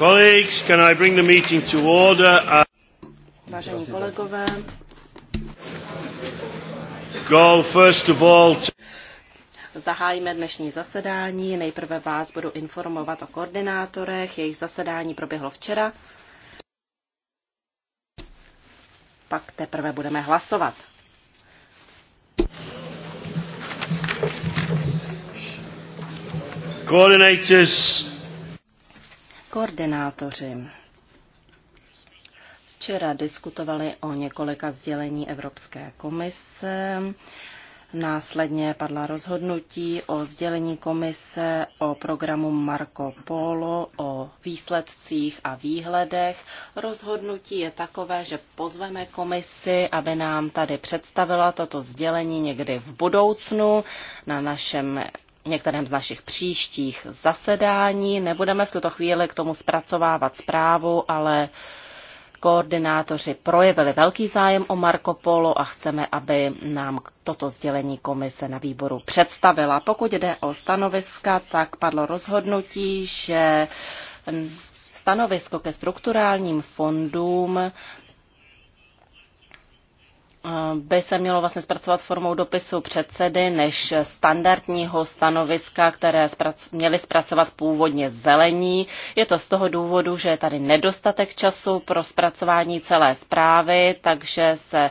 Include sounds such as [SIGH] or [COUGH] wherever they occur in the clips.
Uh, Vážení kolegové, Zahájíme dnešní zasedání. Nejprve vás budu informovat o koordinátorech. Jejich zasedání proběhlo včera. Pak teprve budeme hlasovat. Coordinators Koordinátoři včera diskutovali o několika sdělení Evropské komise. Následně padla rozhodnutí o sdělení komise o programu Marco Polo, o výsledcích a výhledech. Rozhodnutí je takové, že pozveme komisi, aby nám tady představila toto sdělení někdy v budoucnu na našem některém z našich příštích zasedání. Nebudeme v tuto chvíli k tomu zpracovávat zprávu, ale koordinátoři projevili velký zájem o Marco Polo a chceme, aby nám toto sdělení komise na výboru představila. Pokud jde o stanoviska, tak padlo rozhodnutí, že stanovisko ke strukturálním fondům by se mělo vlastně zpracovat formou dopisu předsedy než standardního stanoviska, které zprac- měli zpracovat původně zelení. Je to z toho důvodu, že je tady nedostatek času pro zpracování celé zprávy, takže se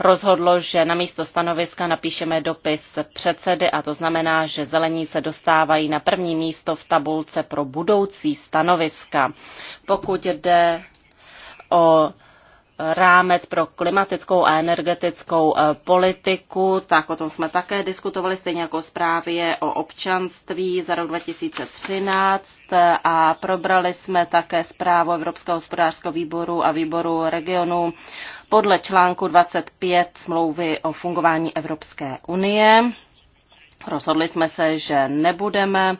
rozhodlo, že na místo stanoviska napíšeme dopis předsedy a to znamená, že zelení se dostávají na první místo v tabulce pro budoucí stanoviska. Pokud jde o rámec pro klimatickou a energetickou e, politiku, tak o tom jsme také diskutovali, stejně jako zprávě o občanství za rok 2013 a probrali jsme také zprávu Evropského hospodářského výboru a výboru regionu podle článku 25 smlouvy o fungování Evropské unie. Rozhodli jsme se, že nebudeme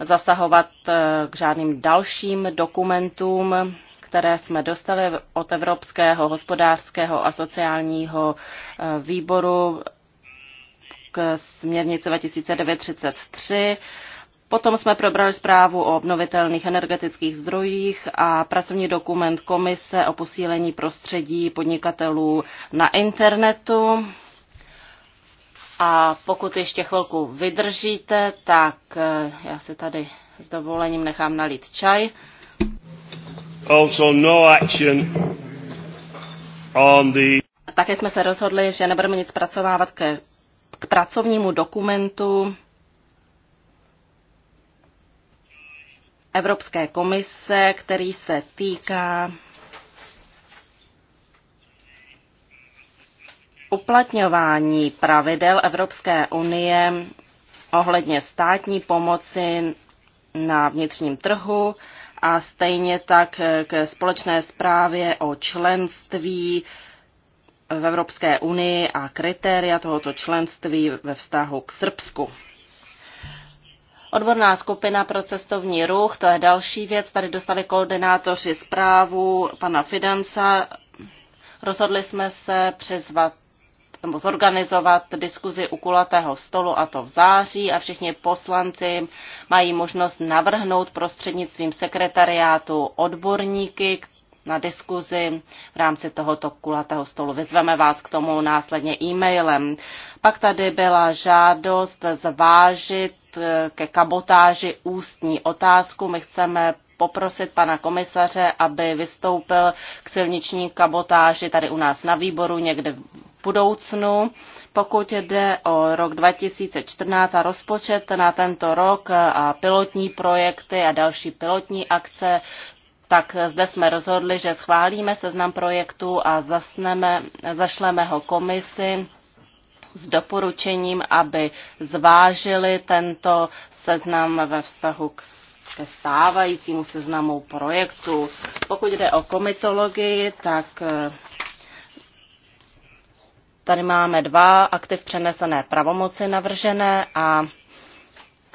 zasahovat e, k žádným dalším dokumentům které jsme dostali od Evropského hospodářského a sociálního eh, výboru k směrnici 2933. Potom jsme probrali zprávu o obnovitelných energetických zdrojích a pracovní dokument Komise o posílení prostředí podnikatelů na internetu. A pokud ještě chvilku vydržíte, tak eh, já se tady s dovolením nechám nalít čaj. Also no action on the... Také jsme se rozhodli, že nebudeme nic pracovávat ke, k pracovnímu dokumentu Evropské komise, který se týká uplatňování pravidel Evropské unie ohledně státní pomoci na vnitřním trhu a stejně tak eh, k společné zprávě o členství v Evropské unii a kritéria tohoto členství ve vztahu k Srbsku. Odborná skupina pro cestovní ruch, to je další věc. Tady dostali koordinátoři zprávu pana Fidanca. Rozhodli jsme se přizvat nebo zorganizovat diskuzi u kulatého stolu a to v září a všichni poslanci mají možnost navrhnout prostřednictvím sekretariátu odborníky na diskuzi v rámci tohoto kulatého stolu. Vyzveme vás k tomu následně e-mailem. Pak tady byla žádost zvážit eh, ke kabotáži ústní otázku. My chceme poprosit pana komisaře, aby vystoupil k silniční kabotáži tady u nás na výboru někde budoucnu, pokud jde o rok 2014 a rozpočet na tento rok a pilotní projekty a další pilotní akce, tak zde jsme rozhodli, že schválíme seznam projektů a zasneme, zašleme ho komisi s doporučením, aby zvážili tento seznam ve vztahu k ke stávajícímu seznamu projektu. Pokud jde o komitologii, tak Tady máme dva aktiv přenesené pravomoci navržené a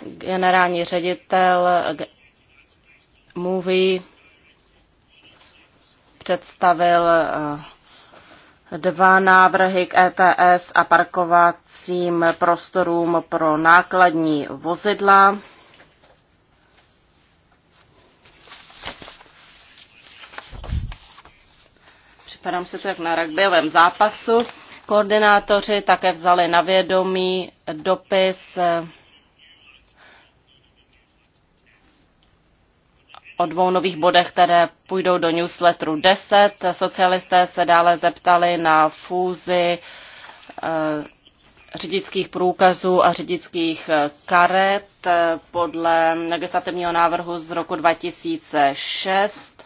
generální ředitel mluví představil eh, dva návrhy k ETS a parkovacím prostorům pro nákladní vozidla. Připadám si to jak na rugbyovém zápasu. Koordinátoři také vzali na vědomí dopis eh, o dvou nových bodech, které půjdou do newsletteru 10. Socialisté se dále zeptali na fúzi eh, řidičských průkazů a řidičských eh, karet podle legislativního návrhu z roku 2006.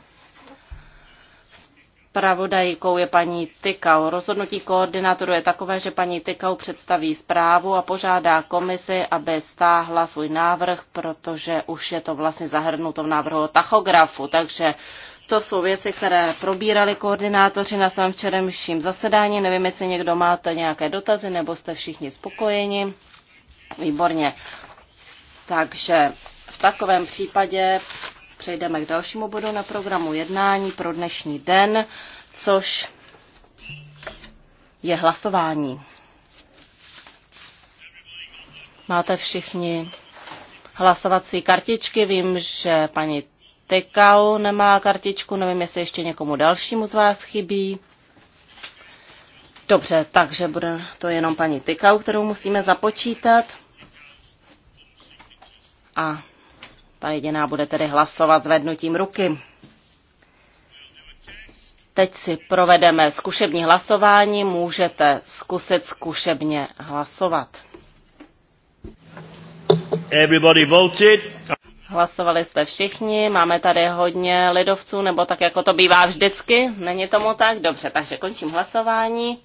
Pravodajkou je paní Tykau. Rozhodnutí koordinátoru je takové, že paní Tykau představí zprávu a požádá komisi, aby stáhla svůj návrh, protože už je to vlastně zahrnuto v návrhu tachografu. Takže to jsou věci, které probírali koordinátoři na svém včerejším zasedání. Nevím, jestli někdo máte nějaké dotazy, nebo jste všichni spokojeni. Výborně. Takže v takovém případě přejdeme k dalšímu bodu na programu jednání pro dnešní den, což je hlasování. Máte všichni hlasovací kartičky. Vím, že paní Tekau nemá kartičku, nevím, jestli ještě někomu dalšímu z vás chybí. Dobře, takže bude to jenom paní Tykau, kterou musíme započítat. A ta jediná bude tedy hlasovat zvednutím ruky. Teď si provedeme zkušební hlasování. Můžete zkusit zkušebně hlasovat. Everybody voted. Hlasovali jste všichni, máme tady hodně lidovců, nebo tak jako to bývá vždycky, není tomu tak? Dobře, takže končím hlasování.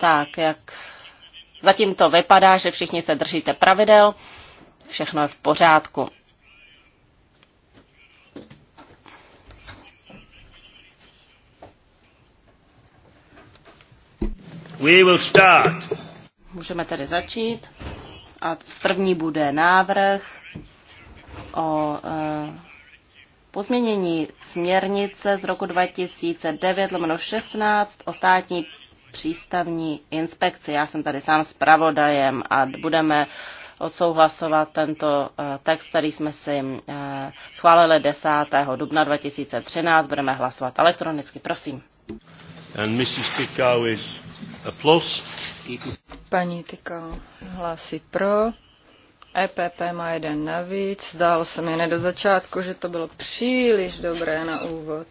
Tak, jak Zatím to vypadá, že všichni se držíte pravidel, všechno je v pořádku. We will start. Můžeme tedy začít. A první bude návrh o e, pozměnění směrnice z roku 2009 16 o státní přístavní inspekci. Já jsem tady sám s pravodajem a budeme odsouhlasovat tento eh, text, který jsme si eh, schválili 10. dubna 2013. Budeme hlasovat elektronicky. Prosím. And Mrs. Tikau is a plus. Paní Tikau hlásí pro. EPP má jeden navíc. Zdálo se mi hned do začátku, že to bylo příliš dobré na úvod.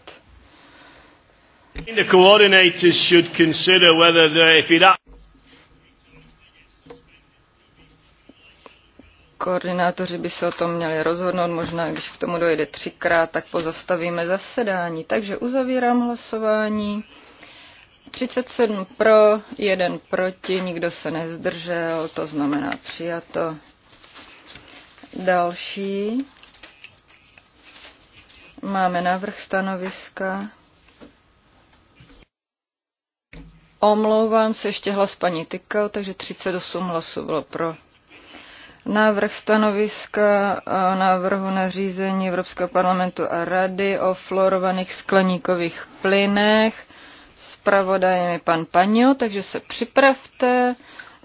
The coordinators should consider whether they, if it Koordinátoři by se o tom měli rozhodnout, možná když k tomu dojde třikrát, tak pozastavíme zasedání. Takže uzavírám hlasování. 37 pro, 1 proti, nikdo se nezdržel, to znamená přijato. Další. Máme návrh stanoviska. Omlouvám se, ještě hlas paní Tykal, takže 38 hlasů bylo pro. Návrh stanoviska a eh, návrhu na řízení Evropského parlamentu a rady o fluorovaných skleníkových plynech. Spravodajem je pan Paňo, takže se připravte.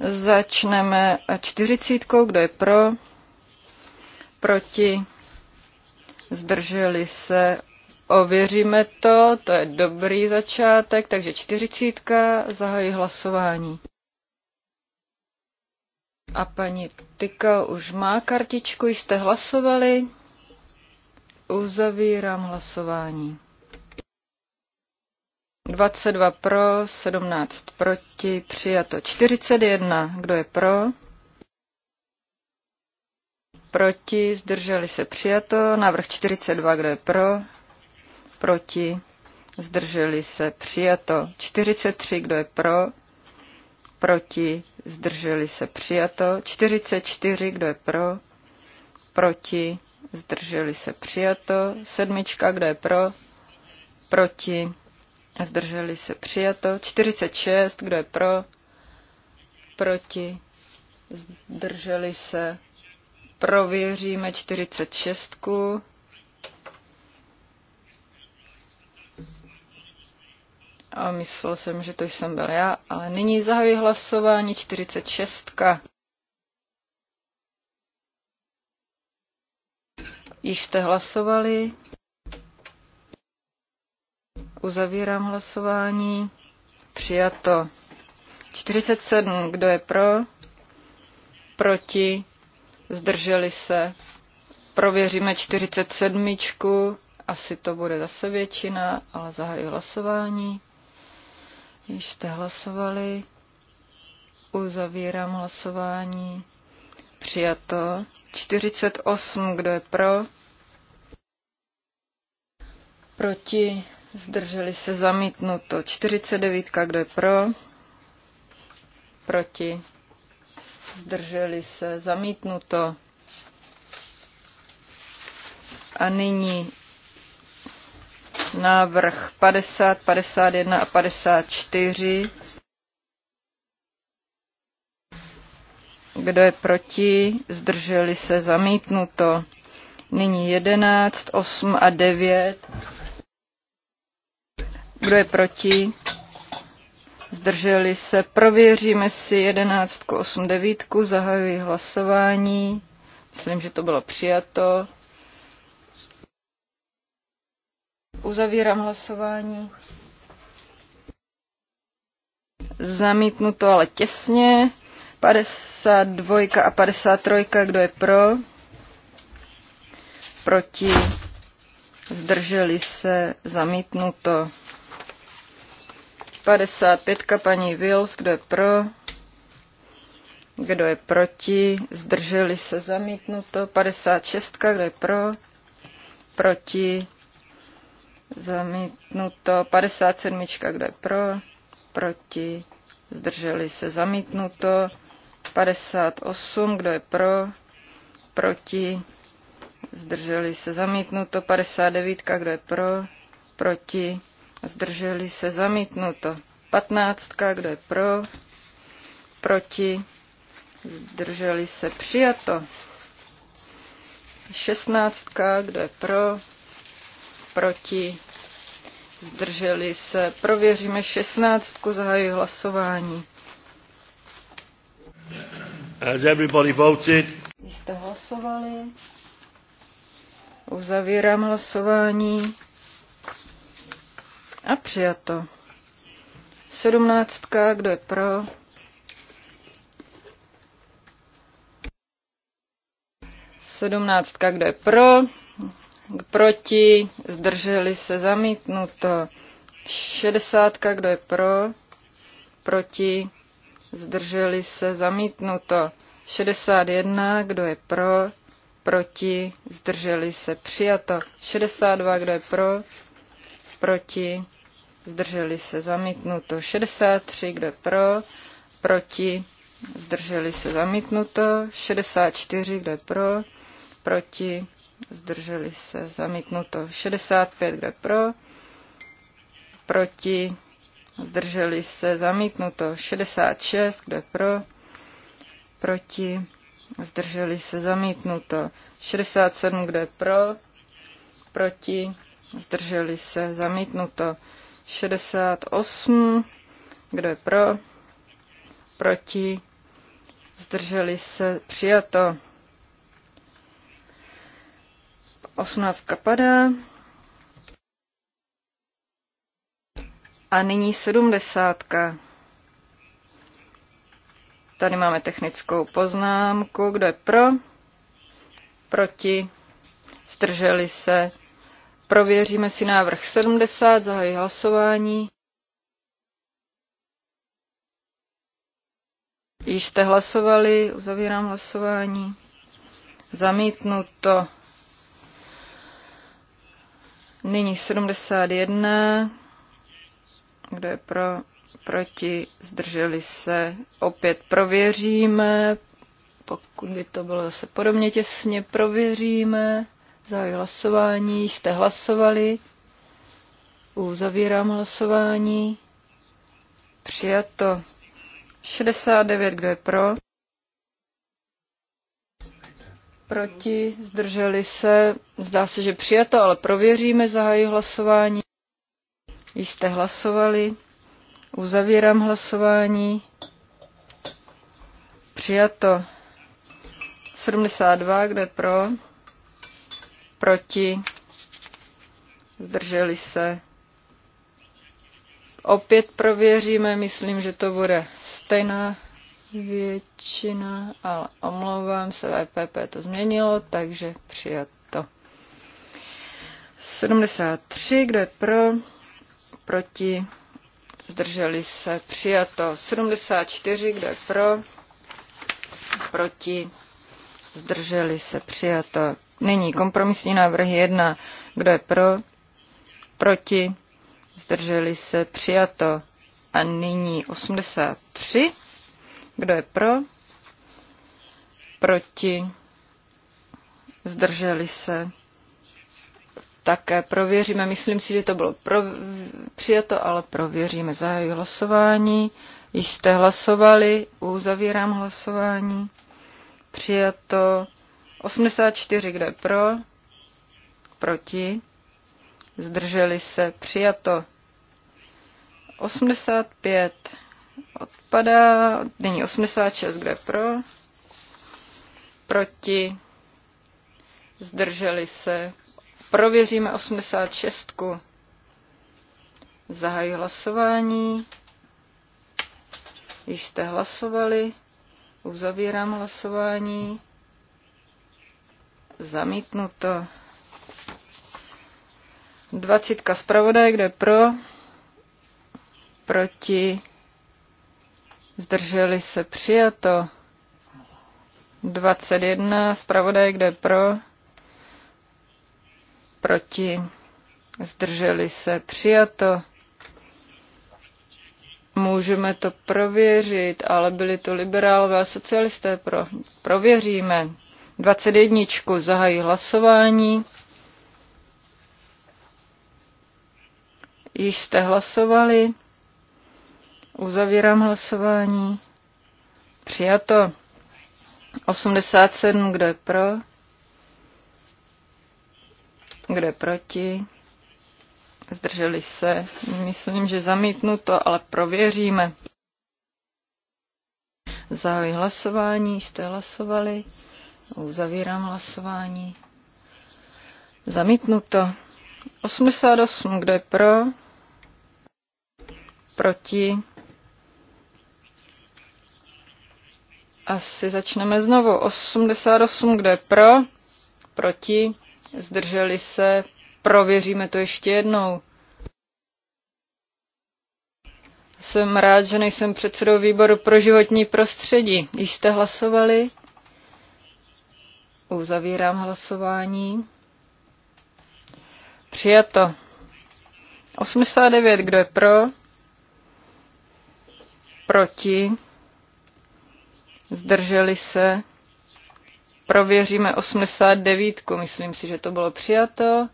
Začneme čtyřicítkou, kdo je pro, proti, zdrželi se, Ověříme to, to je dobrý začátek, takže čtyřicítka, zahají hlasování. A paní Tyka už má kartičku, jste hlasovali. Uzavírám hlasování. 22 pro, 17 proti, přijato 41. Kdo je pro? Proti, zdrželi se přijato. Návrh 42, kdo je pro? proti, zdrželi se, přijato. 43, kdo je pro, proti, zdrželi se, přijato. 44, kdo je pro, proti, zdrželi se, přijato. Sedmička, kdo je pro, proti, zdrželi se, přijato. 46, kdo je pro, proti, zdrželi se, prověříme 46. A myslel jsem, že to jsem byl já, ale nyní zahajuji hlasování 46. Již jste hlasovali. Uzavírám hlasování. Přijato. 47. Kdo je pro? Proti? Zdrželi se? Prověříme 47. Asi to bude zase většina, ale zahajuji hlasování. Již jste hlasovali. Uzavírám hlasování. Přijato. 48. Kdo je pro? Proti. Zdrželi se zamítnuto. 49. Kdo je pro? Proti. Zdrželi se zamítnuto. A nyní Návrh 50, 51 a 54. Kdo je proti? Zdrželi se zamítnuto. Nyní 11, 8 a 9. Kdo je proti? Zdrželi se. Prověříme si 11, 8, 9. Zahajuji hlasování. Myslím, že to bylo přijato. Uzavírám hlasování. Zamítnuto, ale těsně. 52 a 53, kdo je pro? Proti. Zdrželi se. Zamítnuto. 55 paní Wills, kdo je pro? Kdo je proti? Zdrželi se zamítnuto. 56. Kdo je pro? Proti? Zamítnuto 57. Kdo je pro? Proti? Zdrželi se. Zamítnuto 58. Kdo je pro? Proti? Zdrželi se. Zamítnuto 59. Kdo je pro? Proti? Zdrželi se. Zamítnuto 15. Kdo je pro? Proti? Zdrželi se. Přijato. 16. Kdo je pro? proti, zdrželi se. Prověříme 16. zahajuji hlasování. Has everybody voted? Jste hlasovali. Uzavírám hlasování. A přijato. 17 kdo je pro? Sedmnáctka, kdo je pro? proti, zdrželi se zamítnuto. 60, kdo je pro, proti, zdrželi se zamítnuto. 61, kdo je pro, proti, zdrželi se přijato. 62, kdo je pro, proti, zdrželi se zamítnuto. 63, kdo je pro, proti, zdrželi se zamítnuto. 64, kdo je pro, proti, zdrželi se, zamítnuto 65, kde pro, proti, zdrželi se, zamítnuto 66, kde pro, proti, zdrželi se, zamítnuto 67, kde pro, proti, zdrželi se, zamítnuto 68, kdo pro, proti, zdrželi se, přijato 18 padá. A nyní 70. Tady máme technickou poznámku. Kdo je pro? Proti? Zdrželi se? Prověříme si návrh 70, zahají hlasování. Již jste hlasovali, uzavírám hlasování. Zamítnuto Nyní 71. Kdo je pro? Proti? Zdrželi se? Opět prověříme. Pokud by to bylo zase podobně těsně, prověříme. Zahajuji hlasování. Jste hlasovali? Uzavírám hlasování. Přijato. 69. Kdo je pro? proti, zdrželi se, zdá se, že přijato, ale prověříme, zahají hlasování. Již jste hlasovali, uzavírám hlasování, přijato 72, kde pro, proti, zdrželi se. Opět prověříme, myslím, že to bude stejná většina, ale omlouvám se, VPP e to změnilo, takže přijato. 73, kdo je pro, proti, zdrželi se, přijato. 74, kdo je pro, proti, zdrželi se, přijato. Nyní kompromisní návrh 1, kdo je pro, proti, zdrželi se, přijato. A nyní 83. Kdo je pro? Proti? Zdrželi se? Také prověříme. Myslím si, že to bylo pro... přijato, ale prověříme. Zahajuji hlasování. Již jste hlasovali. Uzavírám hlasování. Přijato. 84, kde pro? Proti? Zdrželi se? Přijato. 85 odpadá. Nyní 86, kde pro? Proti? Zdrželi se. Prověříme 86. Zahají hlasování. Již jste hlasovali. Uzavírám hlasování. Zamítnuto. Dvacítka Zpravodaj, kde pro, proti, zdrželi se přijato. 21, zpravodaj, kde pro, proti, zdrželi se přijato. Můžeme to prověřit, ale byli to liberálové a socialisté pro. Prověříme. 21. Zahají hlasování. Již jste hlasovali. Uzavírám hlasování. Přijato. 87, kdo je pro? Kdo je proti? Zdrželi se. Myslím, že zamítnu to, ale prověříme. Zahajuji hlasování, jste hlasovali. Uzavírám hlasování. Zamítnuto. 88, kdo je pro? Proti? Asi začneme znovu. 88, kde je pro, proti, zdrželi se, prověříme to ještě jednou. Jsem rád, že nejsem předsedou výboru pro životní prostředí. Již jste hlasovali? Uzavírám hlasování. Přijato. 89, kdo je pro? Proti zdrželi se, prověříme 89, myslím si, že to bylo přijato.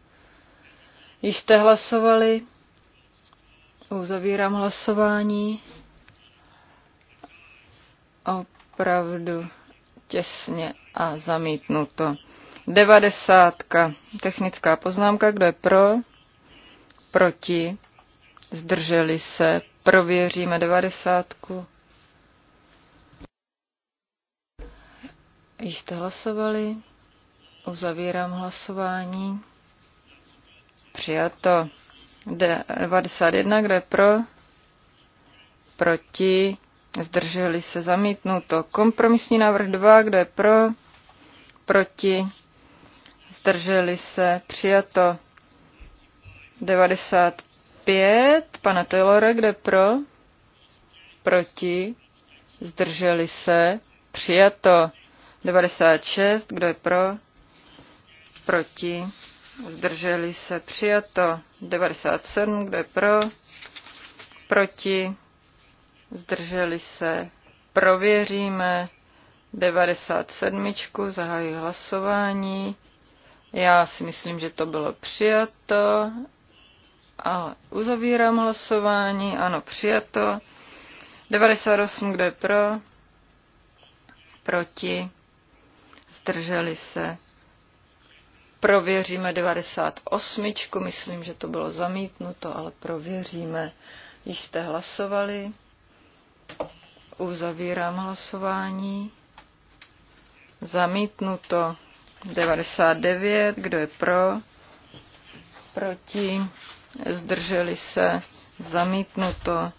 Již jste hlasovali, uzavírám hlasování. Opravdu těsně a zamítnuto. 90. Technická poznámka, kdo je pro, proti, zdrželi se, prověříme 90. Jste hlasovali? Uzavírám hlasování. Přijato. 91, kdo je pro? Proti? Zdrželi se zamítnuto. Kompromisní návrh 2, kdo je pro? Proti? Zdrželi se přijato. 95, pana Taylora, kde pro? Proti? Zdrželi se přijato. 96, kdo je pro? Proti. Zdrželi se přijato. 97, kdo je pro? Proti. Zdrželi se. Prověříme. 97. Zahají hlasování. Já si myslím, že to bylo přijato. Ale uzavírám hlasování. Ano, přijato. 98, kdo je pro? Proti zdrželi se. Prověříme 98, myslím, že to bylo zamítnuto, ale prověříme. Již jste hlasovali. Uzavírám hlasování. Zamítnuto 99, kdo je pro? Proti? Zdrželi se? Zamítnuto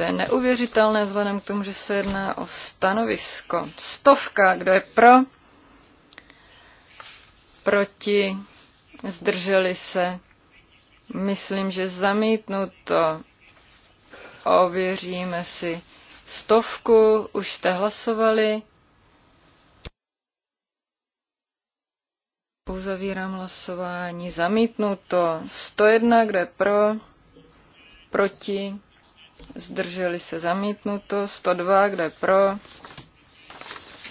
To je neuvěřitelné vzhledem k tomu, že se jedná o stanovisko. Stovka, kdo je pro? Proti? Zdrželi se? Myslím, že zamítnuto. Ověříme si stovku. Už jste hlasovali? Uzavírám hlasování. Zamítnuto. 101, kdo je pro? Proti? zdrželi se zamítnuto, 102, kdo je pro,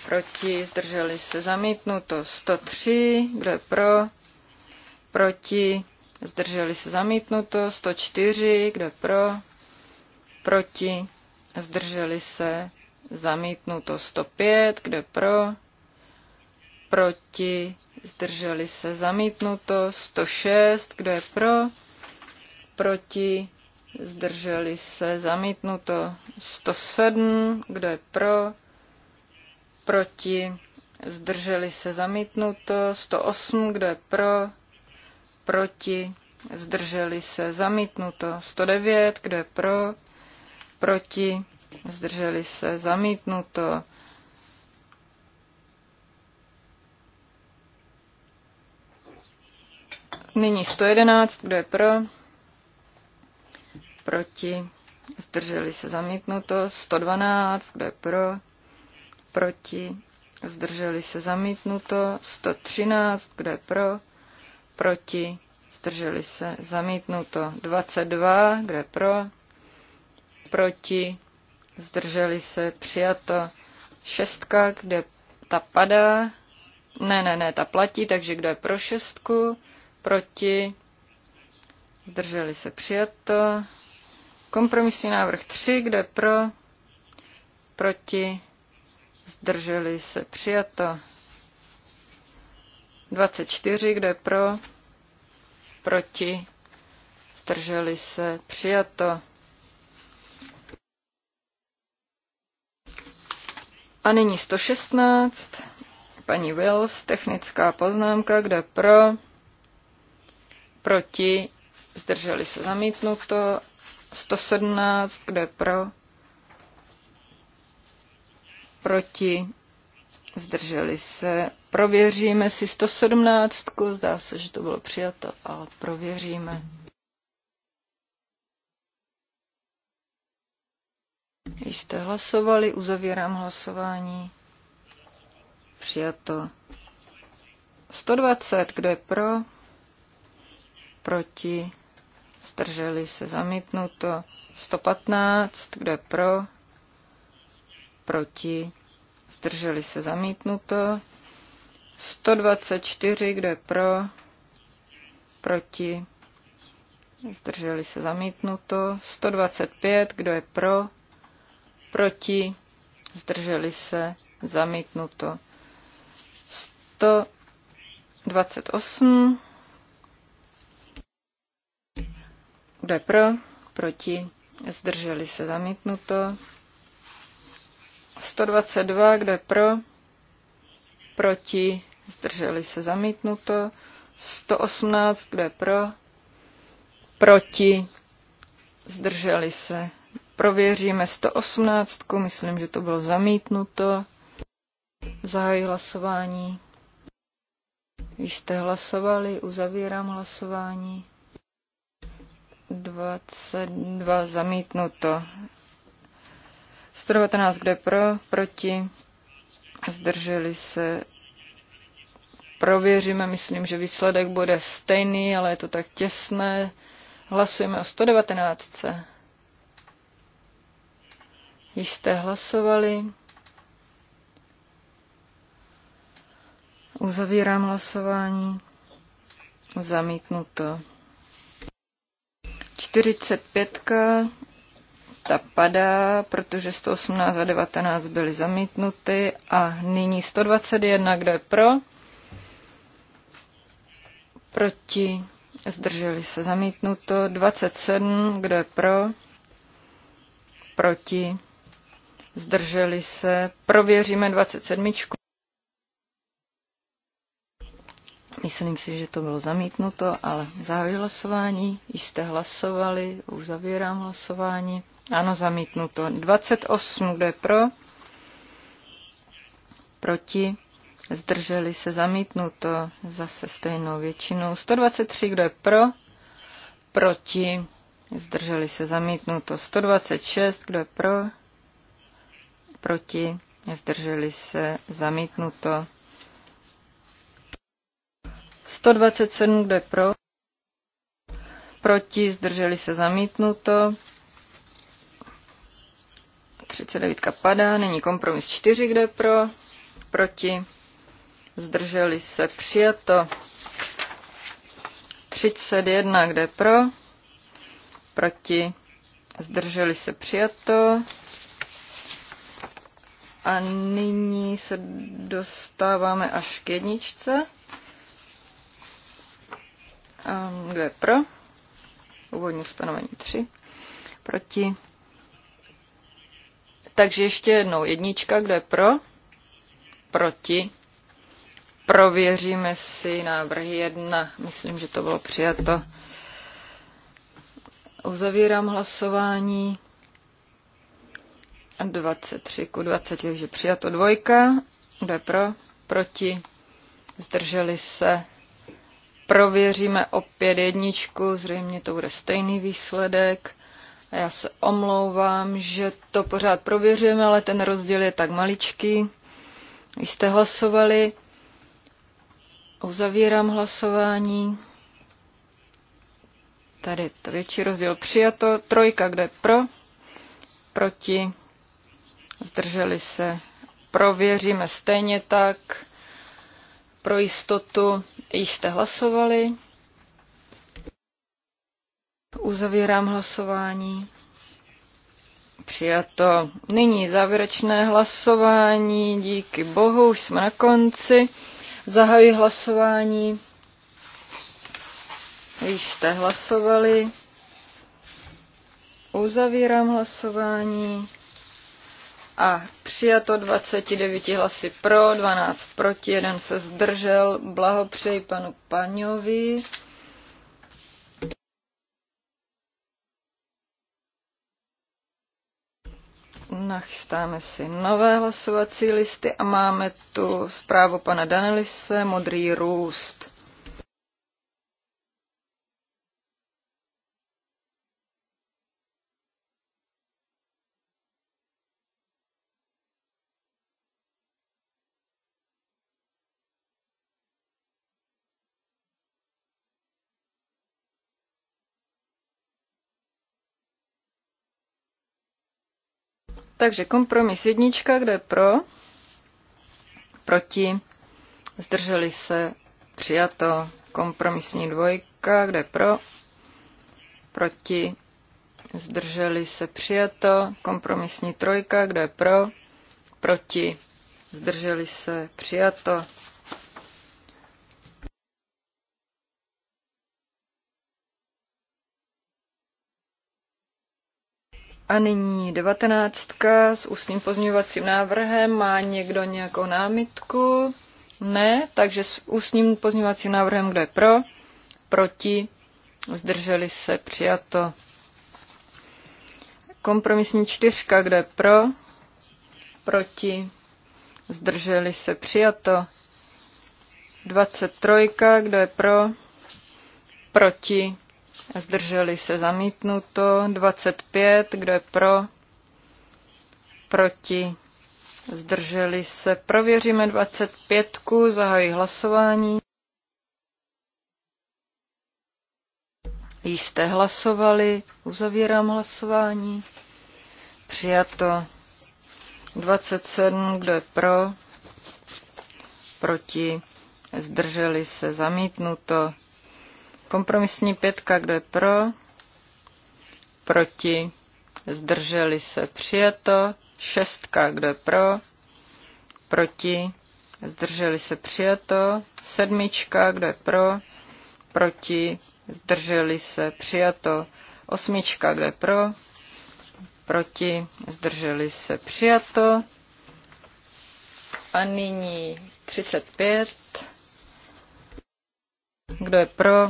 proti, zdrželi se zamítnuto, 103, kdo je pro, proti, zdrželi se zamítnuto, 104, kdo je pro, proti, zdrželi se zamítnuto, 105, kdo je pro, proti, zdrželi se zamítnuto, 106, kdo je pro, proti, zdrželi se, zamítnuto 107, kdo je pro, proti, zdrželi se, zamítnuto 108, kdo je pro, proti, zdrželi se, zamítnuto 109, kdo je pro, proti, zdrželi se, zamítnuto Nyní 111, kdo je pro? proti, zdrželi se zamítnuto, 112, kdo je pro, proti, zdrželi se zamítnuto, 113, kdo je pro, proti, zdrželi se zamítnuto, 22, kdo je pro, proti, zdrželi se přijato, 6, kde ta padá, ne, ne, ne, ta platí, takže kdo je pro šestku, proti, zdrželi se přijato, Kompromisní návrh 3, kde pro, proti, zdrželi se přijato. 24, kde pro, proti, zdrželi se přijato. A nyní 116, paní Wills, technická poznámka, kde pro, proti, zdrželi se zamítnuto 117, kdo je pro? Proti? Zdrželi se. Prověříme si 117. Zdá se, že to bylo přijato, ale prověříme. Když jste hlasovali, uzavírám hlasování. Přijato. 120. Kdo je pro? Proti? Zdrželi se zamítnuto. 115. Kdo je pro? Proti. Zdrželi se zamítnuto. 124. Kdo je pro? Proti. Zdrželi se zamítnuto. 125. Kdo je pro? Proti. Zdrželi se zamítnuto. 128. Kdo je pro? Proti? Zdrželi se zamítnuto. 122. Kdo je pro? Proti? Zdrželi se zamítnuto. 118. Kdo je pro? Proti? Zdrželi se. Prověříme 118. Myslím, že to bylo zamítnuto. Zahajuji hlasování. jste hlasovali, uzavírám hlasování. 22 zamítnuto. 119 kde pro, proti, zdrželi se. Prověříme, myslím, že výsledek bude stejný, ale je to tak těsné. Hlasujeme o 119. Již jste hlasovali. Uzavírám hlasování. Zamítnuto. 45 ta padá, protože 118 a 19 byly zamítnuty a nyní 121, kdo je pro? Proti, zdrželi se zamítnuto, 27, kdo je pro? Proti, zdrželi se, prověříme 27. Myslím si, že to bylo zamítnuto, ale zahajuji hlasování, jste hlasovali, uzavírám hlasování. Ano, zamítnuto. 28, kdo je pro? Proti? Zdrželi se zamítnuto zase stejnou většinou. 123, kdo je pro? Proti? Zdrželi se zamítnuto. 126, kdo je pro? Proti? Zdrželi se zamítnuto. 127, kdo je pro? Proti, zdrželi se zamítnuto. 39 padá, není kompromis 4, kdo je pro? Proti, zdrželi se přijato. 31, kde je pro? Proti, zdrželi se přijato. A nyní se dostáváme až k jedničce. Ehm, kdo je pro? Úvodní ustanovení 3. Proti? Takže ještě jednou jednička, kdo je pro? Proti? Prověříme si návrhy 1. Myslím, že to bylo přijato. Uzavírám hlasování. 23 ku 20, takže přijato dvojka. Kdo je pro? Proti? Zdrželi se? Prověříme opět jedničku, zřejmě to bude stejný výsledek. A já se omlouvám, že to pořád prověřujeme, ale ten rozdíl je tak maličký. Vy jste hlasovali. Uzavírám hlasování. Tady to větší rozdíl přijato. Trojka, kde je pro? Proti. Zdrželi se. Prověříme stejně tak. Pro jistotu jste hlasovali. Uzavírám hlasování. Přijato. Nyní závěrečné hlasování. Díky bohu, už jsme na konci. Zahajuji hlasování. Již jste hlasovali. Uzavírám hlasování a přijato 29 hlasy pro, 12 proti, jeden se zdržel. Blahopřeji panu Paňovi. Nachystáme si nové hlasovací listy a máme tu zprávu pana Danelise, Modrý růst. Takže kompromis jednička, kde je pro, proti, zdrželi se, přijato. Kompromisní dvojka, kde je pro, proti, zdrželi se, přijato. Kompromisní trojka, kde je pro, proti, zdrželi se, přijato. A nyní devatenáctka s ústním pozměňovacím návrhem. Má někdo nějakou námitku? Ne, takže s ústním pozměňovacím návrhem kdo je pro? Proti? Zdrželi se? Přijato. Kompromisní čtyřka, kdo je pro? Proti? Zdrželi se? Přijato. 23, kdo je pro? Proti? Zdrželi se zamítnuto. 25. Kdo je pro? Proti. Zdrželi se. Prověříme 25. Zahají hlasování. Již jste hlasovali. Uzavírám hlasování. Přijato. 27. Kdo je pro? Proti. Zdrželi se. Zamítnuto. Kompromisní pětka, kdo je pro? Proti? Zdrželi se přijato. Šestka, kdo je pro? Proti? Zdrželi se přijato. Sedmička, kdo je pro? Proti? Zdrželi se přijato. Osmička, kdo je pro? Proti? Zdrželi se přijato. A nyní 35. Kdo je pro?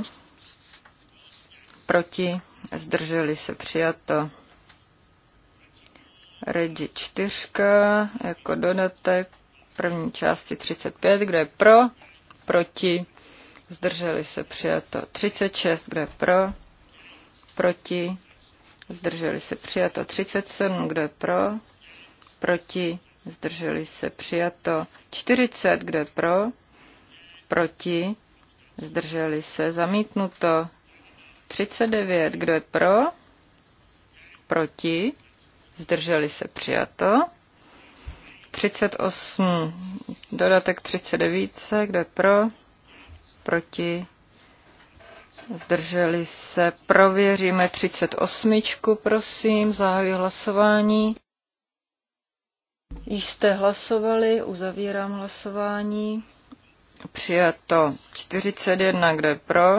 proti, zdrželi se přijato. Regi 4 jako dodatek první části 35, kde je pro, proti, zdrželi se přijato 36, kde je pro, proti, zdrželi se přijato 37, kde je pro, proti, zdrželi se přijato 40, kde je pro, proti, zdrželi se zamítnuto 39. Kdo je pro? Proti? Zdrželi se přijato. 38. Dodatek 39. Kdo je pro? Proti? Zdrželi se. Prověříme 38. Prosím, zahajuji hlasování. Již jste hlasovali, uzavírám hlasování. Přijato 41, kdo je pro,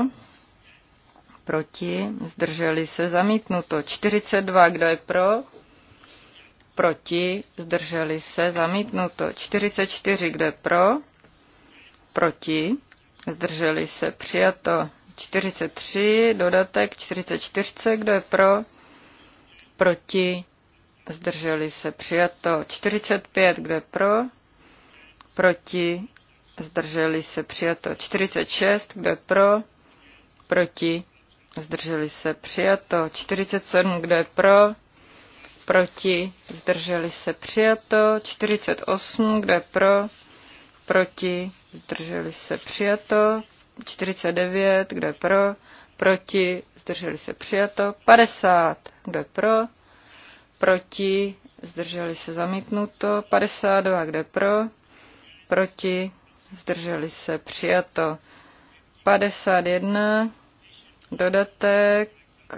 Proti? Zdrželi se zamítnuto. 42. Kdo je pro? Proti? Zdrželi se zamítnuto. 44. Kdo je pro? Proti? Zdrželi se přijato. 43. Dodatek 44. Kdo je pro? Proti? Zdrželi se přijato. 45. Kdo je pro? Proti? Zdrželi se přijato. 46. Kdo je pro? Proti? zdrželi se přijato. 47, kdo je pro, proti, zdrželi se přijato. 48, kdo je pro, proti, zdrželi se přijato. 49, kdo je pro, proti, zdrželi se přijato. 50, kdo je pro, proti, zdrželi se zamítnuto. 52, kdo je pro, proti, zdrželi se přijato. 51, dodatek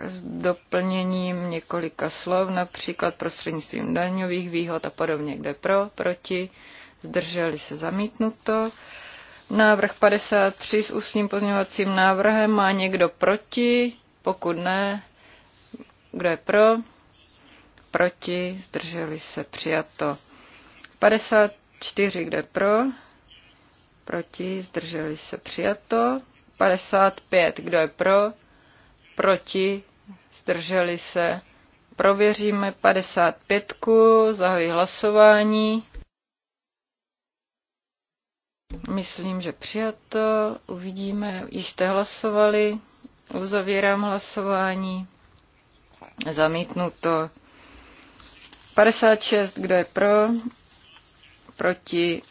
s doplněním několika slov, například prostřednictvím daňových výhod a podobně, kde pro, proti, zdrželi se zamítnuto. Návrh 53 s ústním pozměňovacím návrhem má někdo proti, pokud ne, kdo je pro, proti, zdrželi se přijato. 54, kde pro, proti, zdrželi se přijato. 55. Kdo je pro? Proti? Zdrželi se? Prověříme 55. Zahoji hlasování. Myslím, že přijato. Uvidíme. Již jste hlasovali. Uzavírám hlasování. Zamítnuto. 56. Kdo je pro? Proti?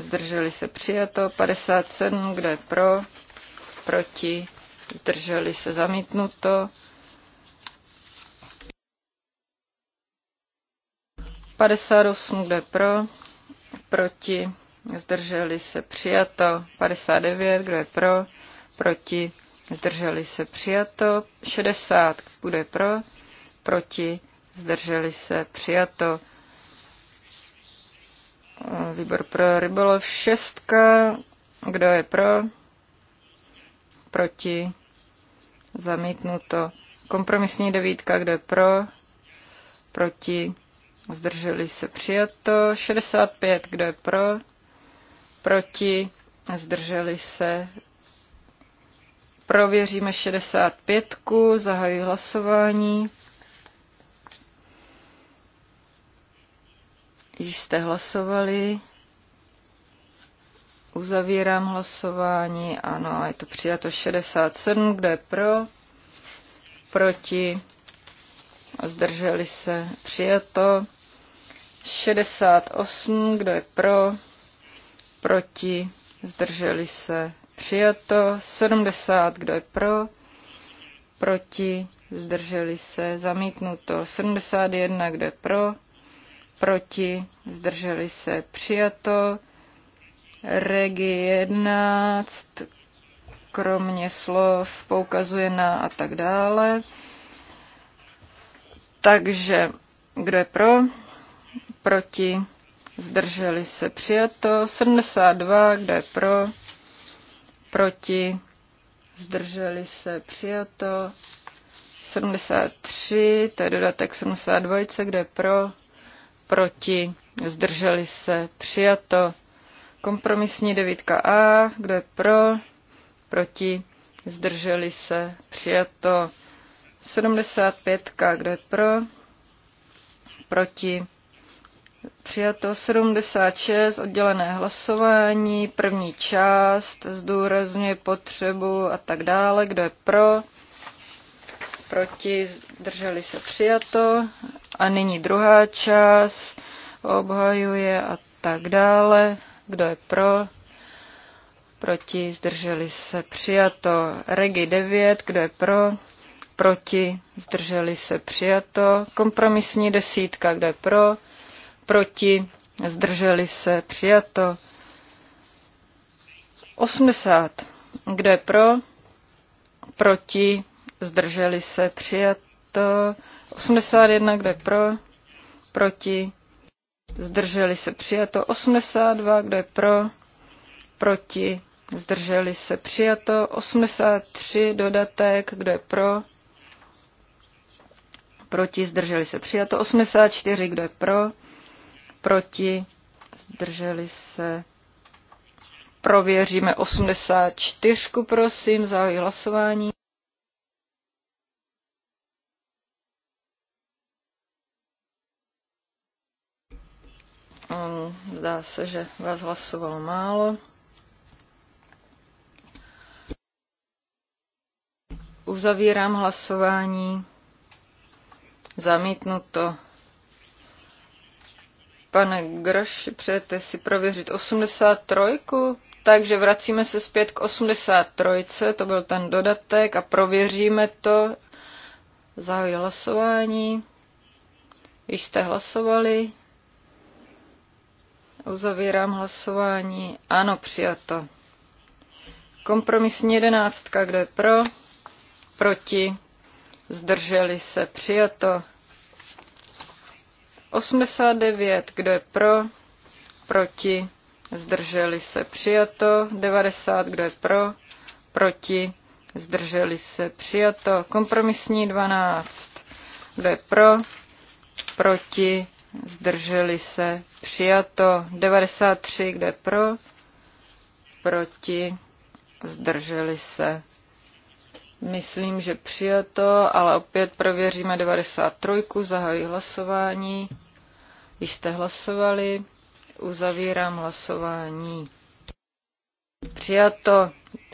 Zdrželi se přijato. 57. Kdo je pro? proti, zdrželi se zamítnuto. 58, kde pro, proti, zdrželi se přijato. 59, kdo je pro, proti, zdrželi se přijato. 60, kdo je pro, proti, zdrželi se přijato. Výbor pro rybolov šestka, kdo je pro, proti, zamítnuto. Kompromisní devítka, kde pro, proti, zdrželi se přijato. 65, kde pro, proti, zdrželi se. Prověříme 65, zahajuji hlasování. Již jste hlasovali, Uzavírám hlasování. Ano, je to přijato 67. Kdo je pro? Proti? Zdrželi se. Přijato. 68. Kdo je pro? Proti? Zdrželi se. Přijato. 70. Kdo je pro? Proti? Zdrželi se. Zamítnuto. 71. Kdo je pro? Proti? Zdrželi se. Přijato. Regi 11, kromě slov poukazuje na a tak dále. Takže kdo je pro? Proti? Zdrželi se přijato. 72, kdo je pro? Proti? Zdrželi se přijato. 73, to je dodatek 72, kde pro, proti, zdrželi se, přijato. Kompromisní devítka A, kdo je pro, proti, zdrželi se, přijato. 75, kdo je pro, proti, přijato. 76, oddělené hlasování, první část, zdůrazňuje potřebu a tak dále, kdo je pro, proti, zdrželi se, přijato. A nyní druhá část, obhajuje a tak dále. Kdo je pro? Proti? Zdrželi se přijato. Regi 9. Kdo je pro? Proti? Zdrželi se přijato. Kompromisní desítka. Kdo je pro? Proti? Zdrželi se přijato. 80. Kdo je pro? Proti? Zdrželi se přijato. 81. Kdo je pro? Proti? zdrželi se přijato 82, kdo je pro, proti, zdrželi se přijato 83, dodatek, kdo je pro, proti, zdrželi se přijato 84, kdo je pro, proti, zdrželi se. Prověříme 84, prosím, zahájí hlasování. Zdá se, že vás hlasovalo málo. Uzavírám hlasování. Zamítnuto. Pane Groš, přejete si prověřit 83? Takže vracíme se zpět k 83, to byl ten dodatek a prověříme to. Zahajuji hlasování. Již jste hlasovali. Uzavírám hlasování. Ano, přijato. Kompromisní jedenáctka, kdo je pro? Proti? Zdrželi se. Přijato. 89, kdo je pro? Proti? Zdrželi se. Přijato. 90, kdo je pro? Proti? Zdrželi se. Přijato. Kompromisní 12, kdo je pro? Proti? zdrželi se, přijato 93, kde pro, proti, zdrželi se. Myslím, že přijato, ale opět prověříme 93, zahajuji hlasování. Když jste hlasovali, uzavírám hlasování. Přijato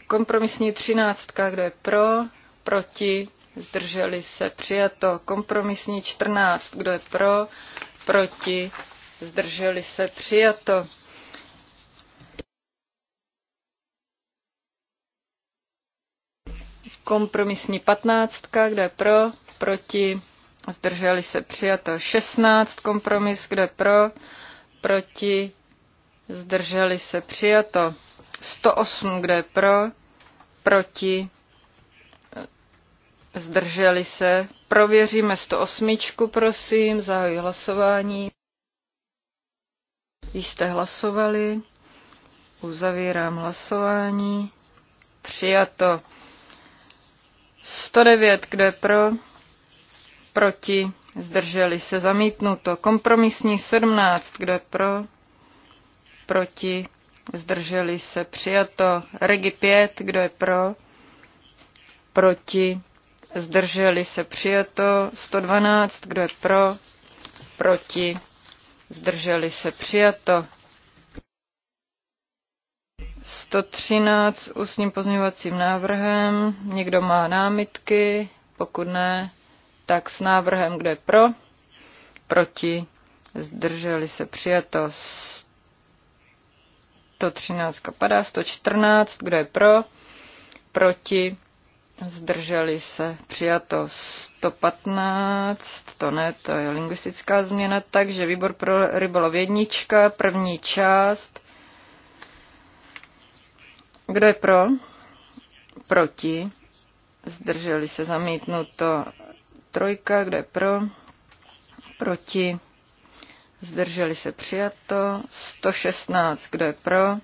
kompromisní 13, kdo je pro, proti, zdrželi se, přijato kompromisní 14, kdo je pro, proti, zdrželi se přijato. Kompromisní patnáctka, kdo je pro, proti, zdrželi se přijato. 16 kompromis, kdo je pro, proti, zdrželi se přijato. 108, kdo je pro, proti, zdrželi se. Prověříme 108, prosím, zahajuji hlasování. Již jste hlasovali, uzavírám hlasování. Přijato. 109, kdo je pro? Proti, zdrželi se, zamítnuto. Kompromisní 17, kdo je pro? Proti, zdrželi se, přijato. Regi 5, kdo je pro? Proti, zdrželi se přijato, 112, kdo je pro, proti, zdrželi se přijato. 113 ústním pozměňovacím návrhem. Někdo má námitky? Pokud ne, tak s návrhem, kde pro, proti, zdrželi se přijato. 113 padá, 114, kdo je pro, proti, zdrželi se, přijato 115, to ne, to je lingvistická změna, takže výbor pro rybolov jednička, první část. Kdo je pro? Proti. Zdrželi se, zamítnuto trojka, kdo je pro? Proti. Zdrželi se, přijato 116, kdo je pro?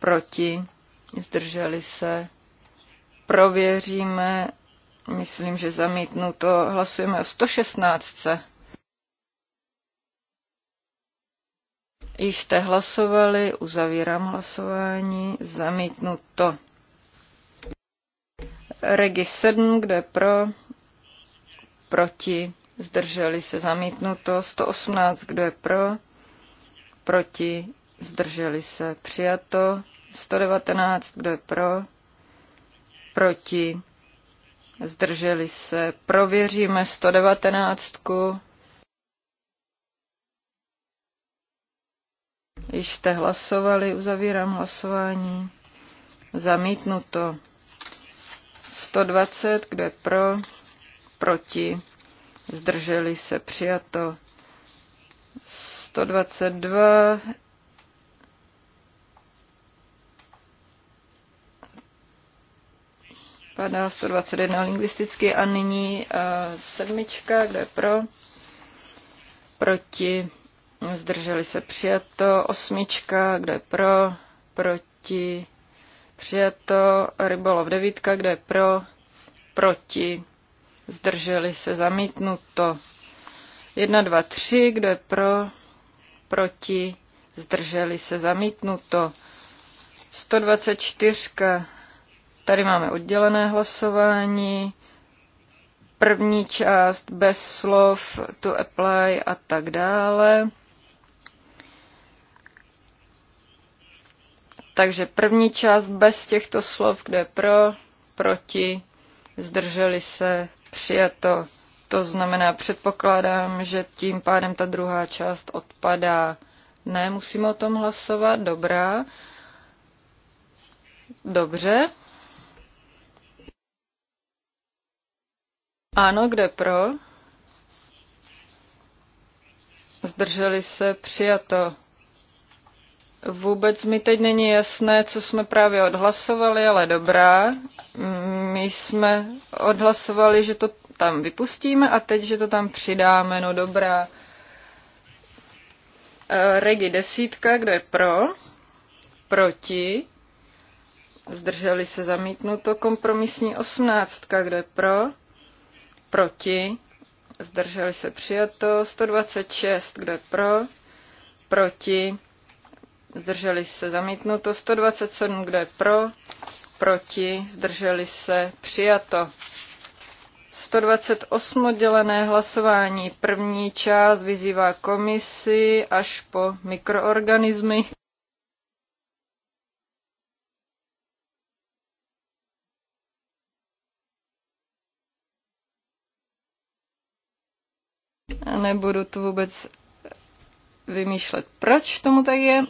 Proti. Zdrželi se, Prověříme, myslím, že zamítnu to. Hlasujeme o 116. Již jste hlasovali, uzavírám hlasování, zamítnu to. Regi 7, kde pro, proti, zdrželi se zamítnuto, 118, kdo je pro, proti, zdrželi se přijato, 119, kdo je pro, proti, zdrželi se. Prověříme 119. Již jste hlasovali, uzavírám hlasování. Zamítnuto. 120, kdo je pro, proti, zdrželi se, přijato. 122, Padá 121 lingvisticky a nyní eh, sedmička, kde pro, proti, zdrželi se přijato, osmička, kde pro, proti, přijato, rybolov devítka, kde pro, proti, zdrželi se zamítnuto. 1, 2, 3, kdo je pro, proti, zdrželi se zamítnuto. 124 Tady máme oddělené hlasování. První část bez slov to apply a tak dále. Takže první část bez těchto slov, kde pro, proti, zdrželi se, přijato. To znamená, předpokládám, že tím pádem ta druhá část odpadá. Ne, musíme o tom hlasovat, dobrá. Dobře, Ano, kde pro? Zdrželi se, přijato. Vůbec mi teď není jasné, co jsme právě odhlasovali, ale dobrá. Mm, my jsme odhlasovali, že to tam vypustíme a teď, že to tam přidáme, no dobrá. E, Regi desítka, kdo je pro? Proti? Zdrželi se zamítnuto. Kompromisní osmnáctka, kdo je pro? proti, zdrželi se přijato, 126, kdo je pro, proti, zdrželi se zamítnuto, 127, kdo je pro, proti, zdrželi se přijato. 128 oddělené hlasování. První část vyzývá komisi až po mikroorganismy. Nebudu tu vůbec vymýšlet, proč tomu tak je.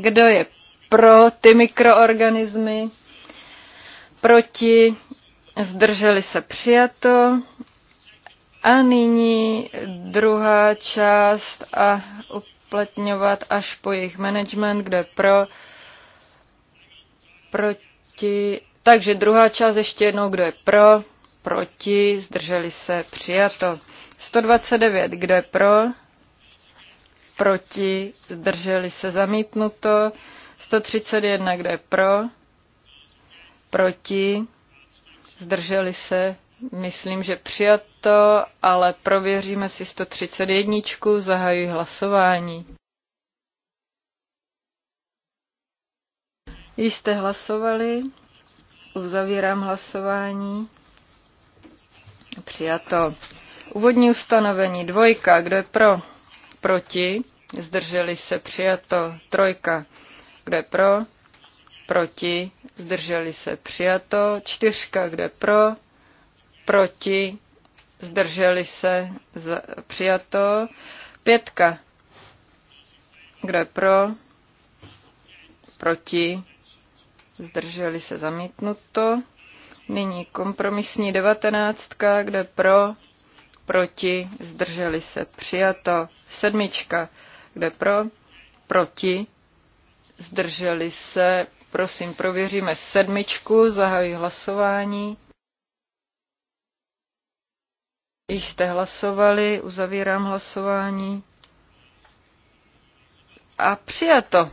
Kdo je pro ty mikroorganismy? Proti? Zdrželi se přijato. A nyní druhá část a uplatňovat až po jejich management, kde pro, proti. Takže druhá část ještě jednou, kdo je pro, proti, zdrželi se, přijato. 129, kdo je pro? Proti, zdrželi se zamítnuto. 131, kdo je pro? Proti, zdrželi se, myslím, že přijato, ale prověříme si 131, zahajuji hlasování. Jste hlasovali, uzavírám hlasování. Přijato. Úvodní ustanovení dvojka, kdo je pro, proti, zdrželi se přijato, trojka, kdo je pro, proti, zdrželi se přijato, čtyřka, kdo je pro, proti, zdrželi se z, přijato, pětka, kdo je pro, proti, zdrželi se zamítnuto. Nyní kompromisní devatenáctka, kde pro, proti, zdrželi se, přijato. Sedmička, kde pro, proti, zdrželi se, prosím, prověříme sedmičku, zahajuji hlasování. Již jste hlasovali, uzavírám hlasování. A přijato.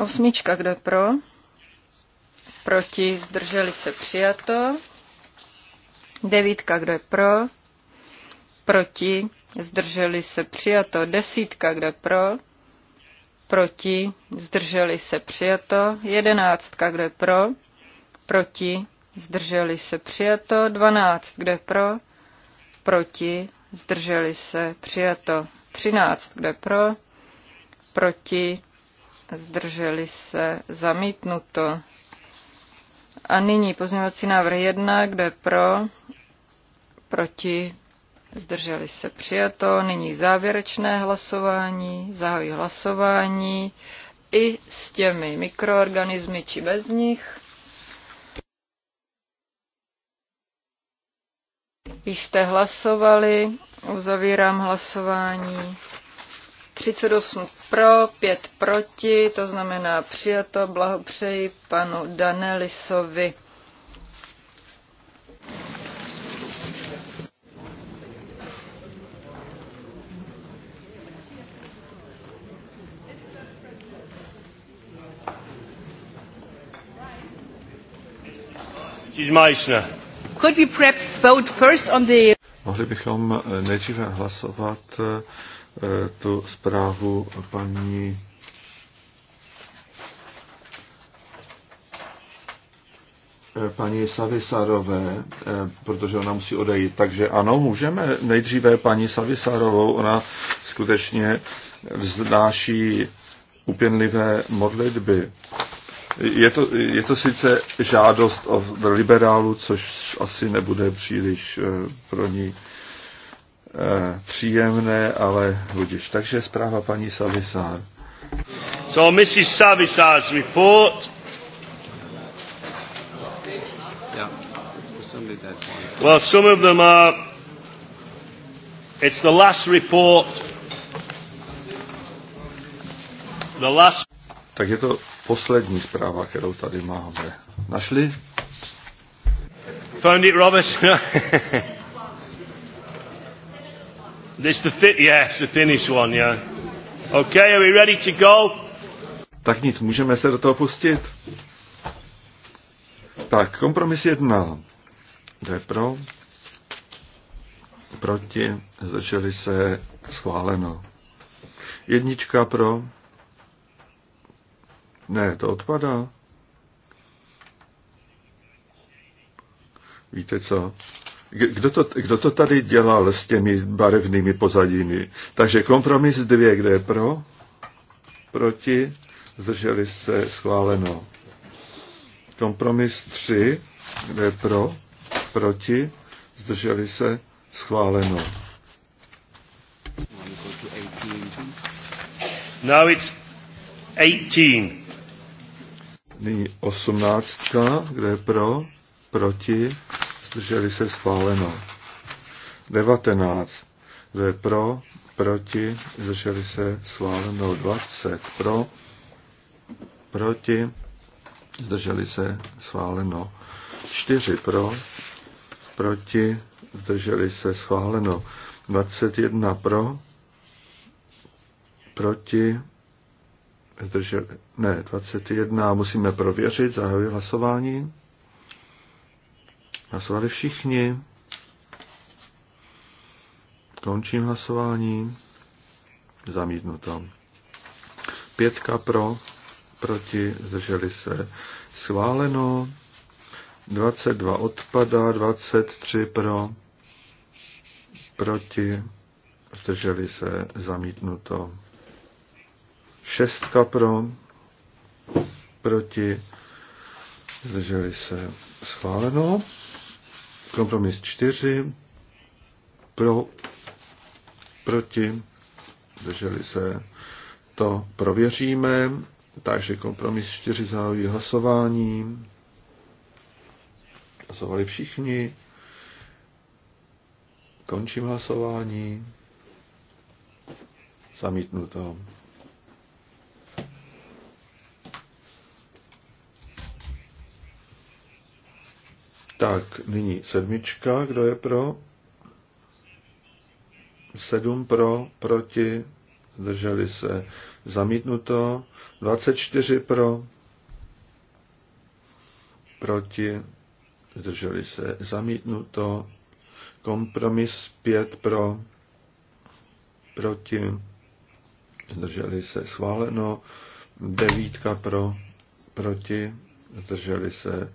Osmička, kde pro? Proti, zdrželi se, přijato. Devítka, kdo je pro? Proti. Zdrželi se přijato. Desítka, kdo je pro? Proti. Zdrželi se přijato. Jedenáctka, kdo je pro? Proti. Zdrželi se přijato. Dvanáct, kdo je pro? Proti. Zdrželi se přijato. Třináct, kdo je pro? Proti. Zdrželi se zamítnuto. A nyní pozměňovací návrh 1, kdo je pro, proti, zdrželi se přijato. Nyní závěrečné hlasování, zahojí hlasování i s těmi mikroorganismy či bez nich. Již jste hlasovali, uzavírám hlasování. 38 pro, 5 proti, to znamená přijato. Blahopřeji panu Danelisovi. Could we perhaps vote first on the... Mohli bychom nejdříve hlasovat Eh, tu zprávu paní eh, paní Savisarové, eh, protože ona musí odejít. Takže ano, můžeme nejdříve paní Savisarovou, ona skutečně vznáší upěnlivé modlitby. Je to, je to sice žádost o liberálu, což asi nebude příliš pro ní Eh, příjemné, ale budíš. Takže zpráva paní Savisár. So Mrs. Savisar's report. Well, some of them are. It's the last report. The last. Tak je to poslední zpráva, kterou tady máme. Našli? Found it, Robert. [LAUGHS] This the thi- it's the Finnish one, yeah. Okay, are we ready to go? Tak nic, můžeme se do toho pustit. Tak, kompromis jedna. Kdo je pro? Proti? Zdrželi se? Schváleno. Jednička pro? Ne, to odpadá. Víte co? Kdo to, kdo to tady dělal s těmi barevnými pozadími? Takže kompromis dvě, kde je pro? Proti? Zdrželi se schváleno. Kompromis tři, kde je pro? Proti? Zdrželi se schváleno. Now it's 18. Nyní osmnáctka, kde je pro? Proti? zdrželi se schváleno. 19. Kdo je pro, proti, zdrželi se schváleno. 20. Pro, proti, zdrželi se schváleno. 4. Pro, proti, zdrželi se schváleno. 21. Pro, proti, zdrželi, ne, 21. Musíme prověřit, zahajuji hlasování. Hlasovali všichni. Končím hlasování. Zamítnuto. Pětka pro, proti, zdrželi se. Schváleno. 22 odpada, 23 pro, proti, zdrželi se. Zamítnuto. Šestka pro, proti, zdrželi se. Schváleno. Kompromis 4. Pro, proti, drželi se, to prověříme. Takže kompromis 4 zahájí hlasování. Hlasovali všichni. Končím hlasování. Zamítnuto. Tak, nyní sedmička, kdo je pro? Sedm pro, proti, zdrželi se, zamítnuto, 24 pro, proti, zdrželi se, zamítnuto, kompromis 5 pro, proti, zdrželi se, schváleno, devítka pro, proti, zdrželi se,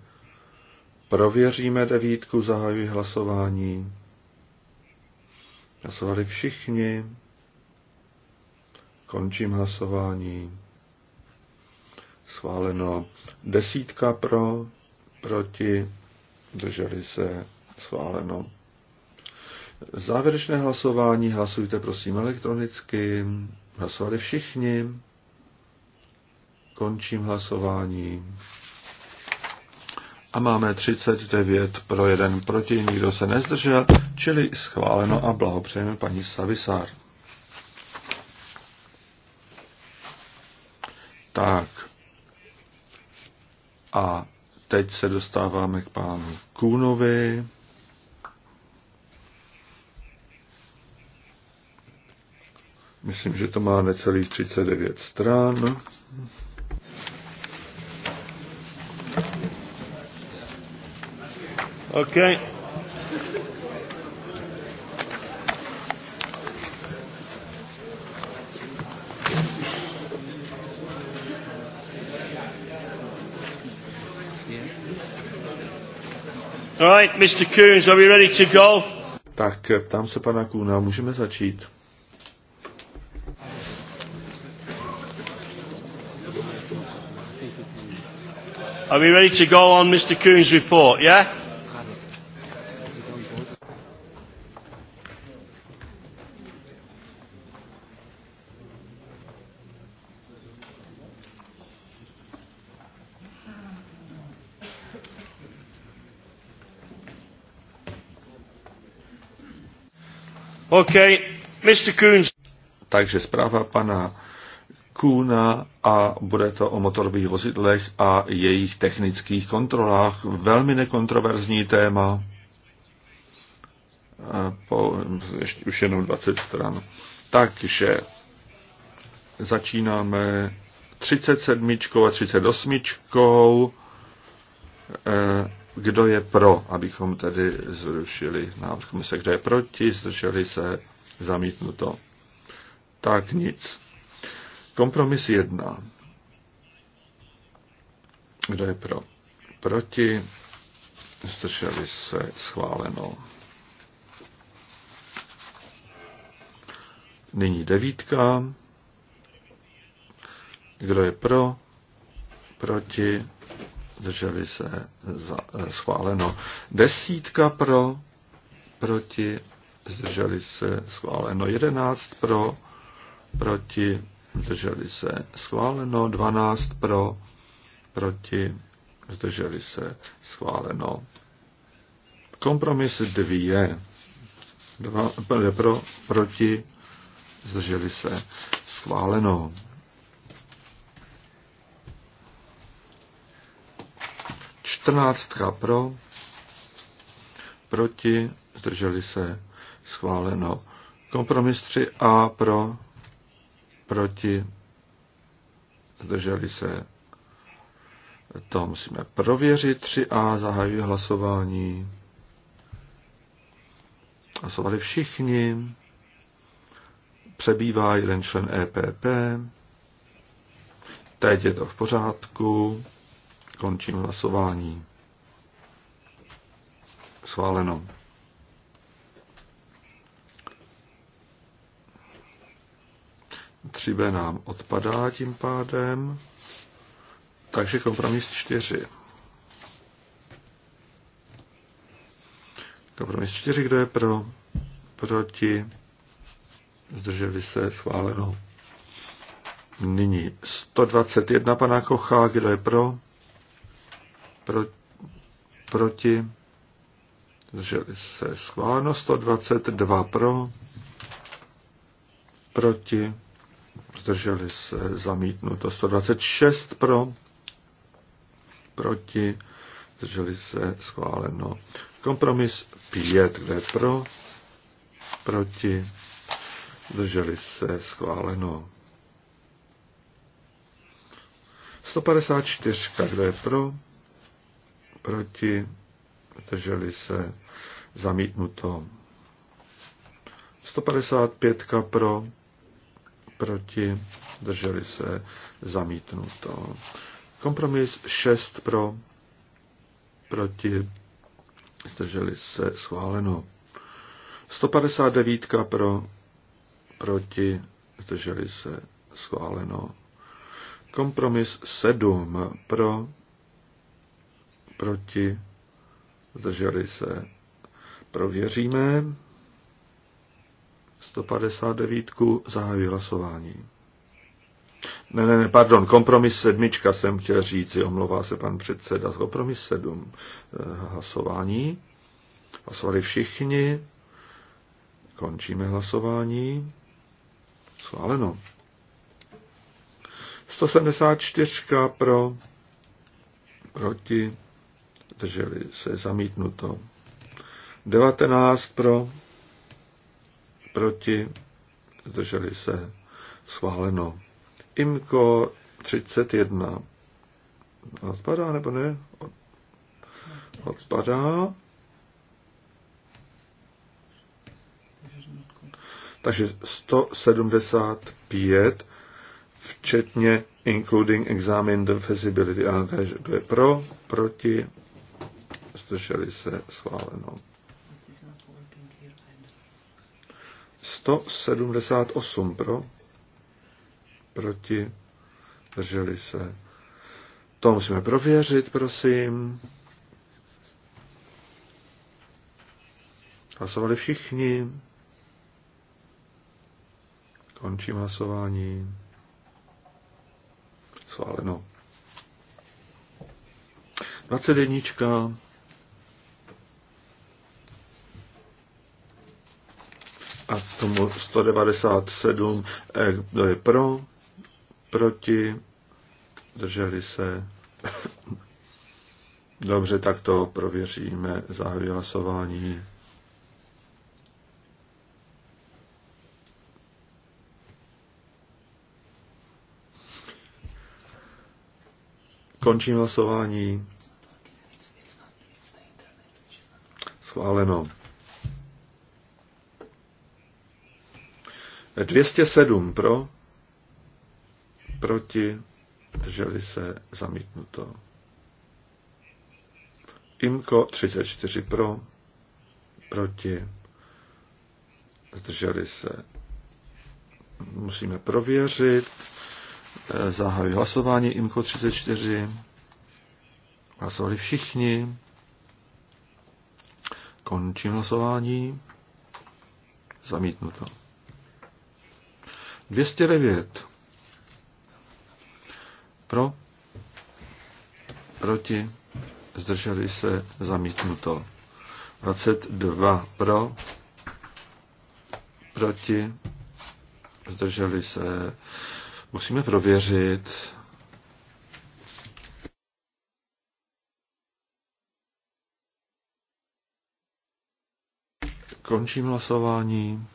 Prověříme devítku, zahajuji hlasování. Hlasovali všichni. Končím hlasování. Schváleno desítka pro, proti, drželi se, schváleno. Závěrečné hlasování hlasujte prosím elektronicky. Hlasovali všichni. Končím hlasování a máme 39 pro jeden proti, nikdo se nezdržel, čili schváleno a blahopřejeme paní Savisár. Tak. A teď se dostáváme k pánu Kůnovi. Myslím, že to má necelých 39 stran. Okay. All right, Mr. Coons, are we ready to go? Tak, tam se pana Kuna, můžeme začít. Are we ready to go on Mr. Coon's report, yeah? Okay. Mr. Coons. Takže zpráva pana Kuna a bude to o motorových vozidlech a jejich technických kontrolách. Velmi nekontroverzní téma. Po, ještě, už jenom 20 stran. Takže začínáme 37 a 38. Kdo je pro, abychom tedy zrušili návrh komise? Kdo je proti? Zdrželi se? Zamítnuto. Tak nic. Kompromis jedna. Kdo je pro? Proti? Zdrželi se? Schváleno. Nyní devítka. Kdo je pro? Proti? zdrželi se za, eh, schváleno. Desítka pro, proti, zdrželi se schváleno. Jedenáct pro, proti, zdrželi se schváleno. Dvanáct pro, proti, zdrželi se schváleno. Kompromis dvě. Dva, eh, pro, proti, zdrželi se schváleno. 14 pro, proti, zdrželi se, schváleno. Kompromis 3a pro, proti, zdrželi se. To musíme prověřit. 3a zahajuji hlasování. Hlasovali všichni. Přebývá jeden člen EPP. Teď je to v pořádku. Končím hlasování. Schváleno. Třibe nám odpadá tím pádem. Takže kompromis 4. Kompromis 4, kdo je pro? Proti? Zdrželi se? Schváleno. Nyní 121 pana Kocha, kdo je pro? pro, proti, zdrželi se schváleno, 122 pro, proti, zdrželi se zamítnuto, 126 pro, proti, zdrželi se schváleno. Kompromis 5, kde pro, proti, zdrželi se schváleno. 154, kde je pro, proti, drželi se, zamítnuto. 155 pro, proti, drželi se, zamítnuto. Kompromis 6 pro, proti, zdrželi se, schváleno. 159 pro, proti, zdrželi se, schváleno. Kompromis 7 pro, proti, zdrželi se. Prověříme. 159. zahájí hlasování. Ne, ne, ne, pardon, kompromis sedmička jsem chtěl říct, omlouvá se pan předseda. Kompromis sedm eh, hlasování. Hlasovali všichni. Končíme hlasování. Schváleno. 174 pro, proti, zdrželi se zamítnuto. 19 pro, proti, zdrželi se schváleno. IMKO 31. Odpadá nebo ne? Odpadá. Takže 175, včetně including examine the feasibility. Ano, takže kdo je pro, proti, zdrželi se, schváleno. 178 pro, proti, drželi se. To musíme prověřit, prosím. Hlasovali všichni. Končím hlasování. Schváleno. 21. a k tomu 197, eh, kdo je pro, proti, drželi se. [LAUGHS] Dobře, tak to prověříme, zahajuji hlasování. Končím hlasování. Schváleno. 207 pro, proti, drželi se, zamítnuto. Imko 34 pro, proti, zdrželi se. Musíme prověřit. Zahajuji hlasování IMKO 34. Hlasovali všichni. Končím hlasování. Zamítnuto. 209. Pro, proti, zdrželi se, zamítnuto. 22 pro, proti, zdrželi se. Musíme prověřit. Končím hlasování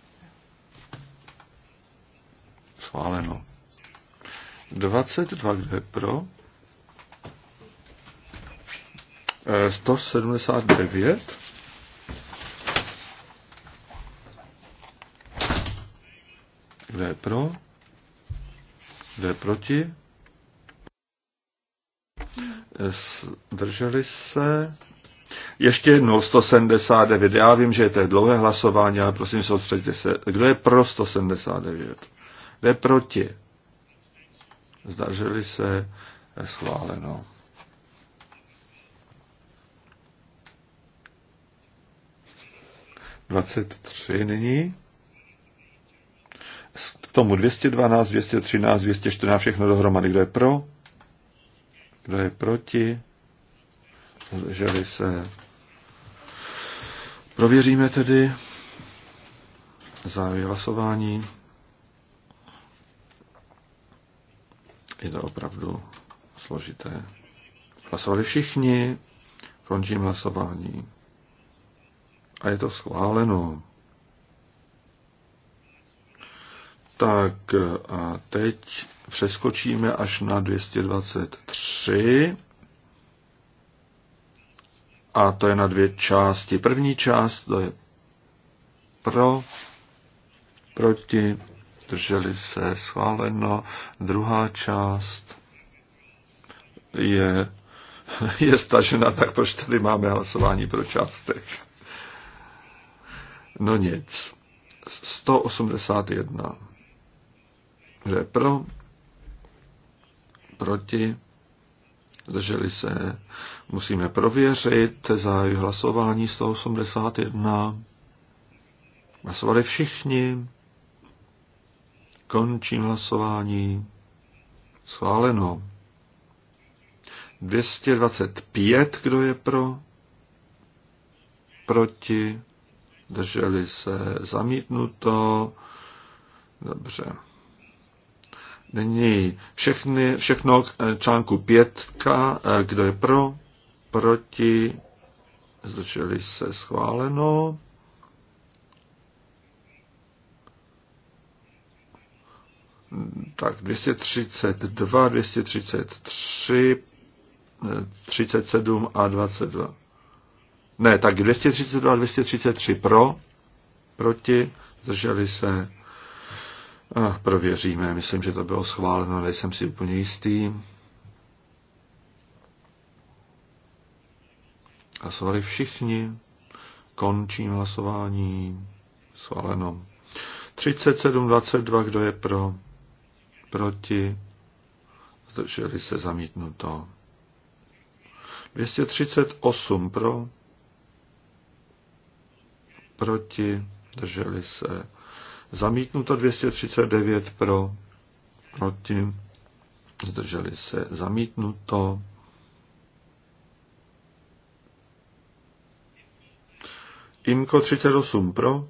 schváleno. 22, kdo je pro? 179. Eh, kdo je pro? Kdo je proti? Eh, zdrželi se? Ještě jednou 179. Já vím, že je to dlouhé hlasování, ale prosím, soustředte se. Kdo je pro 179? ve proti? Zdrželi se? Schváleno. Dvacet tři nyní. K tomu 212, 213, 214, všechno dohromady. Kdo je pro? Kdo je proti? Zdrželi se? Prověříme tedy závěr hlasování. Je to opravdu složité. Hlasovali všichni, končím hlasování. A je to schváleno. Tak a teď přeskočíme až na 223. A to je na dvě části. První část to je pro, proti, zdrželi se, schváleno. Druhá část je, [LAUGHS] je stažena, tak proč tady máme hlasování pro částech? No nic. 181. Kdo je pro? Proti? Zdrželi se. Musíme prověřit za hlasování 181. Hlasovali všichni. Končím hlasování. Schváleno. 225, kdo je pro? Proti? Drželi se zamítnuto? Dobře. Nyní všechny, všechno k eh, článku 5, eh, kdo je pro? Proti? Zdrželi se schváleno. tak 232, 233, 37 a 22. Ne, tak 232 a 233 pro, proti, zdrželi se. Ah, prověříme, myslím, že to bylo schváleno, nejsem si úplně jistý. Hlasovali všichni. Končím hlasování. Schváleno. 22, kdo je pro? proti, zdrželi se zamítnuto. 238 pro, proti, drželi se. Zamítnuto 239 pro, proti, zdrželi se. Zamítnuto. Imko 38 pro,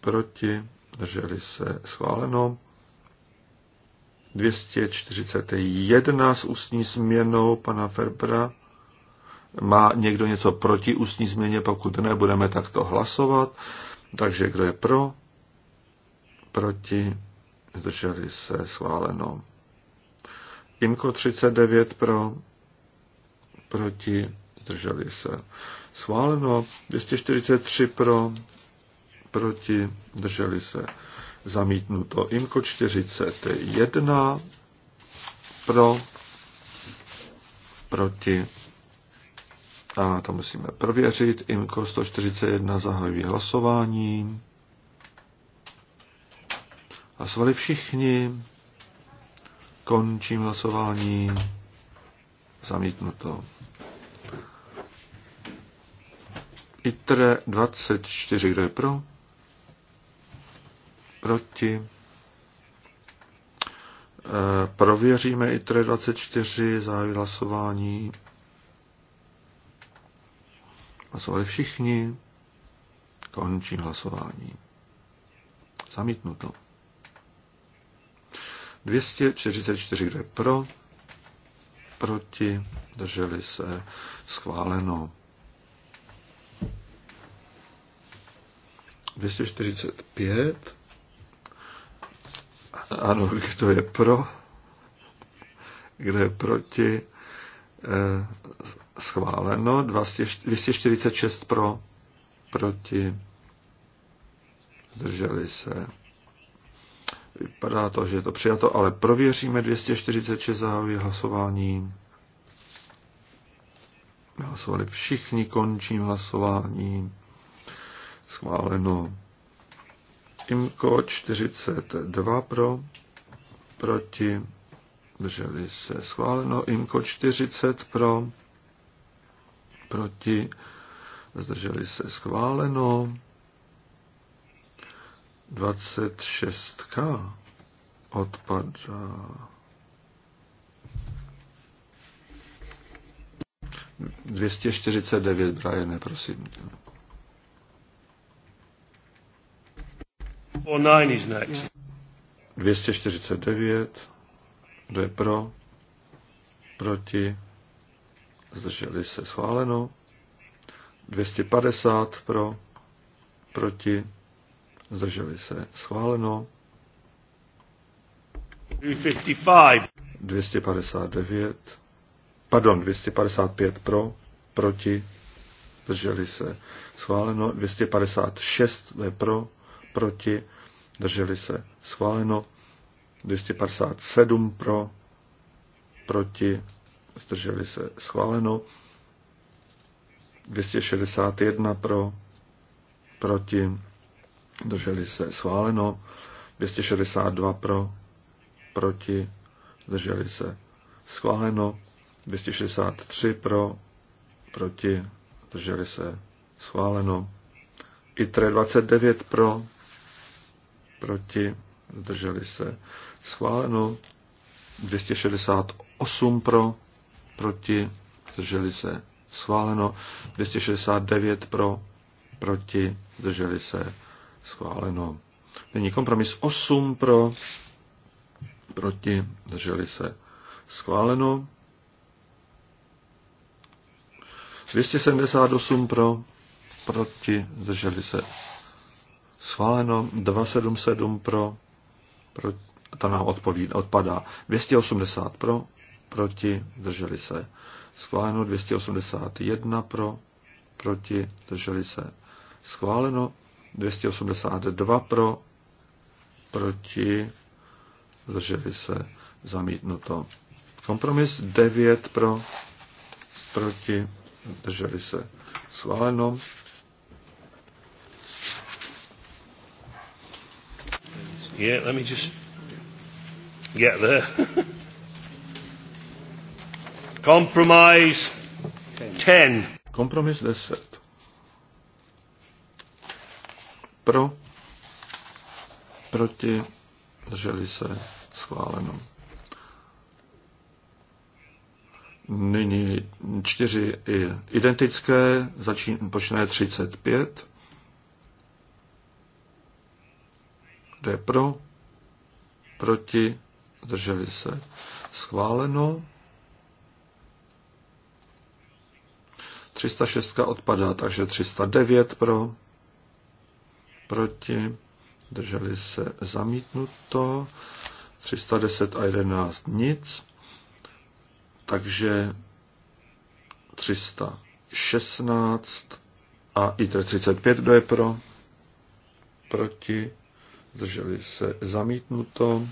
proti, drželi se. Schváleno. 241 s ústní změnou pana Ferbra. Má někdo něco proti ústní změně? Pokud ne, budeme takto hlasovat. Takže kdo je pro? Proti? Zdrželi se schváleno. Inko 39 pro, proti, zdrželi se. Schváleno 243 pro, proti, zdrželi se zamítnuto. Imko 41 pro, proti, a to musíme prověřit. Imko 141 zahajují hlasování. Hlasovali všichni. Končím hlasování. Zamítnuto. ITRE 24, kdo je pro? proti. E, prověříme i 24 zahájí hlasování. Hlasovali všichni. Končí hlasování. Zamítnuto. 244, kdo je pro, proti, drželi se, schváleno. 245, ano, kdo je pro, kdo je proti, eh, schváleno, 246 pro, proti, zdrželi se. Vypadá to, že je to přijato, ale prověříme 246 zahájí hlasování. Hlasovali všichni, končím hlasování. Schváleno. Imko 42 pro, proti, drželi se schváleno. Imko 40 pro, proti, zdrželi se schváleno. 26 odpadá. Dvěstě čtyřicet devět, Brian, prosím. 249. Kdo je pro? Proti? Zdrželi se schváleno. 250 pro? Proti? Zdrželi se schváleno. 255. 259. Pardon, 255 pro, proti, zdrželi se. Schváleno 256 pro, proti, Drželi se. Schváleno. 257 pro. Proti. Zdrželi se. Schváleno. 261 pro. Proti. Drželi se. Schváleno. 262 pro. Proti. Zdrželi se. Schváleno. 263 pro. Proti. Zdrželi se. Schváleno. ITRE 29 pro proti, zdrželi se schváleno, 268 pro, proti, zdrželi se schváleno, 269 pro, proti, zdrželi se schváleno. Nyní kompromis 8 pro, proti, zdrželi se schváleno, 278 pro, proti, zdrželi se Schváleno 277 pro, pro ta nám odpoví, odpadá. 280 pro, proti, drželi se. Schváleno 281 pro, proti, drželi se. Schváleno 282 pro, proti, drželi se, zamítnuto. Kompromis 9 pro, proti, drželi se, schváleno. Yeah, let me just get there. [LAUGHS] Compromise 10. Kompromis 10. Pro, proti, drželi se, schváleno. Nyní čtyři identické, začín, počínaje 35 Kdo je pro? Proti? Drželi se. Schváleno. 306 odpadá, takže 309 pro, proti, drželi se zamítnuto, 310 a 11 nic, takže 316 a i 35, kdo je pro, proti, zdrželi se zamítnuto,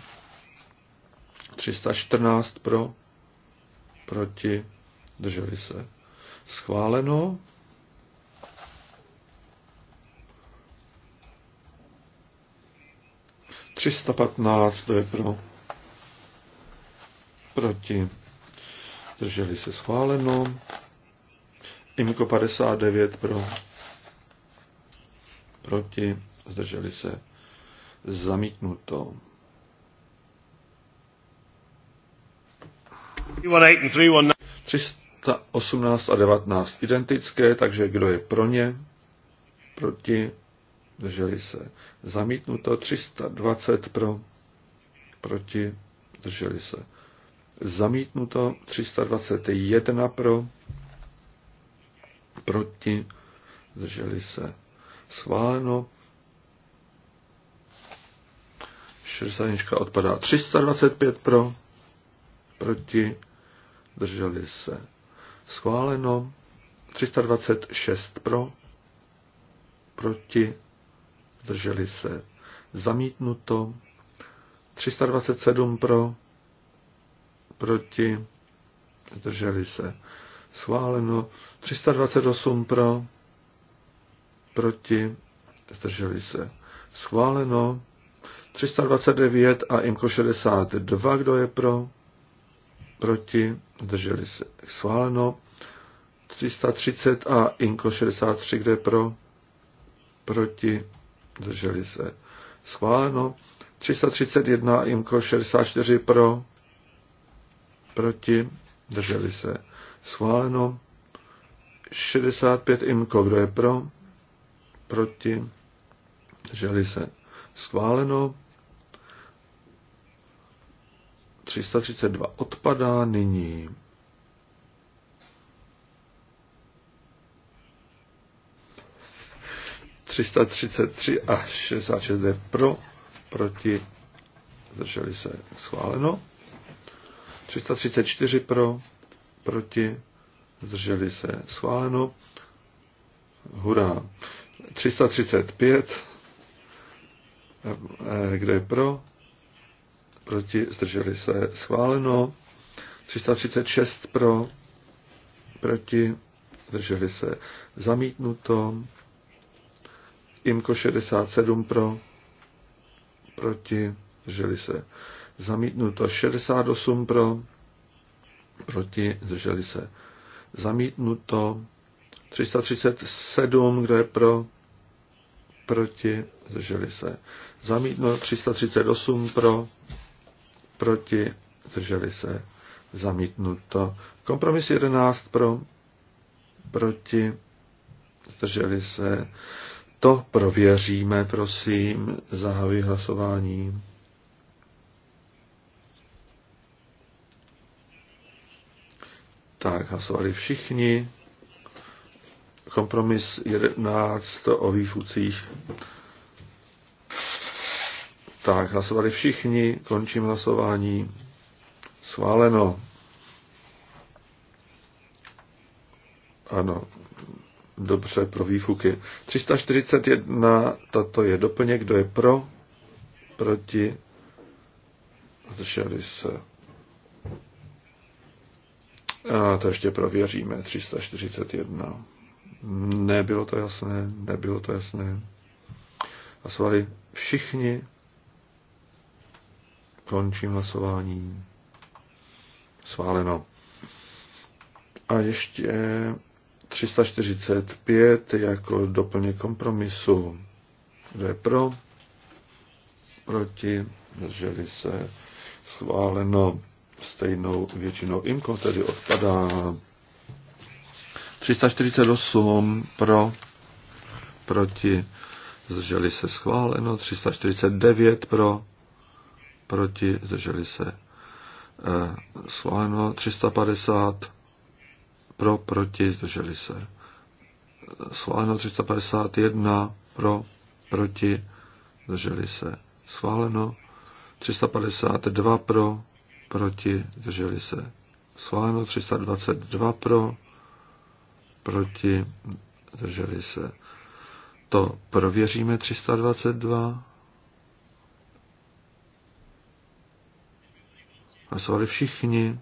314 pro, proti, zdrželi se schváleno, Třista patnáct, to je pro, proti, drželi se schváleno, IMKO 59 pro, proti, zdrželi se zamítnuto. 318 a 19 identické, takže kdo je pro ně, proti, drželi se. Zamítnuto 320 pro, proti, drželi se. Zamítnuto 321 pro, proti, drželi se. Schváleno 61 odpadá. 325 pro, proti, drželi se. Schváleno. 326 pro, proti, drželi se. Zamítnuto. 327 pro, proti, drželi se. Schváleno. 328 pro, proti, zdrželi se. Schváleno. 329 a IMKO 62, kdo je pro, proti, drželi se schváleno. 330 a IMKO 63, kdo je pro, proti, drželi se schváleno. 331 a IMKO 64 pro, proti, drželi se. Schváleno 65 IMKO, kdo je pro, proti, drželi se schváleno. 332 odpadá nyní. ...333 a 66 je pro, proti, zdrželi se, schváleno. 334 pro, proti, zdrželi se, schváleno. Hurá. 335 Eh, kdo je pro? Proti? Zdrželi se? Schváleno. 336 pro? Proti? Zdrželi se? Zamítnuto. IMKO 67 pro? Proti? Zdrželi se? Zamítnuto. 68 pro? Proti? Zdrželi se? Zamítnuto. 337, kdo je pro? proti, zdrželi se. Zamítnuto 338 pro, proti, zdrželi se. Zamítnuto. Kompromis 11 pro, proti, zdrželi se. To prověříme, prosím, zahajuji hlasování. Tak, hlasovali všichni kompromis 11 o výfucích. Tak, hlasovali všichni, končím hlasování. Schváleno. Ano, dobře, pro výfuky. 341, tato je doplněk, kdo je pro, proti, zdrželi se. A to ještě prověříme, 341. Nebylo to jasné, nebylo to jasné. Hlasovali všichni. Končím hlasování. Sváleno. A ještě 345 jako doplně kompromisu. Kdo je pro? Proti? Zdrželi se? Schváleno stejnou většinou. Imko tedy odpadá. 348 pro, proti, zdrželi se schváleno, 349 pro, proti, zdrželi se eh, schváleno, 350 eh, pro, proti, zdrželi se schváleno, 351 pro, proti, zdrželi se schváleno, 352 pro, proti, zdrželi se schváleno, 322 pro, proti, drželi se. To prověříme 322. Hlasovali všichni.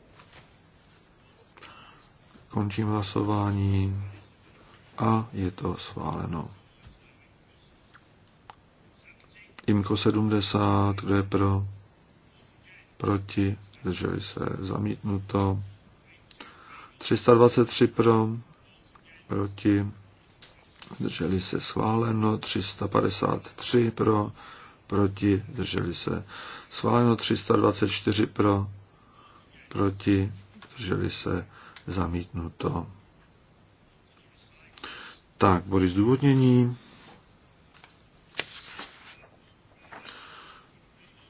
Končím hlasování a je to schváleno. Imko 70, kdo je pro? Proti, drželi se, zamítnuto. 323 pro, proti, drželi se schváleno, 353 pro, proti, drželi se schváleno, 324 pro, proti, drželi se zamítnuto. Tak, body zdůvodnění.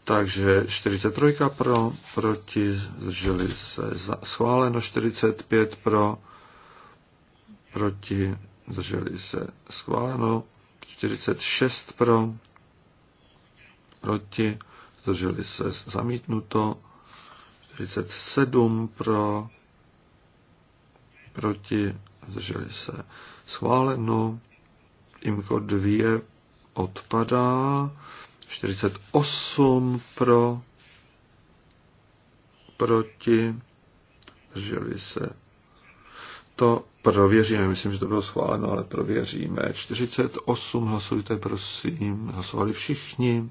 Takže 43 pro, proti, drželi se schváleno, 45 pro, proti, zdrželi se schváleno, 46 pro, proti, zdrželi se zamítnuto, 47 pro, proti, zdrželi se schváleno, IMKO 2 odpadá, 48 pro, proti, zdrželi se to prověříme. Myslím, že to bylo schváleno, ale prověříme. 48 hlasujte, prosím. Hlasovali všichni.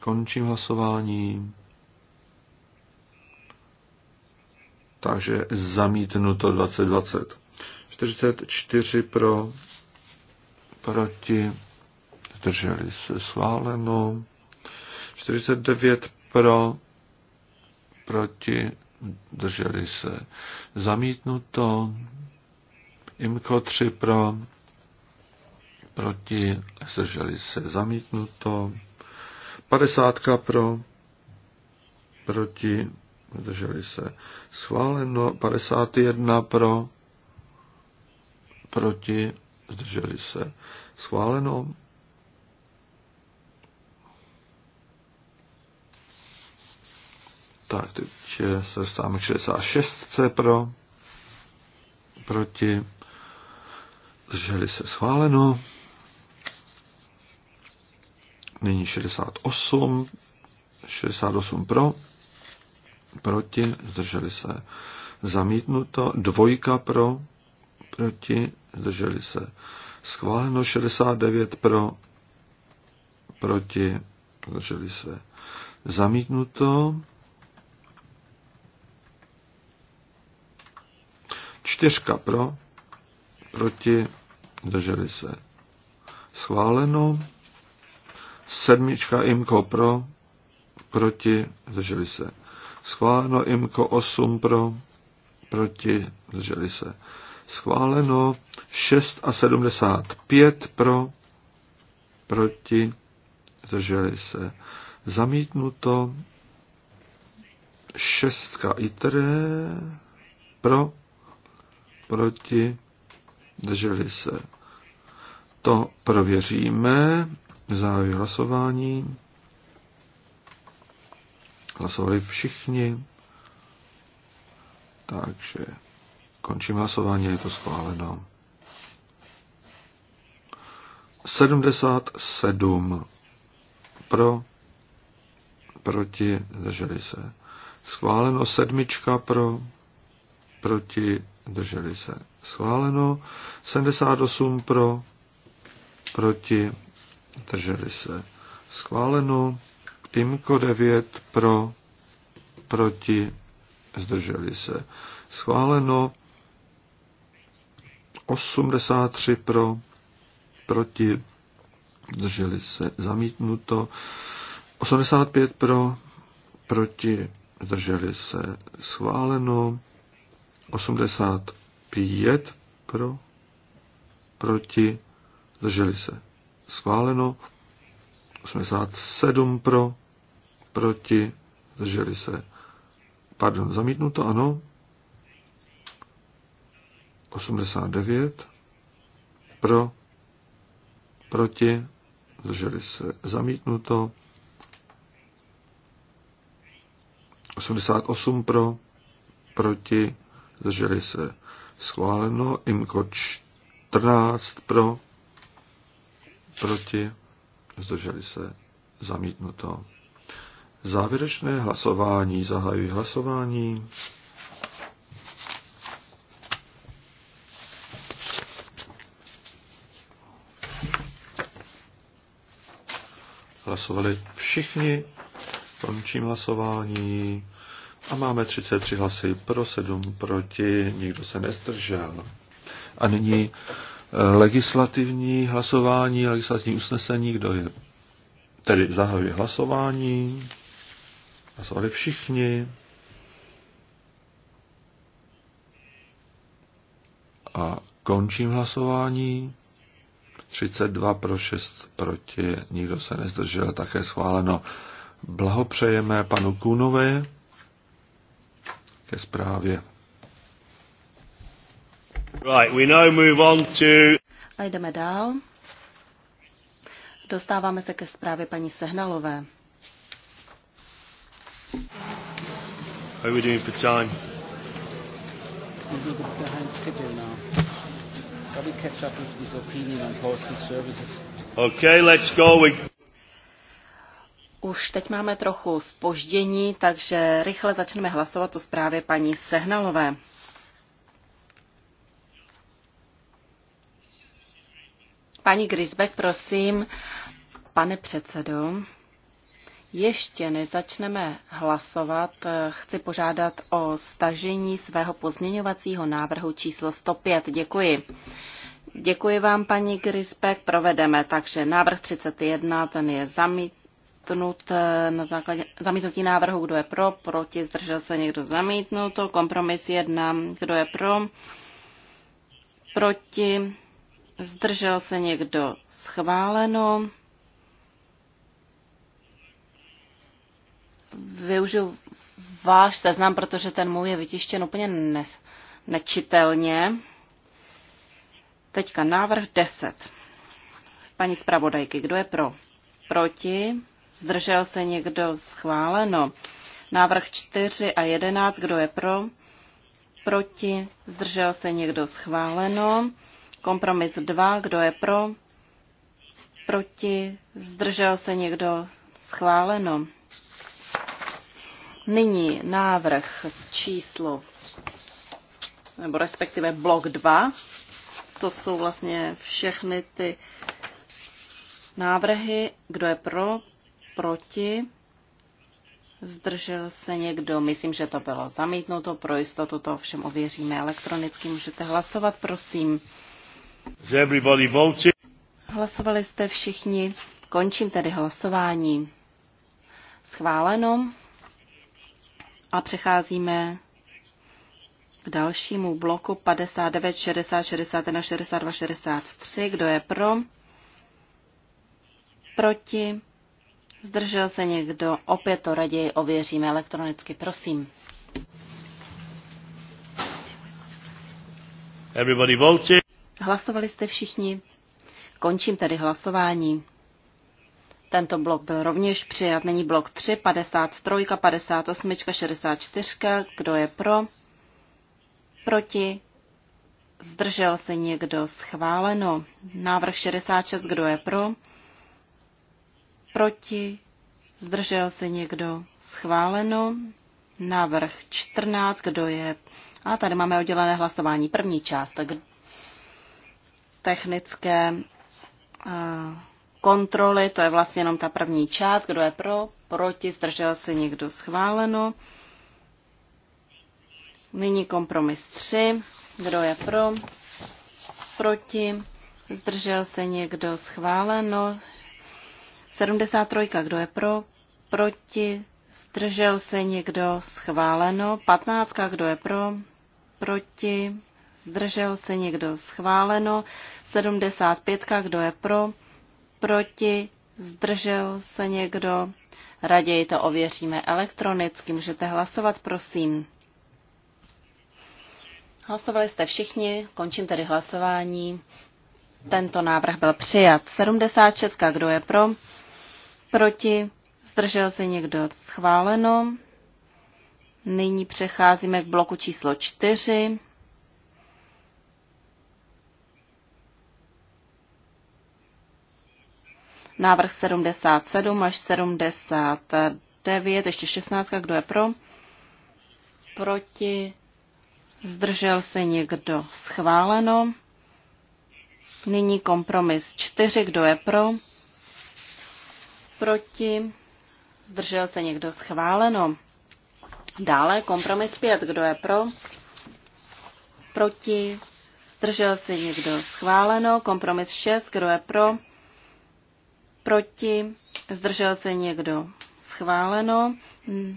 Končím hlasování. Takže zamítnuto 2020. 44 pro, proti, drželi se schváleno. 49 pro, proti, drželi se. Zamítnuto IMKO 3 pro, proti, zdrželi se. Zamítnuto 50 pro, proti, zdrželi se. Schváleno 51 pro, proti, zdrželi se. Schváleno Tak, teď se dostáváme 66 pro, proti, zdrželi se schváleno. Nyní 68, 68 pro, proti, zdrželi se zamítnuto, dvojka pro, proti, zdrželi se schváleno, 69 pro, proti, zdrželi se zamítnuto, Čtyřka pro, proti, drželi se. Schváleno. Sedmička IMKO pro, proti, drželi se. Schváleno IMKO 8 pro, proti, drželi se. Schváleno 6 a 75 pro, proti, drželi se. Zamítnuto šestka itere pro, proti, drželi se. To prověříme, zahájí hlasování. Hlasovali všichni. Takže končím hlasování, je to schváleno. 77 pro, proti, zdrželi se. Schváleno sedmička pro, proti, drželi se schváleno, 78 pro, proti, drželi se schváleno, IMKO 9 pro, proti, zdrželi se schváleno, 83 pro, proti, zdrželi se zamítnuto, 85 pro, proti, zdrželi se schváleno, 85 pro, proti, drželi se. Schváleno. 87 pro, proti, drželi se. Pardon, zamítnuto, ano. 89 pro, proti, drželi se. Zamítnuto. 88 pro, proti, zdrželi se schváleno, IMKO 14 pro, proti, zdrželi se zamítnuto. Závěrečné hlasování, zahajuji hlasování. Hlasovali všichni, končím hlasování. A máme 33 hlasy pro, 7 proti, nikdo se nestržel. A nyní eh, legislativní hlasování, legislativní usnesení, kdo je tedy zahajuje hlasování. Hlasovali všichni. A končím hlasování. 32 pro 6 proti, nikdo se nezdržel, také schváleno. Blahopřejeme panu Kůnovi ke zprávě. Right, we now move on to... A jdeme dál. Dostáváme se ke zprávě paní Sehnalové. How are we doing for time? Okay, let's go. We... Už teď máme trochu spoždění, takže rychle začneme hlasovat o zprávě paní Sehnalové. Paní Grisbeck, prosím, pane předsedo, ještě než začneme hlasovat, chci požádat o stažení svého pozměňovacího návrhu číslo 105. Děkuji. Děkuji vám, paní Grisbeck. Provedeme takže návrh 31, ten je zamít, zamítnout eh, na základě zamítnutí návrhu, kdo je pro, proti, zdržel se někdo zamítnuto, kompromis jedna, kdo je pro, proti, zdržel se někdo schváleno. Využiju váš seznam, protože ten můj je vytištěn úplně ne- nečitelně. Teďka návrh 10. Paní zpravodajky, kdo je pro? Proti? Zdržel se někdo? Schváleno. Návrh 4 a 11. Kdo je pro? Proti? Zdržel se někdo? Schváleno. Kompromis 2. Kdo je pro? Proti? Zdržel se někdo? Schváleno. Nyní návrh číslo, nebo respektive blok 2. To jsou vlastně všechny ty návrhy. Kdo je pro? proti, zdržel se někdo, myslím, že to bylo zamítnuto, pro jistotu to všem ověříme elektronicky, můžete hlasovat, prosím. Hlasovali jste všichni, končím tedy hlasování. Schváleno a přecházíme k dalšímu bloku 59, 60, 61, 62, 63. Kdo je pro? Proti? Zdržel se někdo? Opět to raději ověříme elektronicky. Prosím. Everybody voted. Hlasovali jste všichni? Končím tedy hlasování. Tento blok byl rovněž přijat. Není blok 3, 53, 58, 64. Kdo je pro? Proti? Zdržel se někdo? Schváleno. Návrh 66. Kdo je pro? proti, zdržel se někdo, schváleno. Návrh 14, kdo je, a tady máme oddělené hlasování, první část, tak technické eh, kontroly, to je vlastně jenom ta první část, kdo je pro, proti, zdržel se někdo, schváleno. Nyní kompromis 3, kdo je pro, proti, zdržel se někdo, schváleno. 73. Kdo je pro? Proti? Zdržel se někdo? Schváleno. 15. Kdo je pro? Proti? Zdržel se někdo? Schváleno. 75. Kdo je pro? Proti? Zdržel se někdo? Raději to ověříme elektronicky. Můžete hlasovat, prosím. Hlasovali jste všichni, končím tedy hlasování. Tento návrh byl přijat. 76. Kdo je pro? Proti? Zdržel se někdo? Schváleno. Nyní přecházíme k bloku číslo 4. Návrh 77 až 79, ještě 16, kdo je pro? Proti? Zdržel se někdo? Schváleno. Nyní kompromis 4, kdo je pro? proti, zdržel se někdo schváleno. Dále kompromis 5, kdo je pro, proti, zdržel se někdo schváleno. Kompromis 6, kdo je pro, proti, zdržel se někdo schváleno.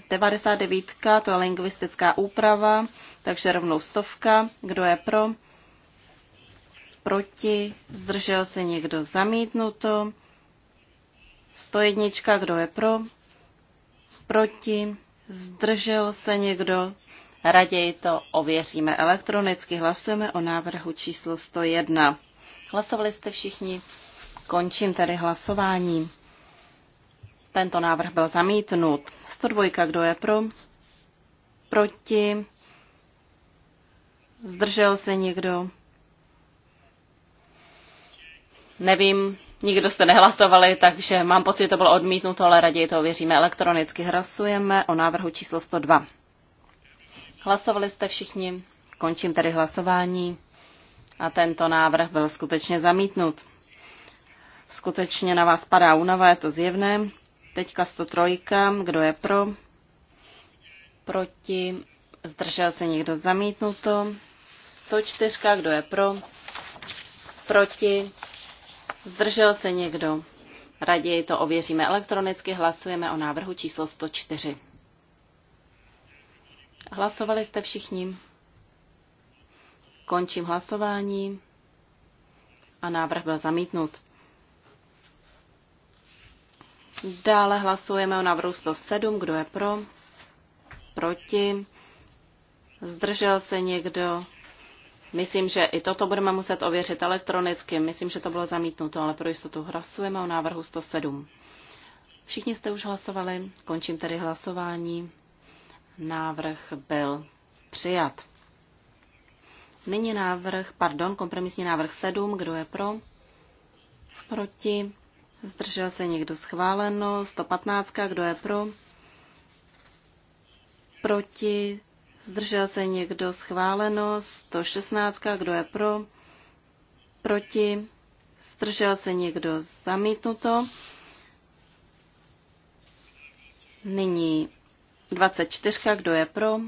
99, to je lingvistická úprava, takže rovnou stovka, kdo je pro, proti, zdržel se někdo zamítnuto. 101, kdo je pro, proti, zdržel se někdo, raději to ověříme elektronicky, hlasujeme o návrhu číslo 101. Hlasovali jste všichni, končím tedy hlasování. Tento návrh byl zamítnut. 102, kdo je pro, proti, zdržel se někdo, Nevím, Nikdo jste nehlasovali, takže mám pocit, že to bylo odmítnuto, ale raději to věříme elektronicky. Hlasujeme o návrhu číslo 102. Hlasovali jste všichni, končím tedy hlasování a tento návrh byl skutečně zamítnut. Skutečně na vás padá únava, je to zjevné. Teďka 103, kdo je pro? Proti? Zdržel se někdo zamítnuto? 104, kdo je pro? Proti? Zdržel se někdo? Raději to ověříme elektronicky, hlasujeme o návrhu číslo 104. Hlasovali jste všichni? Končím hlasování a návrh byl zamítnut. Dále hlasujeme o návrhu 107. Kdo je pro? Proti? Zdržel se někdo? Myslím, že i toto budeme muset ověřit elektronicky. Myslím, že to bylo zamítnuto, ale pro jistotu hlasujeme o návrhu 107. Všichni jste už hlasovali, končím tedy hlasování. Návrh byl přijat. Nyní návrh, pardon, kompromisní návrh 7, kdo je pro? Proti? Zdržel se někdo schváleno? 115, kdo je pro? Proti? Zdržel se někdo schváleno? 116. Kdo je pro? Proti? Zdržel se někdo zamítnuto? Nyní 24. Kdo je pro?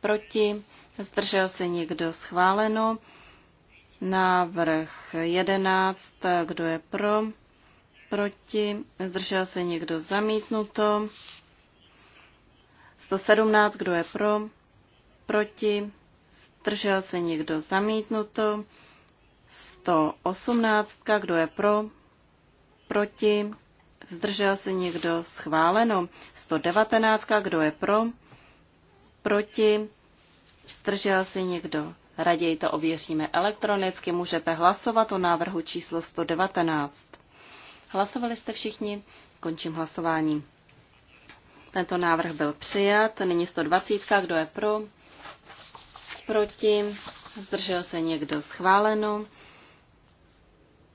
Proti? Zdržel se někdo schváleno? Návrh 11. Kdo je pro? Proti? Zdržel se někdo zamítnuto? 117. Kdo je pro? proti, zdržel se někdo zamítnuto, 118, kdo je pro, proti, zdržel se někdo schváleno, 119, kdo je pro, proti, zdržel se někdo. Raději to ověříme elektronicky, můžete hlasovat o návrhu číslo 119. Hlasovali jste všichni? Končím hlasování. Tento návrh byl přijat. Nyní 120. Kdo je pro? proti, zdržel se někdo schváleno.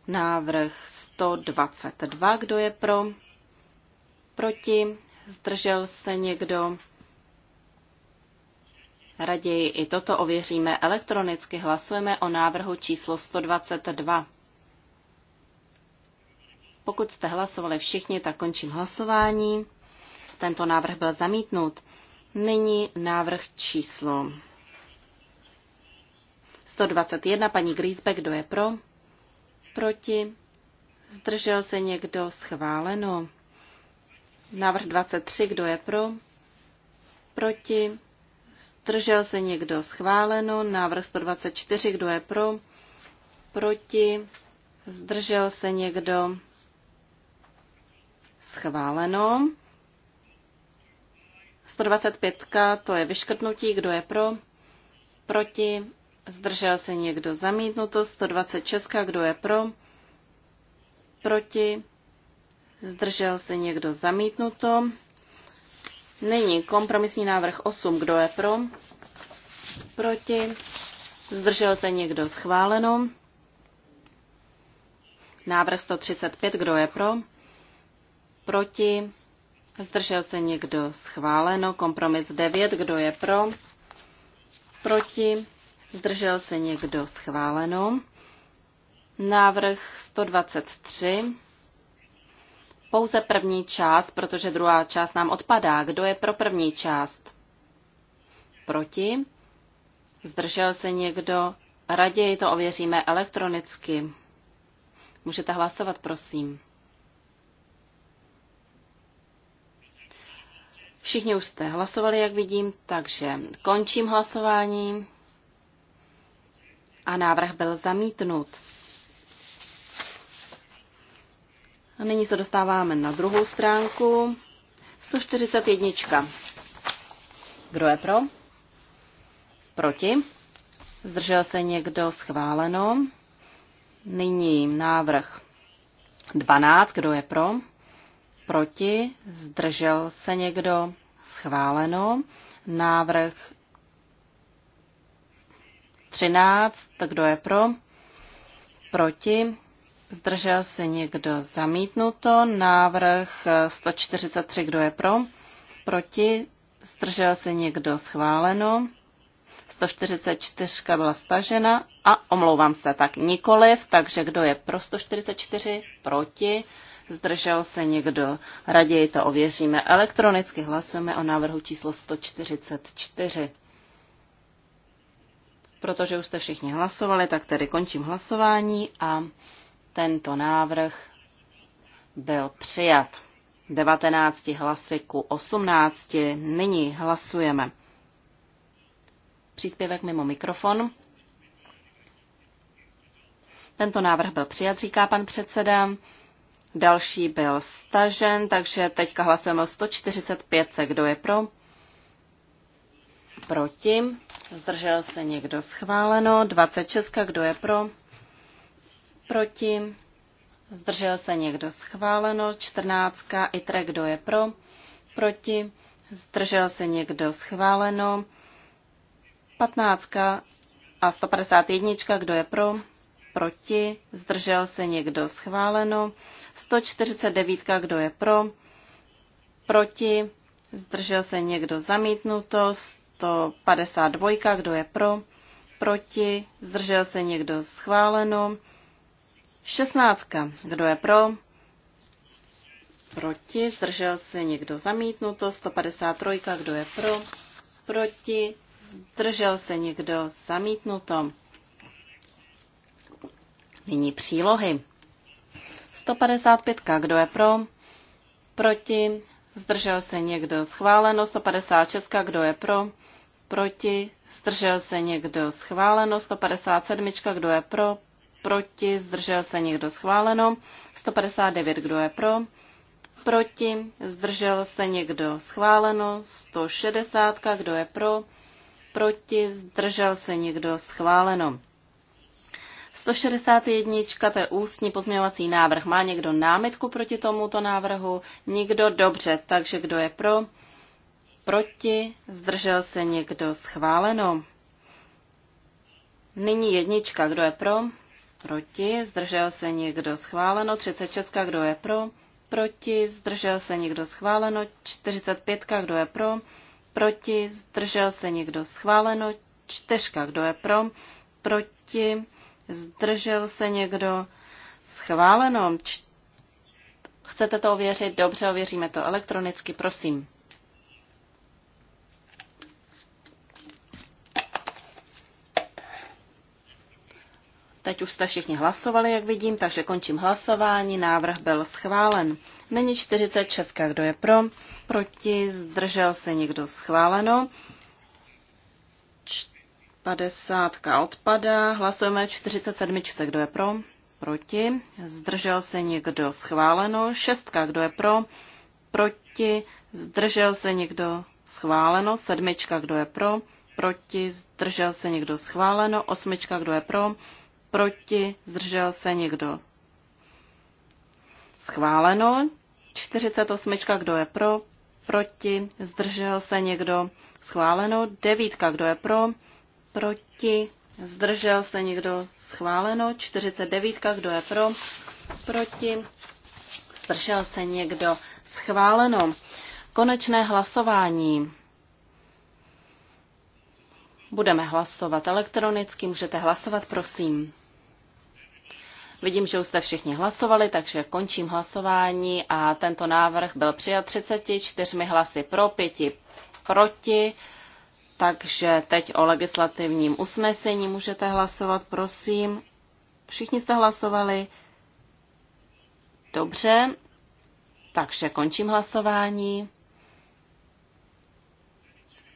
Návrh 122, kdo je pro, proti, zdržel se někdo. Raději i toto ověříme elektronicky. Hlasujeme o návrhu číslo 122. Pokud jste hlasovali všichni, tak končím hlasování. Tento návrh byl zamítnut. Nyní návrh číslo 121, paní Griesbeck, kdo je pro? Proti? Zdržel se někdo? Schváleno. Návrh 23, kdo je pro? Proti? Zdržel se někdo? Schváleno. Návrh 124, kdo je pro? Proti? Zdržel se někdo? Schváleno. 125, to je vyškrtnutí, kdo je pro? Proti? Zdržel se někdo zamítnuto. 126. Kdo je pro? Proti? Zdržel se někdo zamítnuto. Nyní kompromisní návrh 8. Kdo je pro? Proti? Zdržel se někdo schváleno. Návrh 135. Kdo je pro? Proti? Zdržel se někdo schváleno. Kompromis 9. Kdo je pro? Proti? zdržel se někdo schváleno. Návrh 123, pouze první část, protože druhá část nám odpadá. Kdo je pro první část? Proti? Zdržel se někdo? Raději to ověříme elektronicky. Můžete hlasovat, prosím. Všichni už jste hlasovali, jak vidím, takže končím hlasování a návrh byl zamítnut. A nyní se dostáváme na druhou stránku. 141. Kdo je pro? Proti? Zdržel se někdo schváleno? Nyní návrh 12. Kdo je pro? Proti? Zdržel se někdo schváleno? Návrh 13. Kdo je pro? Proti? Zdržel se někdo zamítnuto. Návrh 143. Kdo je pro? Proti? Zdržel se někdo schváleno. 144 byla stažena a omlouvám se, tak nikoliv, takže kdo je pro 144, proti, zdržel se někdo, raději to ověříme elektronicky, hlasujeme o návrhu číslo 144. Protože už jste všichni hlasovali, tak tedy končím hlasování a tento návrh byl přijat. 19 hlasy ku 18. Nyní hlasujeme. Příspěvek mimo mikrofon. Tento návrh byl přijat, říká pan předseda. Další byl stažen, takže teďka hlasujeme o 145. Kdo je pro? proti, zdržel se někdo schváleno, 26, kdo je pro, proti, zdržel se někdo schváleno, 14, itre, kdo je pro, proti, zdržel se někdo schváleno, 15 a 151, kdo je pro, proti, zdržel se někdo schváleno, 149, kdo je pro, proti, zdržel se někdo zamítnuto, 152, kdo je pro, proti, zdržel se někdo schváleno. 16, kdo je pro, proti, zdržel se někdo zamítnuto. 153, kdo je pro, proti, zdržel se někdo zamítnuto. Nyní přílohy. 155, kdo je pro, proti, zdržel se někdo schváleno, 156, kdo je pro, proti, zdržel se někdo schváleno, 157, kdo je pro, proti, zdržel se někdo schváleno, 159, kdo je pro, proti, zdržel se někdo schváleno, 160, kdo je pro, proti, zdržel se někdo schváleno. 161, to je ústní pozměňovací návrh. Má někdo námitku proti tomuto návrhu? Nikdo? Dobře, takže kdo je pro? Proti? Zdržel se někdo? Schváleno. Nyní jednička, kdo je pro? Proti? Zdržel se někdo? Schváleno. 36, kdo je pro? Proti? Zdržel se někdo? Schváleno. 45, kdo je pro? Proti? Zdržel se někdo? Schváleno. 4. kdo je pro? Proti? Zdržel se někdo? Schváleno. Chcete to ověřit? Dobře, ověříme to elektronicky, prosím. Teď už jste všichni hlasovali, jak vidím, takže končím hlasování. Návrh byl schválen. Není 46. Kdo je pro? Proti? Zdržel se někdo? Schváleno. 50 odpadá. Hlasujeme 47. Kdo je pro? Proti. Zdržel se někdo? Schváleno. 6. Kdo je pro? Proti. Zdržel se někdo? Schváleno. 7. Kdo je pro? Proti. Zdržel se někdo? Schváleno. 8. Kdo je pro? Proti. Zdržel se někdo? Schváleno. 48. Kdo je pro? Proti. Zdržel se někdo? Schváleno. 9. Kdo je pro? proti, zdržel se někdo schváleno, 49, kdo je pro, proti, zdržel se někdo schváleno. Konečné hlasování. Budeme hlasovat elektronicky, můžete hlasovat, prosím. Vidím, že už jste všichni hlasovali, takže končím hlasování a tento návrh byl přijat 34 hlasy pro, 5 proti. Takže teď o legislativním usnesení můžete hlasovat, prosím. Všichni jste hlasovali? Dobře. Takže končím hlasování.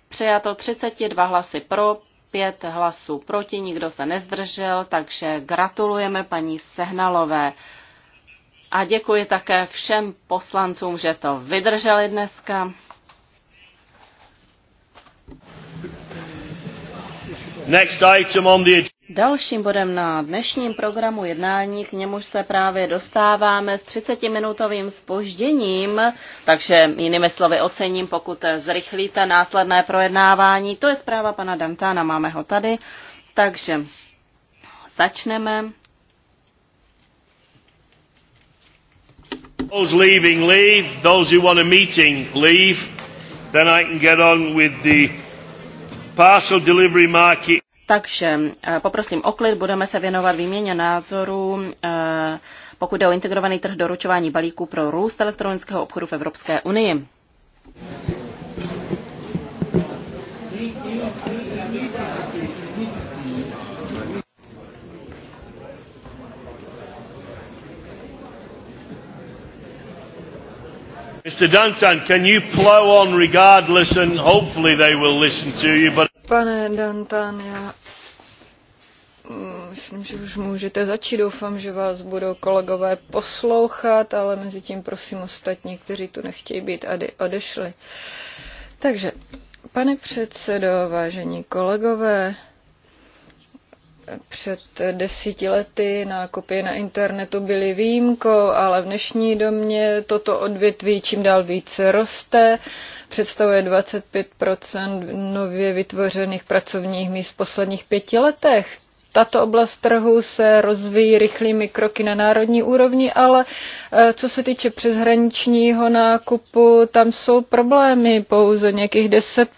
Přijato 32 hlasy pro, 5 hlasů proti, nikdo se nezdržel, takže gratulujeme paní Sehnalové. A děkuji také všem poslancům, že to vydrželi dneska. Next item on the... Dalším bodem na dnešním programu jednání, k němuž se právě dostáváme s 30-minutovým spožděním, takže jinými slovy ocením, pokud zrychlíte následné projednávání. To je zpráva pana Dantána, máme ho tady. Takže začneme. Those leaving, leave. Those who want a meeting, leave. Then I can get on with the parcel delivery market. Takže eh, poprosím o klid, budeme se věnovat výměně názorů, eh, pokud jde o integrovaný trh doručování balíků pro růst elektronického obchodu v Evropské unii. Mr. Dantan, can you plow on regardless and hopefully they will listen to you, but... Pane Dantan, já myslím, že už můžete začít. Doufám, že vás budou kolegové poslouchat, ale mezi tím prosím ostatní, kteří tu nechtějí být, aby odešli. Takže, pane předsedo, vážení kolegové, před desíti lety nákupy na internetu byly výjimkou, ale v dnešní domě toto odvětví čím dál více roste. Představuje 25 nově vytvořených pracovních míst v posledních pěti letech. Tato oblast trhu se rozvíjí rychlými kroky na národní úrovni, ale eh, co se týče přeshraničního nákupu, tam jsou problémy. Pouze nějakých 10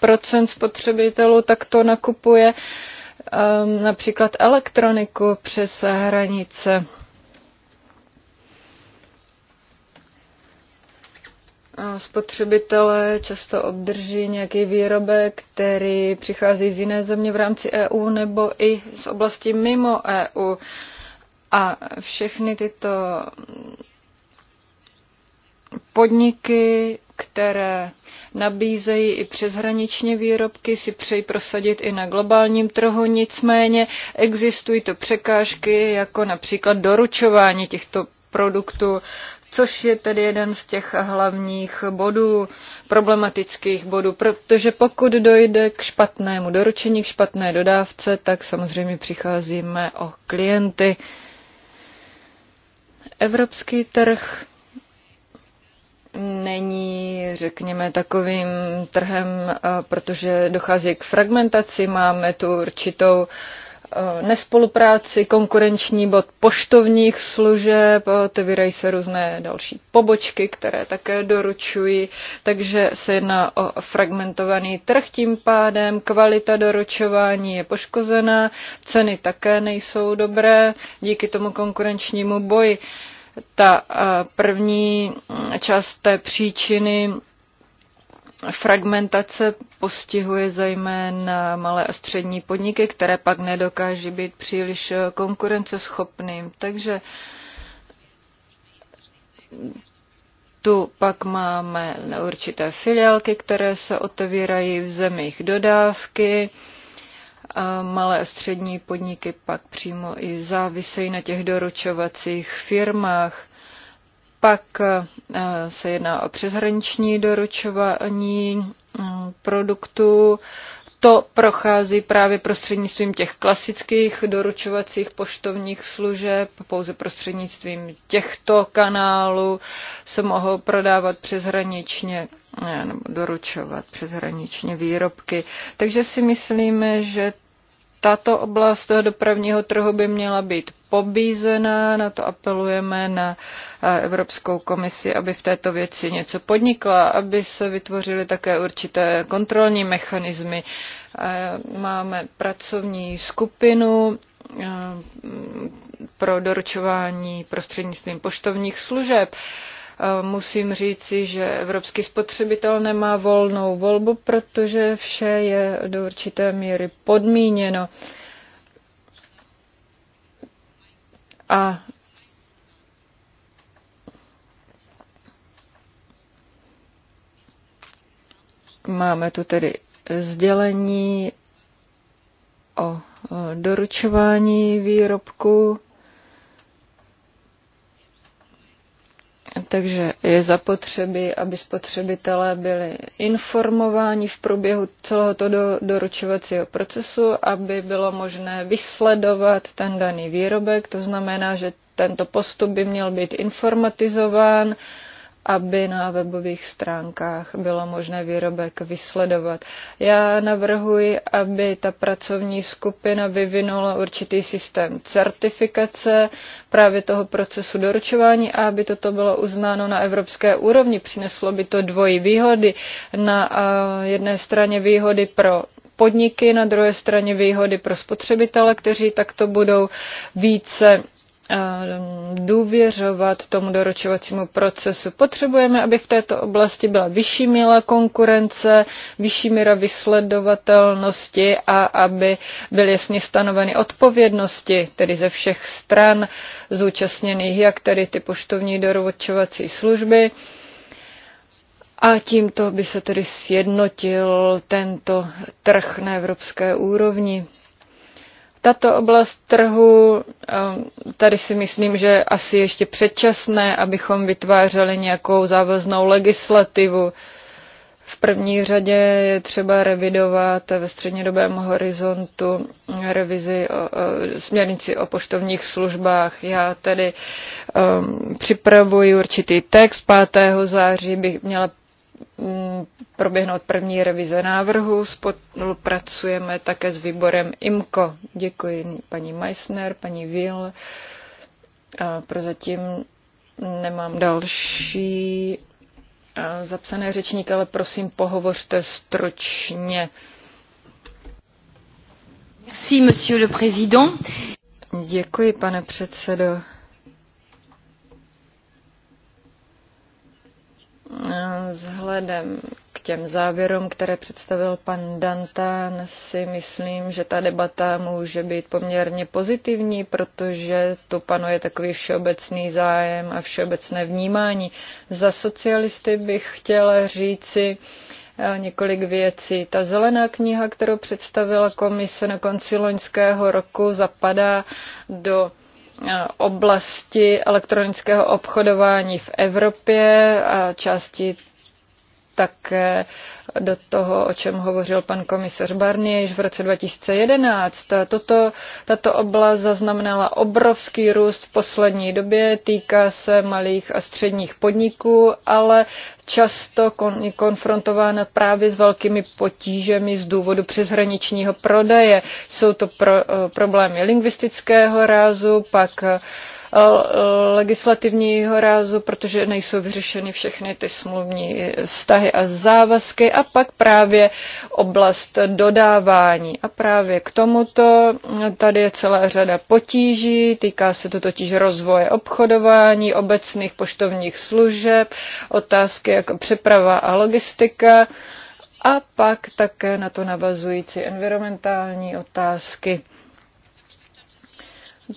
spotřebitelů takto nakupuje Ehm, například elektroniku přes hranice. Spotřebitelé často obdrží nějaký výrobek, který přichází z jiné země v rámci EU nebo i z oblasti mimo EU. A všechny tyto podniky, které nabízejí i přeshraničně výrobky, si přejí prosadit i na globálním trhu, nicméně existují to překážky jako například doručování těchto produktů, což je tedy jeden z těch hlavních bodů, problematických bodů, protože pokud dojde k špatnému doručení, k špatné dodávce, tak samozřejmě přicházíme o klienty. Evropský trh není, řekněme, takovým trhem, eh, protože dochází k fragmentaci, máme tu určitou eh, nespolupráci, konkurenční bod poštovních služeb, eh, otevírají se různé další pobočky, které také doručují, takže se jedná o fragmentovaný trh tím pádem, kvalita doručování je poškozená, ceny také nejsou dobré díky tomu konkurenčnímu boji. Ta eh, první část té příčiny Fragmentace postihuje zejména malé a střední podniky, které pak nedokáží být příliš eh, konkurenceschopným. Takže tu pak máme určité filiálky, které se otevírají v zemích dodávky a malé a střední podniky pak přímo i závisejí na těch doručovacích firmách. Pak e, se jedná o přeshraniční doručování mm, produktů, to prochází právě prostřednictvím těch klasických doručovacích poštovních služeb. Pouze prostřednictvím těchto kanálů se mohou prodávat přeshraničně eh, nebo doručovat přeshraničně výrobky. Takže si myslíme, že tato oblast toho dopravního trhu by měla být pobízená, na to apelujeme na Evropskou komisi, aby v této věci něco podnikla, aby se vytvořily také určité kontrolní mechanismy. Máme pracovní skupinu pro doručování prostřednictvím poštovních služeb. Musím říci, že evropský spotřebitel nemá volnou volbu, protože vše je do určité míry podmíněno. Uh, A máme tu tedy sdělení o doručování výrobku. Takže je zapotřebí, aby spotřebitelé byli informováni v průběhu celého toho doručovacího procesu, aby bylo možné vysledovat ten daný výrobek. To znamená, že tento postup by měl být informatizován, aby na webových stránkách bylo možné výrobek vysledovat. Já navrhuji, aby ta pracovní skupina vyvinula určitý systém certifikace právě toho procesu doručování a aby toto bylo uznáno na evropské úrovni. Přineslo by to dvojí výhody. Na jedné straně výhody pro podniky, na druhé straně výhody pro spotřebitele, kteří takto budou více Ehm, důvěřovat tomu doručovacímu procesu. Potřebujeme, aby v této oblasti byla vyšší míra konkurence, vyšší míra vysledovatelnosti a aby byly jasně stanoveny odpovědnosti, tedy ze všech stran zúčastněných, jak tedy ty poštovní doručovací služby. A tímto by se tedy sjednotil tento trh na evropské úrovni. Tato oblast trhu, ehm, tady si myslím, že asi ještě předčasné, abychom vytvářeli nějakou závaznou legislativu. V první řadě je třeba revidovat ve střednědobém horizontu revizi o, o, směrnici o poštovních službách. Já tedy um, připravuji určitý text. 5. září bych měla proběhnout první revize návrhu. Spolupracujeme také s výborem IMCO. Děkuji paní Meissner, paní Will. A prozatím nemám další zapsané řečníky, ale prosím, pohovořte stručně. Merci, monsieur le président. Děkuji, pane předsedo. Vzhledem k těm závěrům, které představil pan Dantan, si myslím, že ta debata může být poměrně pozitivní, protože tu panuje takový všeobecný zájem a všeobecné vnímání. Za socialisty bych chtěla říci, eh, několik věcí. Ta zelená kniha, kterou představila komise na konci loňského roku, zapadá do oblasti elektronického obchodování v Evropě a části také eh, do toho, o čem hovořil pan komisař Barnier již v roce 2011. Toto, tato oblast zaznamenala obrovský růst v poslední době, týká se malých a středních podniků, ale často kon, konfrontována právě s velkými potížemi z důvodu přeshraničního prodeje. Jsou to pro, eh, problémy lingvistického rázu, pak eh, Eh, legislativního rázu, protože nejsou vyřešeny všechny ty smluvní vztahy a závazky a pak právě oblast dodávání. A právě k tomuto tady je celá řada potíží, týká se to totiž rozvoje obchodování, obecných poštovních služeb, otázky jako přeprava a logistika a pak také na to navazující environmentální otázky.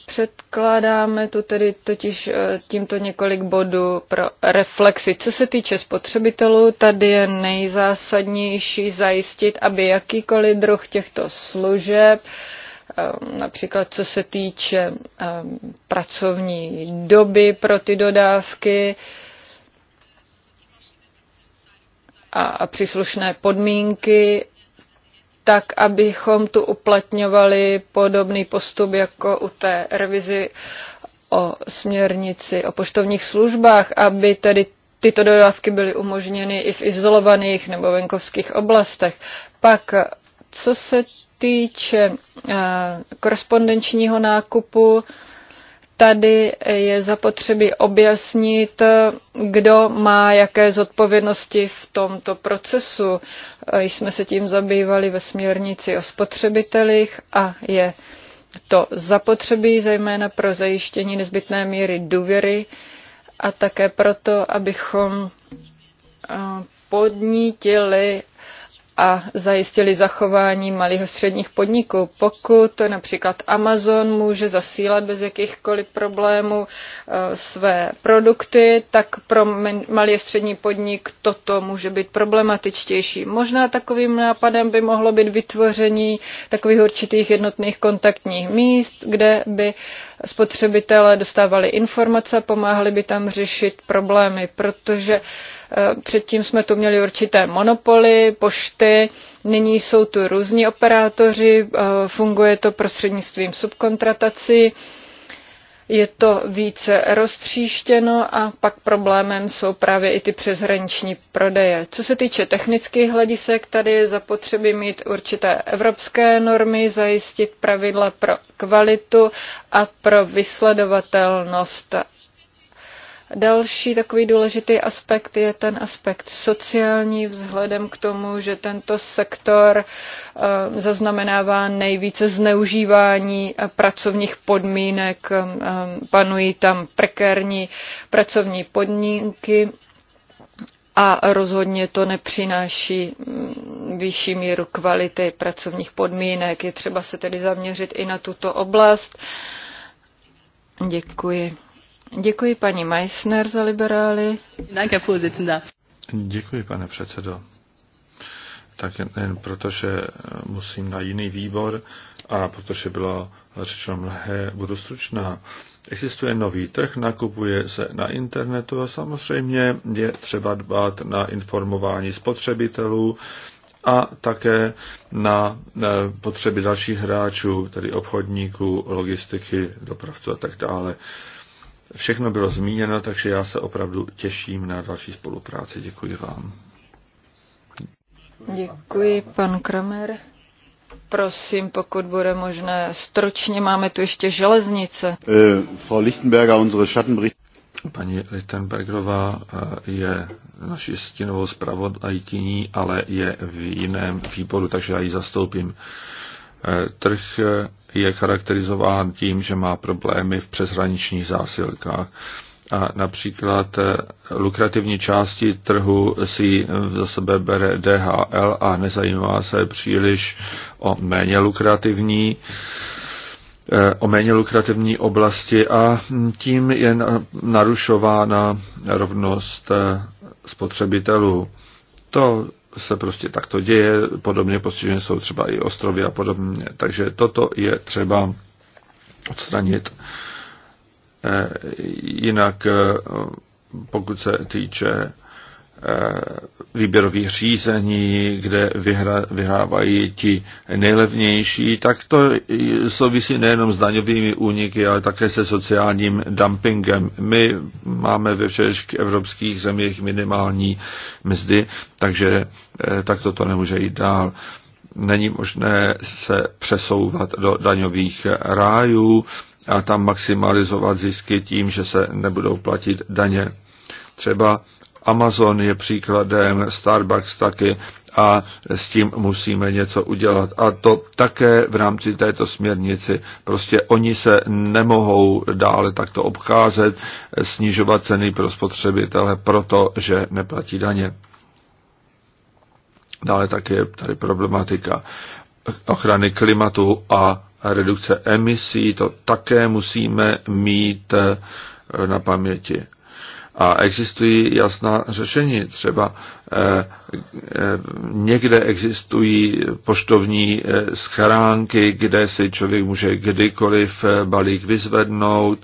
Předkládáme tu tedy totiž eh, tímto několik bodů pro reflexy. Co se týče spotřebitelů, tady je nejzásadnější zajistit, aby jakýkoliv druh těchto služeb, eh, například co se týče eh, pracovní doby pro ty dodávky, a příslušné podmínky tak abychom tu uplatňovali podobný postup jako u té revizi o směrnici o poštovních službách, aby tedy tyto dodávky byly umožněny i v izolovaných nebo venkovských oblastech. Pak, co se týče eh, korespondenčního nákupu, tady je zapotřebí objasnit, kdo má jaké zodpovědnosti v tomto procesu. Jsme se tím zabývali ve směrnici o spotřebitelích a je to zapotřebí zejména pro zajištění nezbytné míry důvěry a také proto, abychom podnítili a zajistili zachování malých a středních podniků. Pokud například Amazon může zasílat bez jakýchkoliv problémů eh, své produkty, tak pro malý a střední podnik toto může být problematičtější. Možná takovým nápadem by mohlo být vytvoření takových určitých jednotných kontaktních míst, kde by spotřebitelé dostávali informace, pomáhali by tam řešit problémy, protože eh, předtím jsme tu měli určité monopoly, pošty, nyní jsou tu různí operátoři, eh, funguje to prostřednictvím subkontratací je to více roztříštěno a pak problémem jsou právě i ty přeshraniční prodeje. Co se týče technických hledisek, tady je zapotřebí mít určité evropské normy, zajistit pravidla pro kvalitu a pro vysledovatelnost Další takový důležitý aspekt je ten aspekt sociální, vzhledem k tomu, že tento sektor eh, zaznamenává nejvíce zneužívání eh, pracovních podmínek, eh, panují tam prekérní pracovní podmínky a rozhodně to nepřináší mm, vyšší míru kvality pracovních podmínek. Je třeba se tedy zaměřit i na tuto oblast. Děkuji. Děkuji paní Meissner za liberály. Děkuji, pane předsedo. Tak jen protože musím na jiný výbor a protože bylo řečeno mnohé, budu stručná. Existuje nový trh, nakupuje se na internetu a samozřejmě je třeba dbát na informování spotřebitelů a také na potřeby dalších hráčů, tedy obchodníků, logistiky, dopravců a tak dále. Všechno bylo zmíněno, takže já se opravdu těším na další spolupráci. Děkuji vám. Děkuji, pan Kramer. Prosím, pokud bude možné, stročně máme tu ještě železnice. Uh, Frau Lichtenberger, unsere Schattenbericht. Paní Lichtenbergerová äh, je naší stinovou zpravodajkyní, ale je v jiném výboru, takže já ji zastoupím. Äh, trh je charakterizován tím, že má problémy v přeshraničních zásilkách. A například eh, lukrativní části trhu si za sebe bere DHL a nezajímá se příliš o méně lukrativní eh, o méně lukrativní oblasti a tím je narušována rovnost eh, spotřebitelů. To se prostě takto děje, podobně postižené jsou třeba i ostrovy a podobně. Takže toto je třeba odstranit. Eh, jinak, eh, pokud se týče Eh, výběrových řízení, kde vyhra, vyhrávají ti nejlevnější, tak to souvisí nejenom s daňovými úniky, ale také se sociálním dumpingem. My máme ve všech evropských zemích minimální mzdy, takže eh, tak toto nemůže jít dál. Není možné se přesouvat do daňových rájů a tam maximalizovat zisky tím, že se nebudou platit daně. Třeba Amazon je příkladem, Starbucks taky a s tím musíme něco udělat. A to také v rámci této směrnici. Prostě oni se nemohou dále takto obcházet, snižovat ceny pro spotřebitele, protože neplatí daně. Dále také je tady problematika ochrany klimatu a redukce emisí. To také musíme mít na paměti. A existují jasná řešení. Třeba eh, eh, někde existují poštovní eh, schránky, kde si člověk může kdykoliv balík vyzvednout.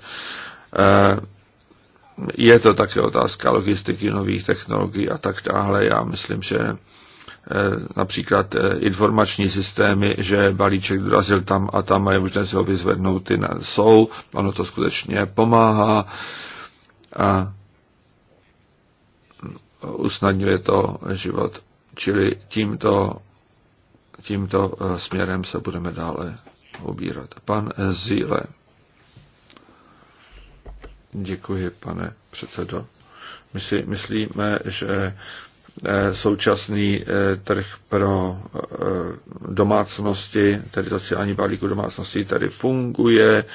Je to také otázka logistiky nových technologií a tak dále. Já myslím, že například informační systémy, že balíček dorazil tam a tam a je možné si ho vyzvednout, ty jsou, ono to skutečně pomáhá. A usnadňuje to život. Čili tímto, tímto eh, směrem se budeme dále ubírat. Pan eh, Zíle. Děkuji, pane předsedo. My si myslíme, že eh, současný trh pro domácnosti, tedy sociální balíku domácností, tady funguje,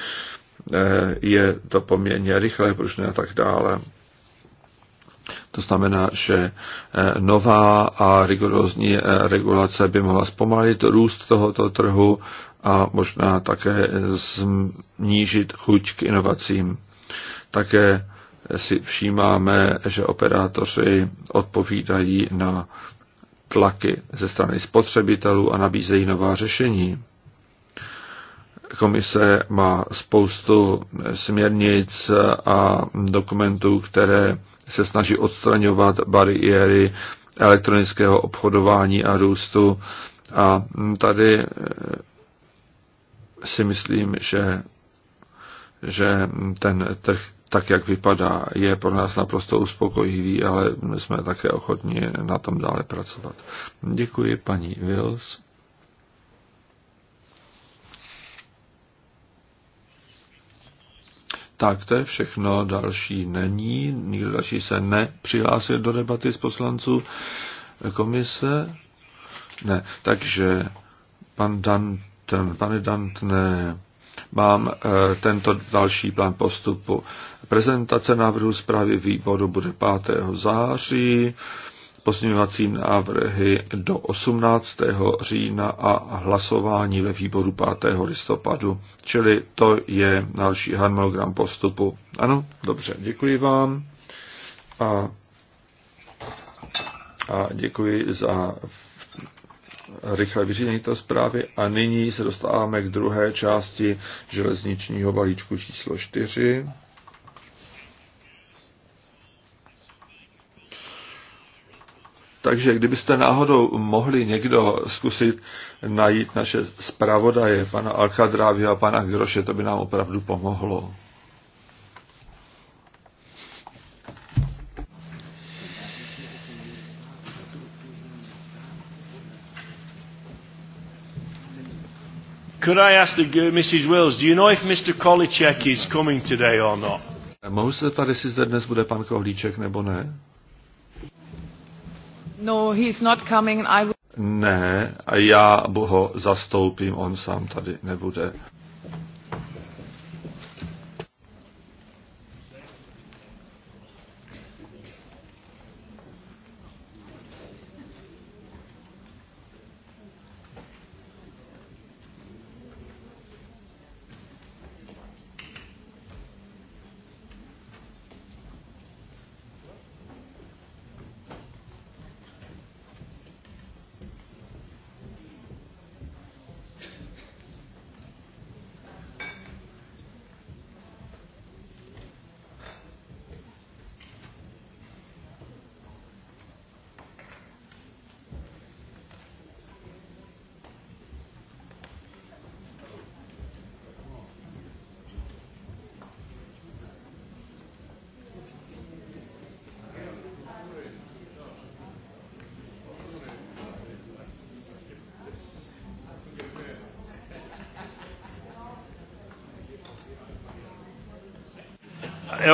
je to poměrně rychlé, pružné a tak dále. To znamená, že eh, nová a rigorózní eh, regulace by mohla zpomalit růst tohoto trhu a možná také znížit chuť k inovacím. Také si všímáme, že operátoři odpovídají na tlaky ze strany spotřebitelů a nabízejí nová řešení. Komise má spoustu směrnic a dokumentů, které se snaží odstraňovat bariéry elektronického obchodování a růstu. A tady eh, si myslím, že, že ten trh tak, jak vypadá, je pro nás naprosto uspokojivý, ale jsme také ochotní na tom dále pracovat. Děkuji paní Wills. Tak to je všechno, další není, nikdo další se nepřihlásil do debaty s poslanců komise. Ne, takže pan Danten, pane Dantne, mám e, tento další plán postupu. Prezentace návrhu zprávy výboru bude 5. září. E, pozměňovací návrhy do 18. října a hlasování ve výboru 5. listopadu. Čili to je další harmonogram postupu. Ano, dobře, děkuji vám a, a děkuji za rychle vyřízení té zprávy. A nyní se dostáváme k druhé části železničního balíčku číslo 4. Takže kdybyste náhodou mohli někdo zkusit najít naše zpravodaje, pana Alkadrávy a pana Groše, to by nám opravdu pomohlo. Could I ask the, Mrs. Wills, do you know if Mr. Kolicek is coming today or not? Mohu se tady, jestli zde dnes bude pan Kohlíček nebo ne? No, he's not coming. I will... Ne, a já ho zastoupím, on sám tady nebude.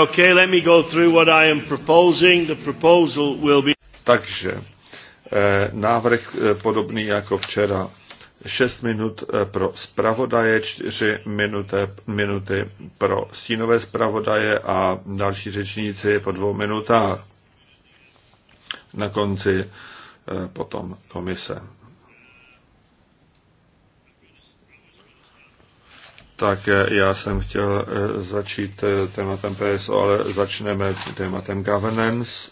Okay, let me go through what I am proposing. The proposal will be... Takže eh, návrh eh, podobný jako včera. 6 minut eh, pro zpravodaje, 4 minuty, minuty pro stínové zpravodaje a další řečníci po dvou minutách. Na konci potom komise. Tak eh, já jsem chtěl eh, začít eh, tématem PSO, ale začneme tématem governance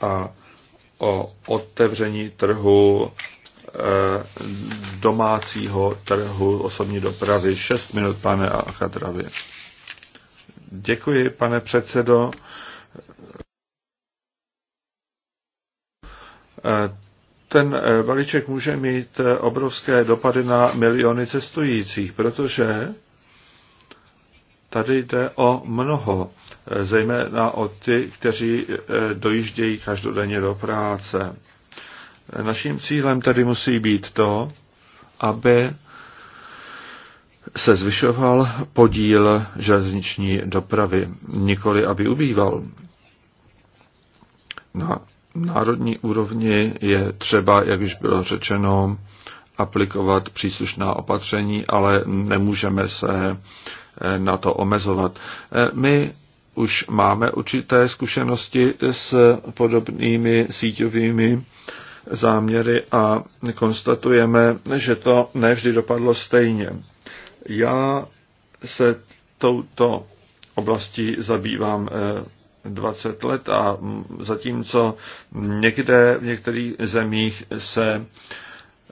a o otevření trhu domácího trhu osobní dopravy. Šest minut, pane Achadravě. Děkuji, pane předsedo ten eh, balíček může mít eh, obrovské dopady na miliony cestujících, protože tady jde o mnoho, eh, zejména o ty, kteří dojíždějí každodenně do práce. Naším cílem tady musí být to, aby se zvyšoval podíl železniční dopravy, nikoli aby ubýval. Na národní úrovni je třeba, jak už bylo řečeno, aplikovat příslušná opatření, ale nemůžeme se eh, na to omezovat. Eh, my už máme určité zkušenosti s podobnými síťovými záměry a konstatujeme, že to nevždy dopadlo stejně. Já se touto oblastí zabývám eh, 20 let a zatímco někde v některých zemích se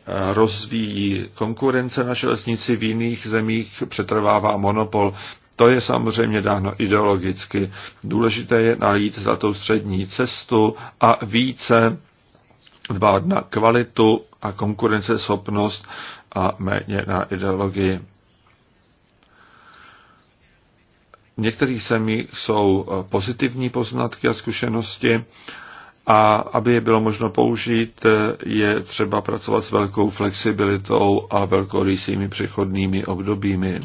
eh, rozvíjí konkurence na železnici, v jiných zemích přetrvává monopol. To je samozřejmě dáno ideologicky. Důležité je najít za tou střední cestu a více dbát na kvalitu a konkurenceschopnost a méně na ideologii. V některých zemích jsou eh, pozitivní poznatky a zkušenosti a aby je bylo možno použít, eh, je třeba pracovat s velkou flexibilitou a velkorysými přechodnými obdobími.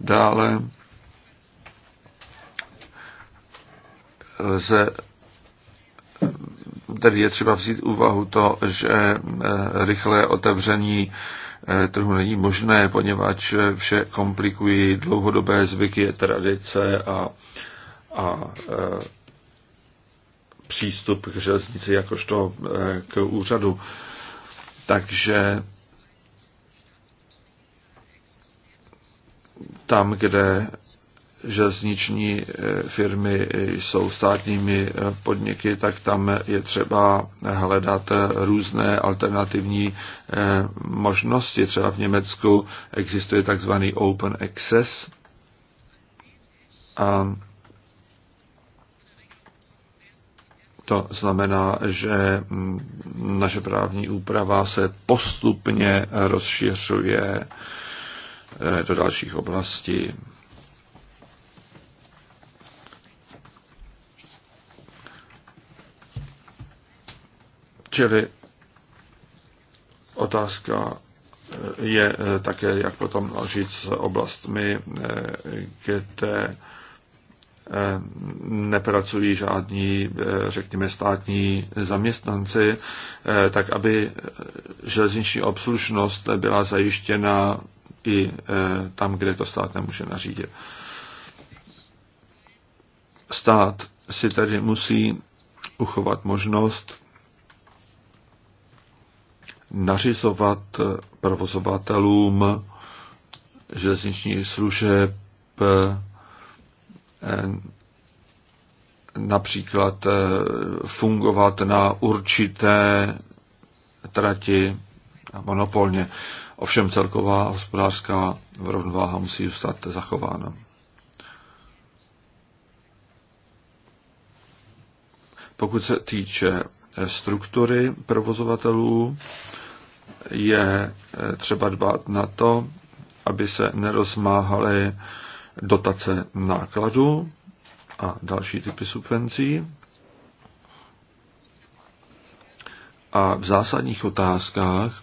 Dále lze eh, tedy je třeba vzít úvahu to, že rychlé otevření Eh, trhu není možné, poněvadž eh, vše komplikují dlouhodobé zvyky, tradice a, a e, přístup k železnici jakožto e, k úřadu. Takže tam, kde železniční eh, firmy jsou státními eh, podniky, tak tam je třeba hledat eh, různé alternativní možnosti. Třeba v Německu existuje takzvaný open access. A to znamená, že mm, naše právní úprava se postupně rozšiřuje do dalších oblastí. Čili otázka je také, jak potom žít s oblastmi, eh, kde eh, nepracují žádní, eh, řekněme, státní zaměstnanci, tak aby železniční obslužnost byla zajištěna i tam, kde to stát nemůže nařídit. Stát si tedy musí uchovat možnost nařizovat provozovatelům železničních služeb eh, například eh, fungovat na určité trati monopolně. Ovšem celková hospodářská rovnováha musí zůstat zachována. Pokud se týče struktury provozovatelů, je eh, třeba dbát na to, aby se nerozmáhaly dotace nákladů a další typy subvencí. A v zásadních otázkách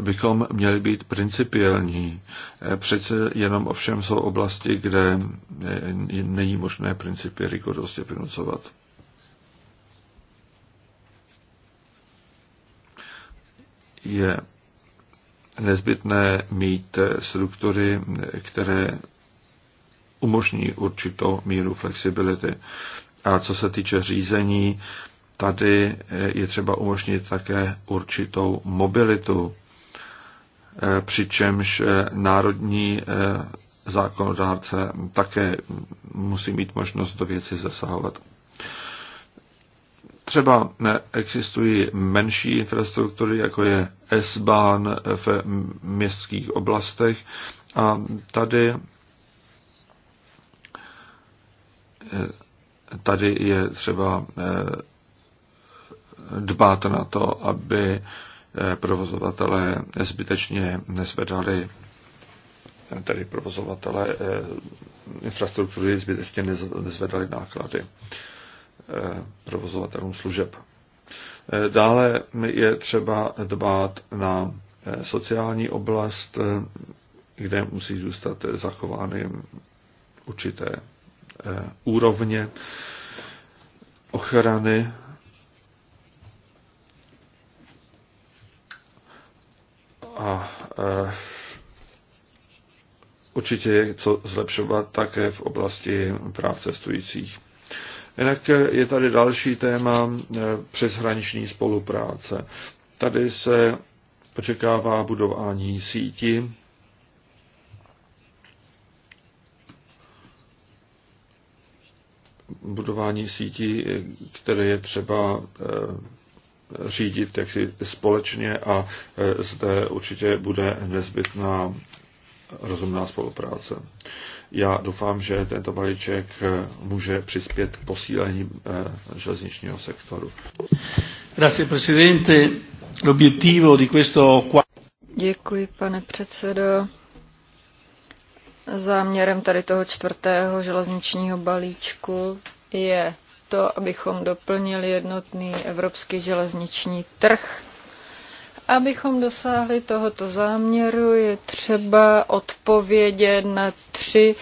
bychom měli být principiální. Eh, přece jenom ovšem jsou oblasti, kde eh, není možné principy rigorozně vynucovat. je nezbytné mít struktury, které umožní určitou míru flexibility. A co se týče řízení, tady je třeba umožnit také určitou mobilitu, přičemž národní zákonodárce také musí mít možnost do věci zasahovat. Třeba existují menší infrastruktury, jako je S-Bahn v městských oblastech a tady eh, tady je třeba eh, dbát na to, aby eh, provozovatelé zbytečně nezvedali tedy provozovatelé infrastruktury zbytečně nezvedali náklady. Eh, provozovatelům služeb. Eh, dále je třeba dbát na eh, sociální oblast, kde musí zůstat zachovány určité úrovně ochrany a určitě je co zlepšovat také v oblasti práv cestujících. Jinak je tady další téma eh, přeshraniční spolupráce. Tady se očekává budování síti. budování sítí, které je třeba eh, řídit jaksi společně a eh, zde určitě bude nezbytná rozumná spolupráce. Já doufám, že tento balíček může přispět k posílení eh, železničního sektoru. Děkuji, pane předsedo. Záměrem tady toho čtvrtého železničního balíčku je to, abychom doplnili jednotný evropský železniční trh Abychom dosáhli tohoto záměru, je třeba odpovědět na tři,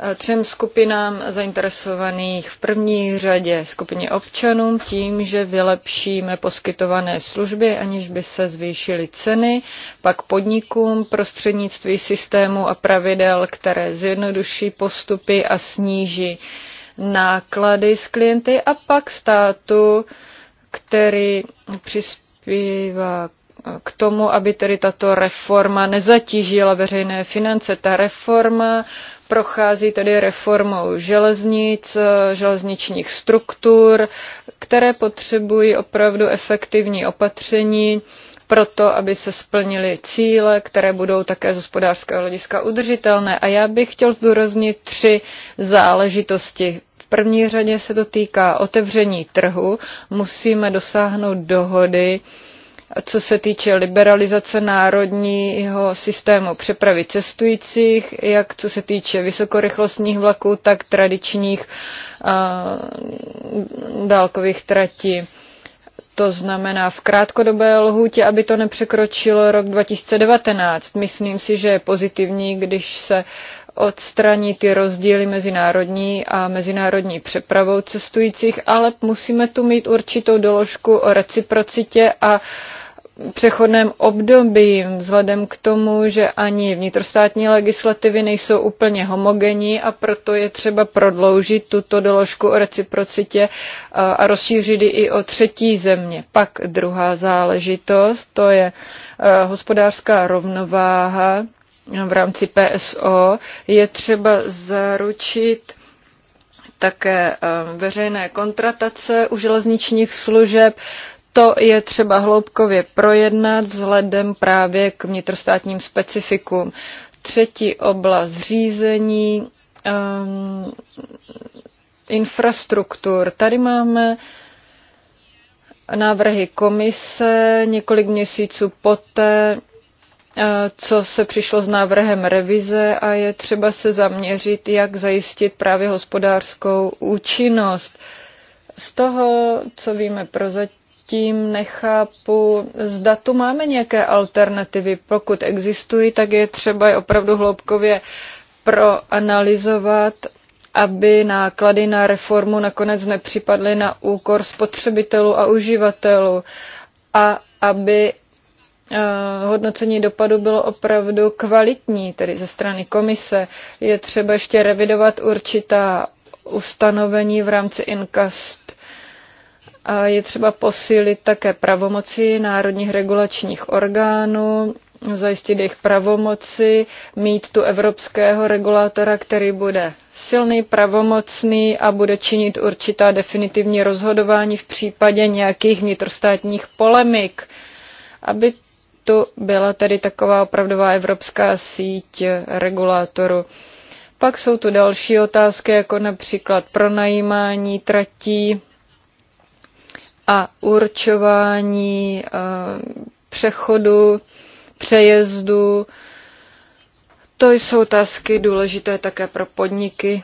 eh, třem skupinám zainteresovaných. V první řadě skupině občanům tím, že vylepšíme poskytované služby, aniž by se zvýšily ceny, pak podnikům prostřednictví systému a pravidel, které zjednoduší postupy a sníží náklady s klienty a pak státu, který přispívá k tomu, aby tedy tato reforma nezatížila veřejné finance. Ta reforma prochází tedy reformou železnic, železničních struktur, které potřebují opravdu efektivní opatření pro to, aby se splnily cíle, které budou také z hospodářského hlediska udržitelné. A já bych chtěl zdůraznit tři záležitosti. V první řadě se to týká otevření trhu. Musíme dosáhnout dohody, co se týče liberalizace národního systému přepravy cestujících, jak co se týče vysokorychlostních vlaků, tak tradičních a, dálkových tratí. To znamená v krátkodobé lhůtě, aby to nepřekročilo rok 2019. Myslím si, že je pozitivní, když se odstraní ty rozdíly mezi národní a mezinárodní přepravou cestujících, ale musíme tu mít určitou doložku o reciprocitě a uh, přechodném období, vzhledem k tomu, že ani vnitrostátní legislativy nejsou úplně homogenní a proto je třeba prodloužit tuto doložku o reciprocitě eh, a rozšířit ji i o třetí země. Pak druhá záležitost, to je eh, hospodářská rovnováha eh, v rámci PSO. Je třeba zaručit také veřejné kontratace u železničních služeb, to je třeba hloubkově projednat vzhledem právě k vnitrostátním specifikům. Třetí oblast řízení um, infrastruktur. Tady máme návrhy komise několik měsíců poté, eh, co se přišlo s návrhem revize a je třeba se zaměřit, jak zajistit právě hospodářskou účinnost. Z toho, co víme prozatím, zatím nechápu, zda tu máme nějaké alternativy. Pokud existují, tak je třeba je opravdu hloubkově proanalyzovat, aby náklady na reformu nakonec nepřipadly na úkor spotřebitelů a uživatelů a aby eh, hodnocení dopadu bylo opravdu kvalitní, tedy ze strany komise. Je třeba ještě revidovat určitá ustanovení v rámci INCAS a je třeba posílit také pravomoci národních regulačních orgánů, zajistit jejich pravomoci, mít tu evropského regulátora, který bude silný, pravomocný a bude činit určitá definitivní rozhodování v případě nějakých vnitrostátních polemik, aby tu byla tedy taková opravdová evropská síť regulátoru. Pak jsou tu další otázky, jako například pronajímání tratí, a určování eh, přechodu, přejezdu. To jsou otázky důležité také pro podniky.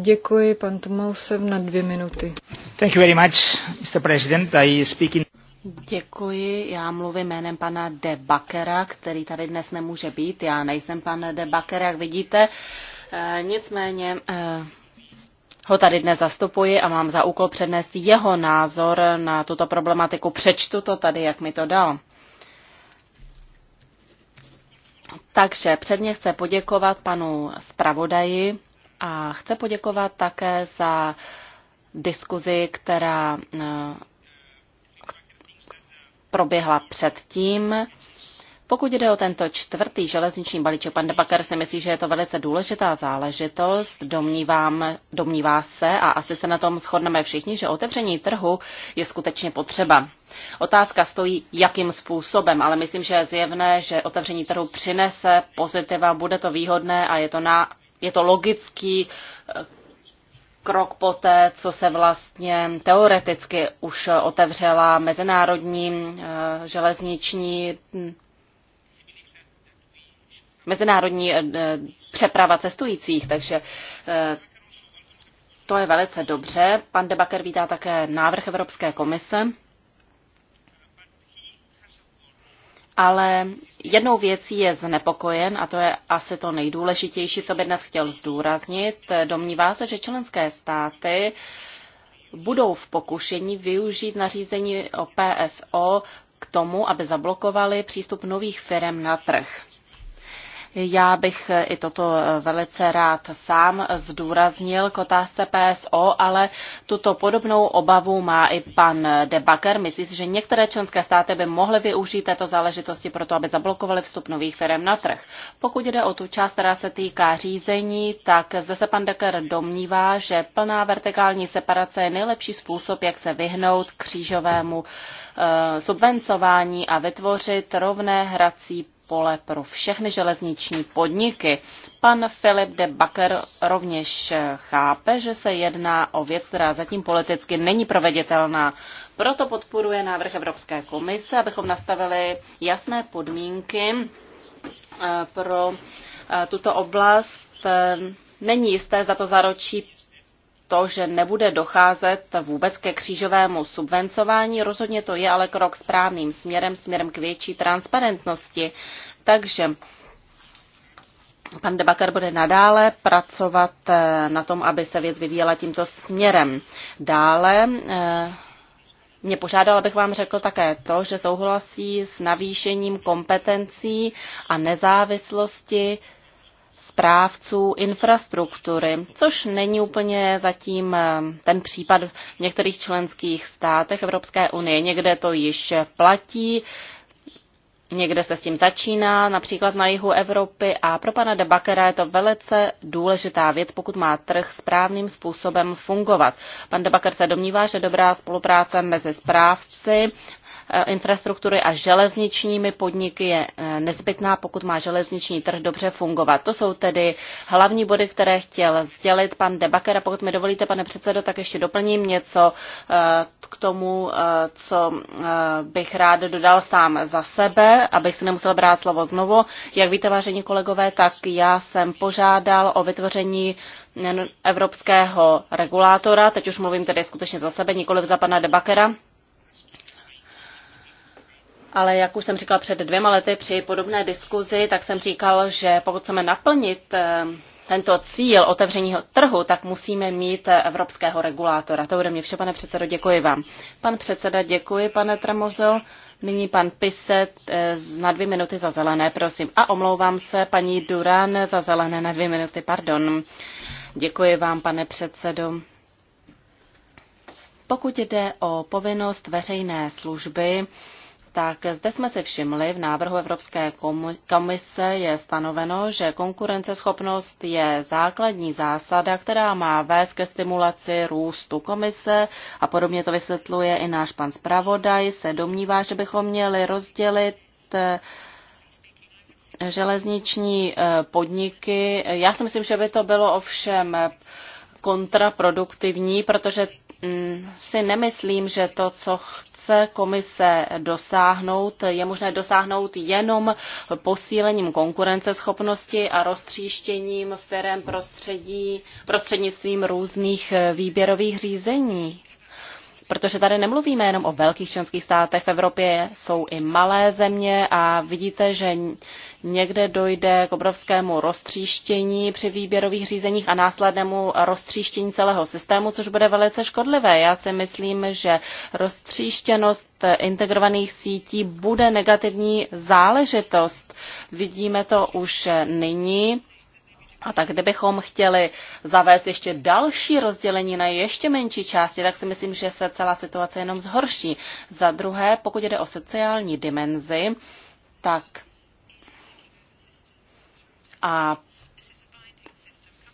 Děkuji, pan Tomousev, na dvě minuty. Thank you very much, Mr. President. I speak in... Děkuji. Já mluvím jménem pana De Bakera, který tady dnes nemůže být. Já nejsem pan De Baker, jak vidíte. Eh, nicméně eh, ho tady dnes zastupuji a mám za úkol přednést jeho názor na tuto problematiku. Přečtu to tady, jak mi to dal. Takže předně chce poděkovat panu zpravodaji a chce poděkovat také za diskuzi, která eh, proběhla předtím. Pokud jde o tento čtvrtý železniční balíček, pan Debakar si myslí, že je to velice důležitá záležitost. Domnívám, domnívá se a asi se na tom shodneme všichni, že otevření trhu je skutečně potřeba. Otázka stojí, jakým způsobem, ale myslím, že je zjevné, že otevření trhu přinese pozitiva, bude to výhodné a je to, na, je to logický eh, krok poté, co se vlastně teoreticky už otevřela mezinárodní eh, železniční hm, mezinárodní eh, eh, přeprava cestujících, takže eh, to je velice dobře. Pan Debaker vítá také návrh Evropské komise. Ale jednou věcí je znepokojen, a to je asi to nejdůležitější, co by dnes chtěl zdůraznit. Domnívá se, že členské státy budou v pokušení využít nařízení o PSO k tomu, aby zablokovali přístup nových firm na trh. Já bych eh, i toto eh, velice rád sám zdůraznil k otázce PSO, ale tuto podobnou obavu má i pan Debaker. Myslí si, že některé členské státy by mohly využít této záležitosti pro to, aby zablokovali vstup nových firm na trh. Pokud jde o tu část, která se týká řízení, tak zde se pan Decker domnívá, že plná vertikální separace je nejlepší způsob, jak se vyhnout křížovému eh, subvencování a vytvořit rovné hrací pole pro všechny železniční podniky. Pan Filip de Bakker rovněž chápe, že se jedná o věc, která zatím politicky není proveditelná. Proto podporuje návrh Evropské komise, abychom nastavili jasné podmínky eh, pro eh, tuto oblast. Eh, není jisté, za to zaročí to, že nebude docházet vůbec ke křížovému subvencování. Rozhodně to je ale krok správným směrem, směrem k větší transparentnosti. Takže pan Debakar bude nadále pracovat eh, na tom, aby se věc vyvíjela tímto směrem. Dále eh, mě požádala bych vám řekl také to, že souhlasí s navýšením kompetencí a nezávislosti správců infrastruktury, což není úplně zatím eh, ten případ v některých členských státech Evropské unie. Někde to již platí, Někde se s tím začíná, například na jihu Evropy a pro pana Debakera je to velice důležitá věc, pokud má trh správným způsobem fungovat. Pan Baker se domnívá, že dobrá spolupráce mezi správci eh, infrastruktury a železničními podniky je eh, nezbytná, pokud má železniční trh dobře fungovat. To jsou tedy hlavní body, které chtěl sdělit pan Debaker. A pokud mi dovolíte, pane předsedo, tak ještě doplním něco eh, k tomu, co bych rád dodal sám za sebe abych si nemusel brát slovo znovu. Jak víte, vážení kolegové, tak já jsem požádal o vytvoření evropského regulátora, teď už mluvím tedy skutečně za sebe, nikoliv za pana Debakera, ale jak už jsem říkal před dvěma lety při podobné diskuzi, tak jsem říkal, že pokud chceme naplnit eh, tento cíl otevřeního trhu, tak musíme mít evropského regulátora. To bude mě vše, pane předsedo, děkuji vám. Pan předseda, děkuji, pane Tramozo. Nyní pan Piset eh, na dvě minuty za zelené, prosím. A omlouvám se, paní Duran za zelené na dvě minuty, pardon. Děkuji vám, pane předsedo. Pokud jde o povinnost veřejné služby, tak zde jsme si všimli, v návrhu Evropské komise je stanoveno, že konkurenceschopnost je základní zásada, která má vést ke stimulaci růstu komise a podobně to vysvětluje i náš pan zpravodaj, se domnívá, že bychom měli rozdělit eh, železniční eh, podniky. Já si myslím, že by to bylo ovšem kontraproduktivní, protože mm, si nemyslím, že to, co chce komise dosáhnout, je možné dosáhnout jenom posílením konkurenceschopnosti a roztříštěním firem prostředí, prostřednictvím různých výběrových řízení. Protože tady nemluvíme jenom o velkých členských státech, v Evropě jsou i malé země a vidíte, že někde dojde k obrovskému roztříštění při výběrových řízeních a následnému roztříštění celého systému, což bude velice škodlivé. Já si myslím, že roztříštěnost integrovaných sítí bude negativní záležitost. Vidíme to už nyní a tak kdybychom chtěli zavést ještě další rozdělení na ještě menší části, tak si myslím, že se celá situace jenom zhorší. Za druhé, pokud jde o sociální dimenzi, tak a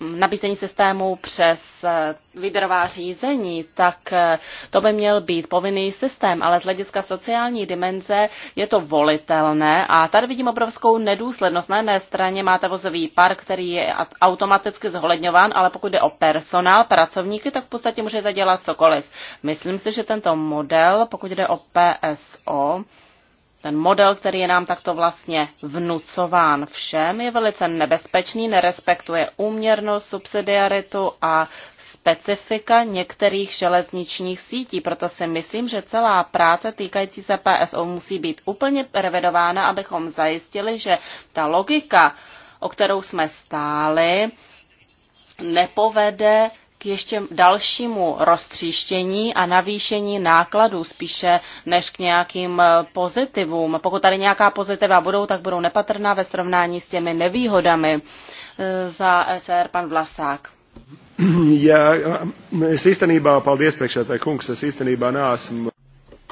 nabízení systému přes eh, výběrová řízení, tak eh, to by měl být povinný systém, ale z hlediska sociální dimenze je to volitelné a tady vidím obrovskou nedůslednost. Na jedné straně máte vozový park, který je automaticky zohledňován, ale pokud jde o personál, pracovníky, tak v podstatě můžete dělat cokoliv. Myslím si, že tento model, pokud jde o PSO, ten model, který je nám takto vlastně vnucován všem, je velice nebezpečný, nerespektuje úměrnost, subsidiaritu a specifika některých železničních sítí. Proto si myslím, že celá práce týkající se PSO musí být úplně revidována, abychom zajistili, že ta logika, o kterou jsme stáli, nepovede k ještě dalšímu roztříštění a navýšení nákladů spíše než k nějakým eh, pozitivům. Pokud tady nějaká pozitiva budou, tak budou nepatrná ve srovnání s těmi nevýhodami eh, za ECR pan Vlasák. Já Ja, es īstenībā, tak kung se es īstenībā neesmu.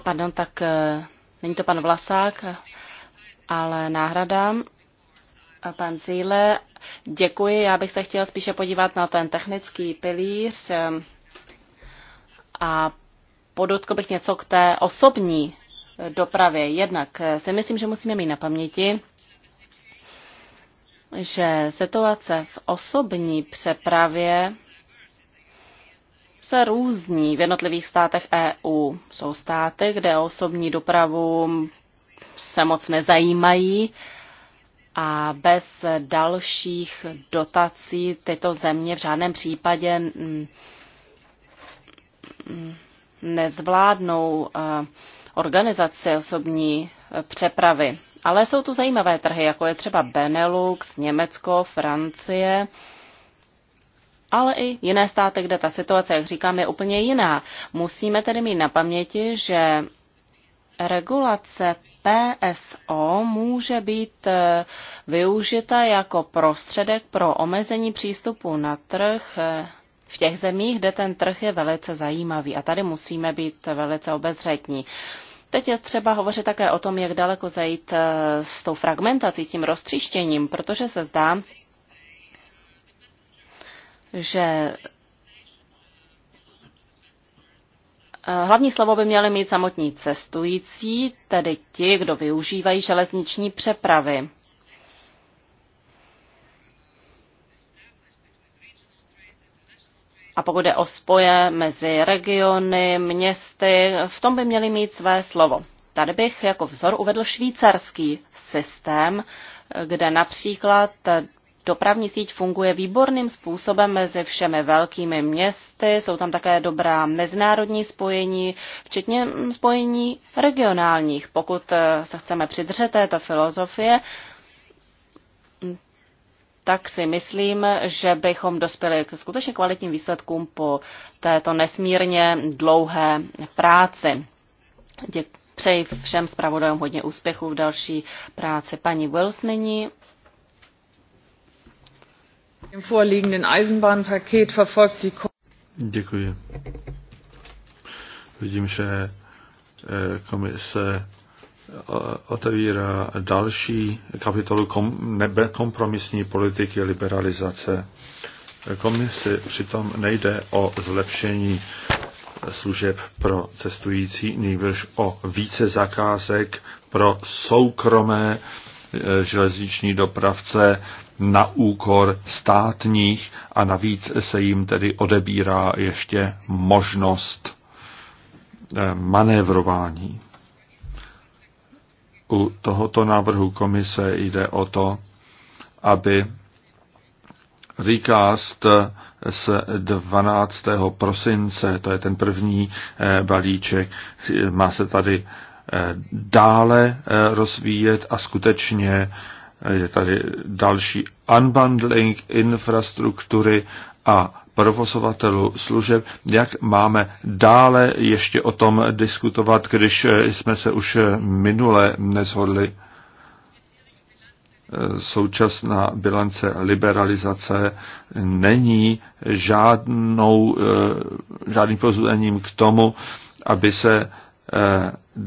Pardon, tak eh, není to pan Vlasák, ale náhrada. Pan Zíle, děkuji. Já bych se chtěla spíše podívat na ten technický pilíř ehm, a podotkl bych něco k té osobní eh, dopravě. Jednak eh, si myslím, že musíme mít na paměti, že situace v osobní přepravě se různí v jednotlivých státech EU. Jsou státy, kde osobní dopravu se moc nezajímají a bez dalších dotací tyto země v žádném případě mm, mm, nezvládnou eh, organizaci osobní eh, přepravy. Ale jsou tu zajímavé trhy, jako je třeba Benelux, Německo, Francie, ale i jiné státy, kde ta situace, jak říkám, je úplně jiná. Musíme tedy mít na paměti, že regulace PSO může být eh, využita jako prostředek pro omezení přístupu na trh eh, v těch zemích, kde ten trh je velice zajímavý a tady musíme být velice obezřetní. Teď je třeba hovořit také o tom, jak daleko zajít eh, s tou fragmentací, s tím roztříštěním, protože se zdá, že Eh, hlavní slovo by měli mít samotní cestující, tedy ti, kdo využívají železniční přepravy. A pokud je o spoje mezi regiony, městy, v tom by měli mít své slovo. Tady bych jako vzor uvedl švýcarský systém, eh, kde například dopravní síť funguje výborným způsobem mezi všemi velkými městy, jsou tam také dobrá mezinárodní spojení, včetně spojení regionálních. Pokud eh, se chceme přidržet této filozofie, tak si myslím, že bychom dospěli k skutečně kvalitním výsledkům po této nesmírně dlouhé práci. Děkuji. Přeji všem zpravodajům hodně úspěchů v další práci. Paní Wills nyní Děkuji. Vidím, že eh, komise eh, otevírá další kapitolu kom, kompromisní politiky liberalizace. Komisi přitom nejde o zlepšení služeb pro cestující, nejbrž o více zakázek pro soukromé eh, železniční dopravce na úkor státních a navíc se jim tedy odebírá ještě možnost eh, manévrování. U tohoto návrhu komise jde o to, aby recast z 12. prosince, to je ten první eh, balíček, má se tady eh, dále rozvíjet a skutečně je tady další unbundling infrastruktury a provozovatelů služeb, jak máme dále ještě o tom diskutovat, když jsme se už minule nezhodli. Současná bilance liberalizace není žádnou, žádným pozvením k tomu, aby se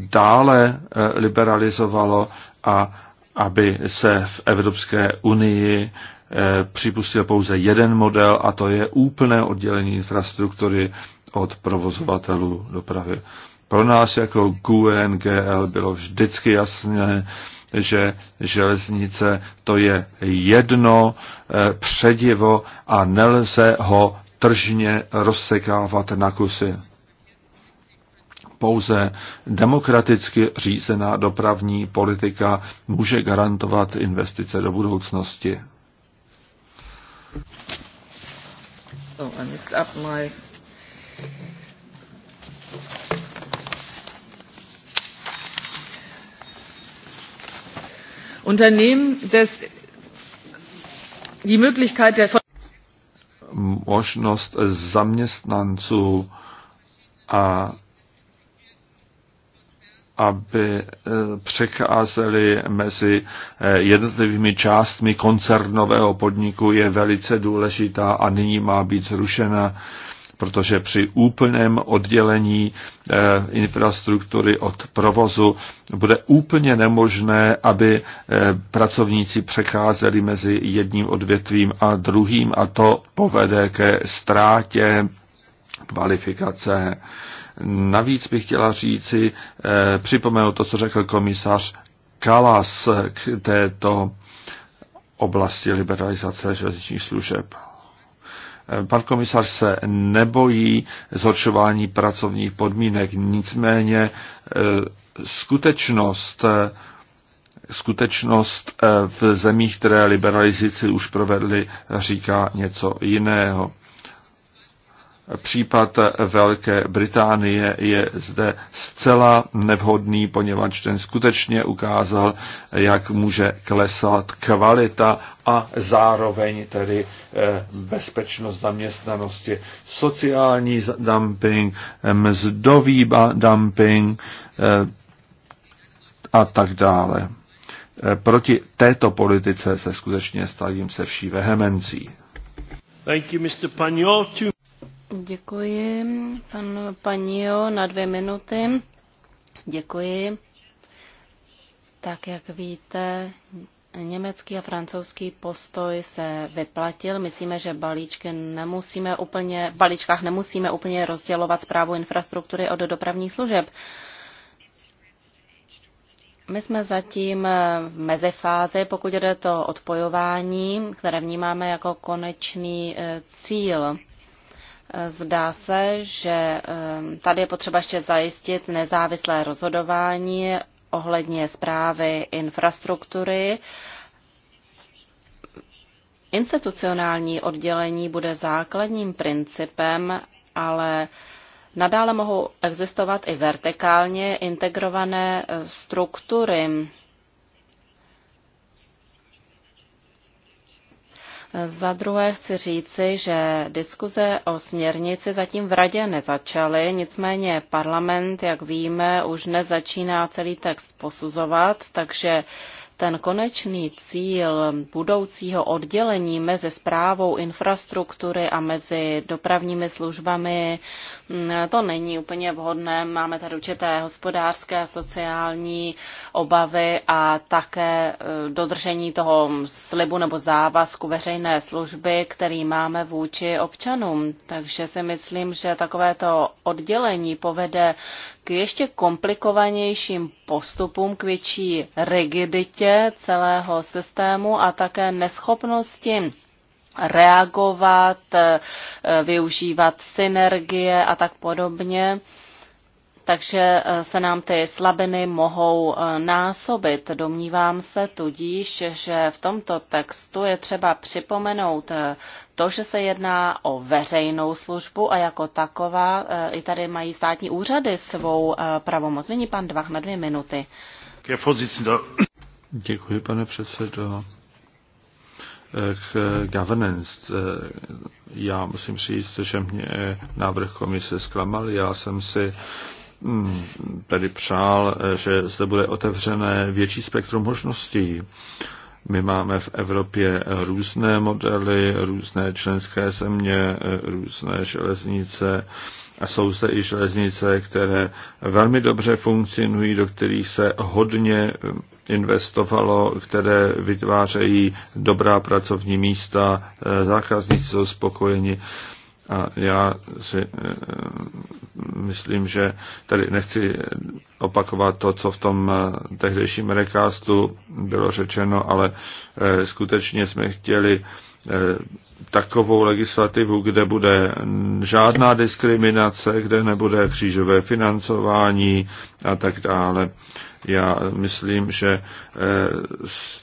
dále liberalizovalo a aby se v Evropské unii eh, připustil pouze jeden model a to je úplné oddělení infrastruktury od provozovatelů dopravy. Pro nás jako GUNGL bylo vždycky jasné, že železnice to je jedno eh, předivo a nelze ho tržně rozsekávat na kusy pouze demokraticky řízená dopravní politika může garantovat investice do budoucnosti. So, and it's up my... Unternehmen des die Möglichkeit der možnost zaměstnanců a aby eh, překázeli mezi eh, jednotlivými částmi koncernového podniku, je velice důležitá a nyní má být zrušena, protože při úplném oddělení eh, infrastruktury od provozu bude úplně nemožné, aby pracovníci přecházeli mezi jedním odvětvím a druhým a to povede ke ztrátě kvalifikace Navíc bych chtěla říci, eh, připomenout to, co řekl komisař Kalas k této oblasti liberalizace železničních služeb. Eh, pan komisař se nebojí zhoršování pracovních podmínek, nicméně eh, skutečnost, skutečnost v zemích, které liberalizici už provedly, říká něco jiného. Případ Velké Británie je zde zcela nevhodný, poněvadž ten skutečně ukázal, jak může klesat kvalita a zároveň tedy eh, bezpečnost zaměstnanosti. Sociální dumping, mzdový dumping eh, a tak dále. Eh, proti této politice se skutečně stavím se vší vehemencí. Thank you, Mr. Děkuji. Pan Panio na dvě minuty. Děkuji. Tak jak víte, Německý a francouzský postoj se vyplatil. Myslíme, že balíčky nemusíme úplně, v balíčkách nemusíme úplně rozdělovat zprávu infrastruktury od dopravních služeb. My jsme zatím v mezifázi, pokud jde to odpojování, které vnímáme jako konečný eh, cíl. Zdá se, že ehm, tady je potřeba ještě zajistit nezávislé rozhodování ohledně zprávy infrastruktury. Institucionální oddělení bude základním principem, ale nadále mohou existovat i vertikálně integrované struktury Za druhé chci říci, že diskuze o směrnici zatím v radě nezačaly, nicméně parlament, jak víme, už nezačíná celý text posuzovat, takže ten konečný cíl budoucího oddělení mezi zprávou infrastruktury a mezi dopravními službami, mm, to není úplně vhodné. Máme tady určité hospodářské a sociální obavy a také e, dodržení toho slibu nebo závazku veřejné služby, který máme vůči občanům. Takže si myslím, že takovéto oddělení povede k ještě komplikovanějším postupům, k větší rigiditě celého systému a také neschopnosti reagovat, e, využívat synergie a tak podobně takže eh, se nám ty slabiny mohou eh, násobit. Domnívám se tudíž, že v tomto textu je třeba připomenout eh, to, že se jedná o veřejnou službu a jako taková i tady mají státní úřady svou pravomoc. Nyní pan Dvach na dvě minuty. Děkuji, pane předsedo. K governance. Já musím říct, že mě návrh komise zklamal. Já jsem si Hmm, tedy přál, že zde bude otevřené větší spektrum možností. My máme v Evropě různé modely, různé členské země, různé železnice a jsou zde i železnice, které velmi dobře funkcionují, do kterých se hodně hm, investovalo, které vytvářejí dobrá pracovní místa, eh, zákazníci jsou spokojeni. A já si eh, myslím, že tady nechci opakovat to, co v tom eh, tehdejším rekástu bylo řečeno, ale eh, skutečně jsme chtěli takovou legislativu, kde bude žádná diskriminace, kde nebude křížové financování a tak dále. Já myslím, že s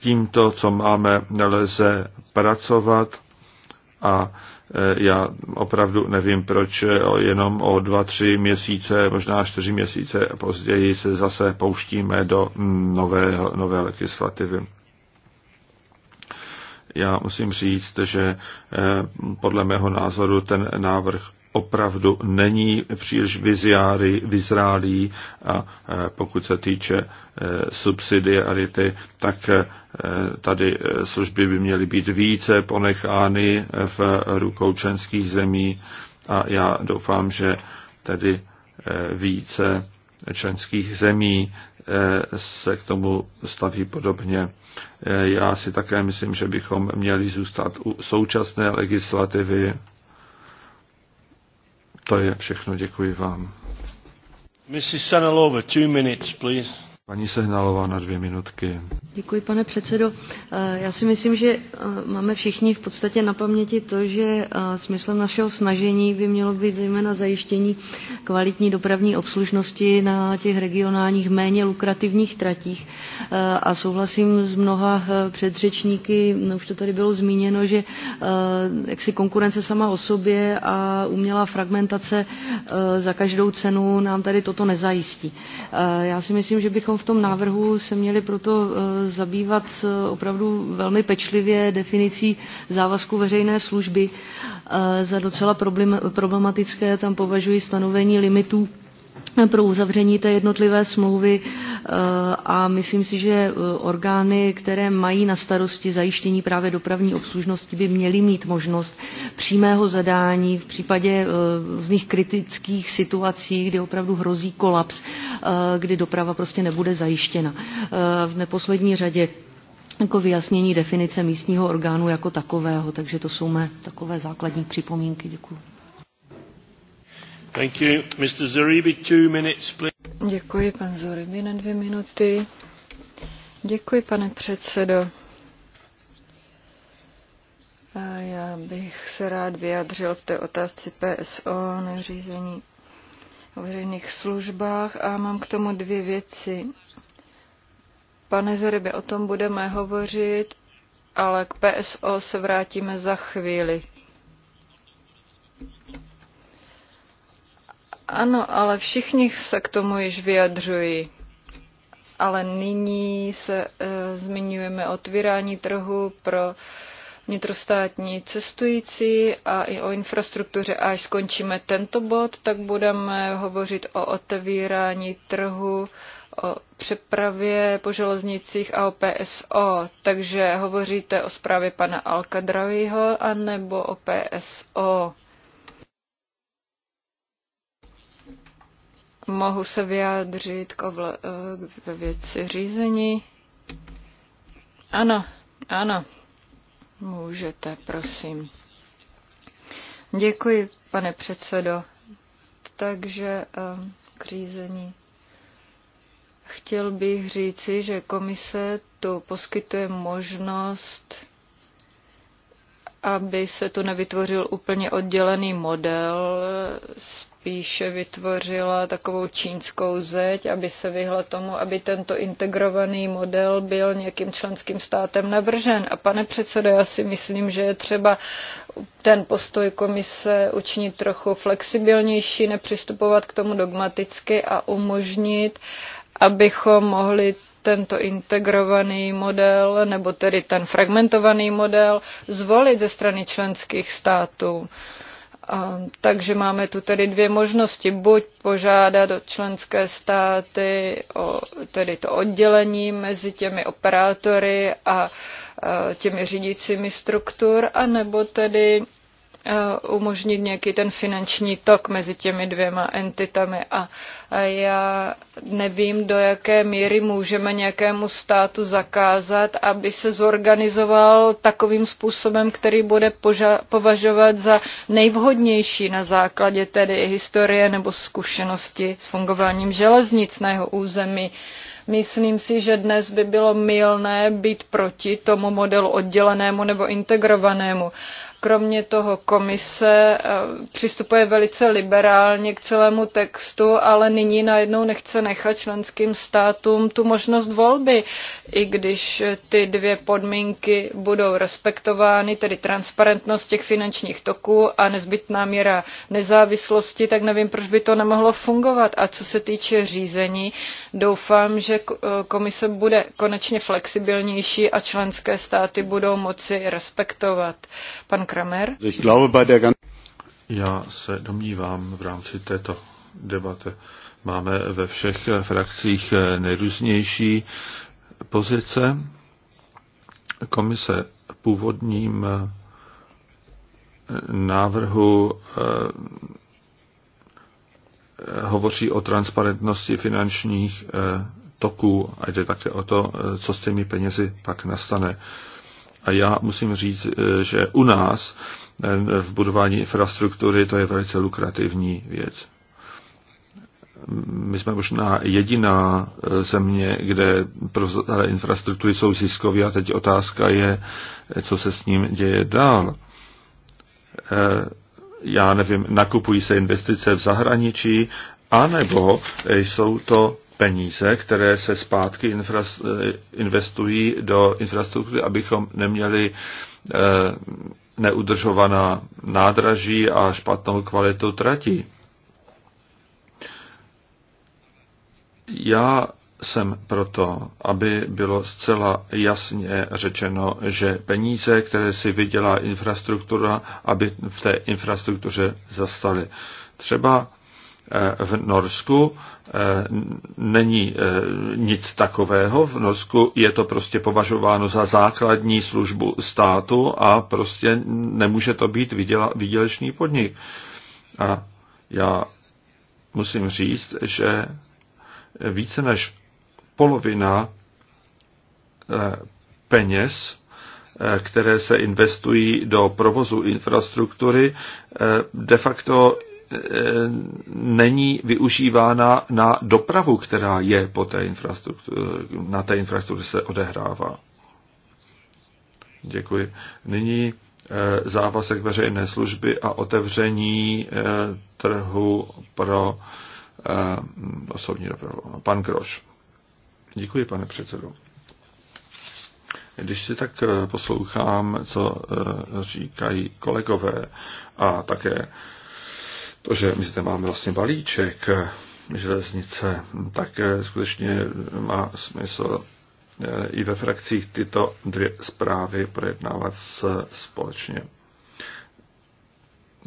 tímto, co máme, nelze pracovat a Eh, já opravdu nevím, proč eh, jenom o dva, tři měsíce, možná čtyři měsíce později se zase pouštíme do nové, nové legislativy. Já musím říct, že eh, podle mého názoru ten návrh opravdu není příliš viziáry, vyzrálý a e, pokud se týče e, subsidiarity, tak e, tady služby by měly být více ponechány v rukou členských zemí a já doufám, že tedy více členských zemí se k tomu staví podobně. Já si také myslím, že bychom měli zůstat u současné legislativy to je všechno, děkuji vám. Mrs. Sanalova, two minutes, please. Paní Sehnalová na dvě minutky. Děkuji, pane předsedo. Eh, já si myslím, že eh, máme všichni v podstatě na paměti to, že eh, smyslem našeho snažení by mělo být zejména zajištění kvalitní dopravní obslužnosti na těch regionálních méně lukrativních tratích. A souhlasím s mnoha předřečníky, no, už to tady bylo zmíněno, že jaksi konkurence sama o sobě a umělá fragmentace za každou cenu nám tady toto nezajistí. Já si myslím, že bychom bychom v tom návrhu se měli proto e, zabývat e, opravdu velmi pečlivě definicí závazku veřejné služby. E, za docela problematické tam považuji stanovení limitů pro uzavření té jednotlivé smlouvy eh, a myslím si, že eh, orgány, které mají na starosti zajištění právě dopravní obslužnosti, by měly mít možnost přímého zadání v případě eh, různých kritických situací, kdy opravdu hrozí kolaps, kdy doprava prostě nebude zajištěna. V neposlední řadě jako vyjasnění definice místního orgánu jako takového, takže to jsou mé takové základní připomínky. Děkuji. Děkuji, pan Zoribi, na dvě minuty. Děkuji, pane předsedo. A já bych se rád vyjadřil v té otázce PSO, neřízení o veřejných službách a mám k tomu dvě věci. Pane Zerybe, o tom budeme hovořit, ale k PSO se vrátíme za chvíli. Ano, ale všichni se k tomu již vyjadřují. Ale nyní se e, zmiňujeme o otvírání trhu pro vnitrostátní cestující a i o infrastruktuře. A až skončíme tento bod, tak budeme hovořit o otevírání trhu o přepravě po železnicích a o PSO. Takže hovoříte o zprávě pana Alkadravýho anebo o PSO? mohu se vyjádřit k ovla- eh, ve věci řízení. Ano, ano, můžete, prosím. Děkuji, pane předsedo. Takže eh, k řízení. Chtěl bych říci, že komise tu poskytuje možnost aby se tu nevytvořil úplně oddělený model, spíše vytvořila takovou čínskou zeď, aby se vyhla tomu, aby tento integrovaný model byl nějakým členským státem navržen. A pane předsedo, já si myslím, že je třeba ten postoj komise učinit trochu flexibilnější, nepřistupovat k tomu dogmaticky a umožnit, abychom mohli tento integrovaný model nebo tedy ten fragmentovaný model zvolit ze strany členských států. Takže máme tu tedy dvě možnosti. Buď požádat o členské státy o tedy to oddělení mezi těmi operátory a těmi řídícími struktur, anebo tedy Eh, umožnit nějaký ten finanční tok mezi těmi dvěma entitami. A já nevím, do jaké míry můžeme nějakému státu zakázat, aby se zorganizoval takovým způsobem, který bude považovat za nejvhodnější na základě tedy historie nebo zkušenosti s fungováním železnic na jeho území. Myslím si, že dnes by bylo mylné být proti tomu modelu oddělenému nebo integrovanému. Kromě toho komise eh, přistupuje velice liberálně k celému textu, ale nyní najednou nechce nechat členským státům tu možnost volby, i když ty dvě podmínky budou respektovány, tedy transparentnost těch finančních toků a nezbytná míra nezávislosti, tak nevím, proč by to nemohlo fungovat. A co se týče řízení, doufám, že eh, komise bude konečně flexibilnější a členské státy budou moci respektovat. Pan Kramer. Já se domnívám v rámci této debate. Máme ve všech frakcích nejrůznější pozice. Komise původním návrhu eh, hovoří o transparentnosti finančních eh, toků a jde také o to, eh, co s těmi penězi pak nastane. A já musím říct, eh, že u nás eh, v budování infrastruktury to je velice lukrativní věc. My jsme možná jediná eh, země, kde provozovatele infrastruktury jsou ziskoví a teď otázka je, co se s ním děje dál já nevím, nakupují se investice v zahraničí, anebo jsou to peníze, které se zpátky investují do infrastruktury, abychom neměli eh, neudržovaná nádraží a špatnou kvalitu tratí. Já jsem proto, aby bylo zcela jasně řečeno, že peníze, které si vydělá infrastruktura, aby v té infrastruktuře zastaly. Třeba v Norsku eh, není eh, nic takového. V Norsku je to prostě považováno za základní službu státu a prostě nemůže to být výdělečný podnik. A já musím říct, že více než polovina eh, peněz, které se investují do provozu infrastruktury, de facto Eh, není využívána na dopravu, která je po té eh, na té infrastruktuře se odehrává. Děkuji. Nyní eh, závazek veřejné služby a otevření trhu pro osobní dopravu. Pan Groš. Děkuji, pane předsedo. Když si tak poslouchám, co říkají kolegové a také to, že my zde máme vlastně balíček železnice, tak eh, skutečně má smysl eh, i ve frakcích tyto dvě zprávy projednávat společně.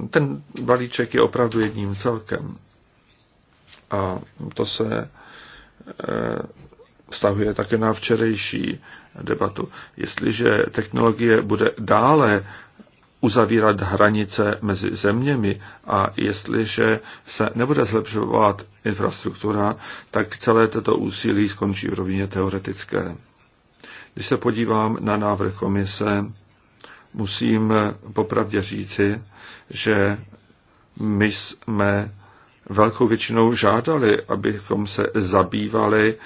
Ten balíček je opravdu jedním celkem. A to se eh, vztahuje také na včerejší debatu. Jestliže technologie bude dále uzavírat hranice mezi zeměmi a jestliže se nebude zlepšovat infrastruktura, tak celé toto úsilí skončí v rovině teoretické. Když se podívám na návrh komise, musím popravdě říci, že my jsme velkou většinou žádali, abychom se zabývali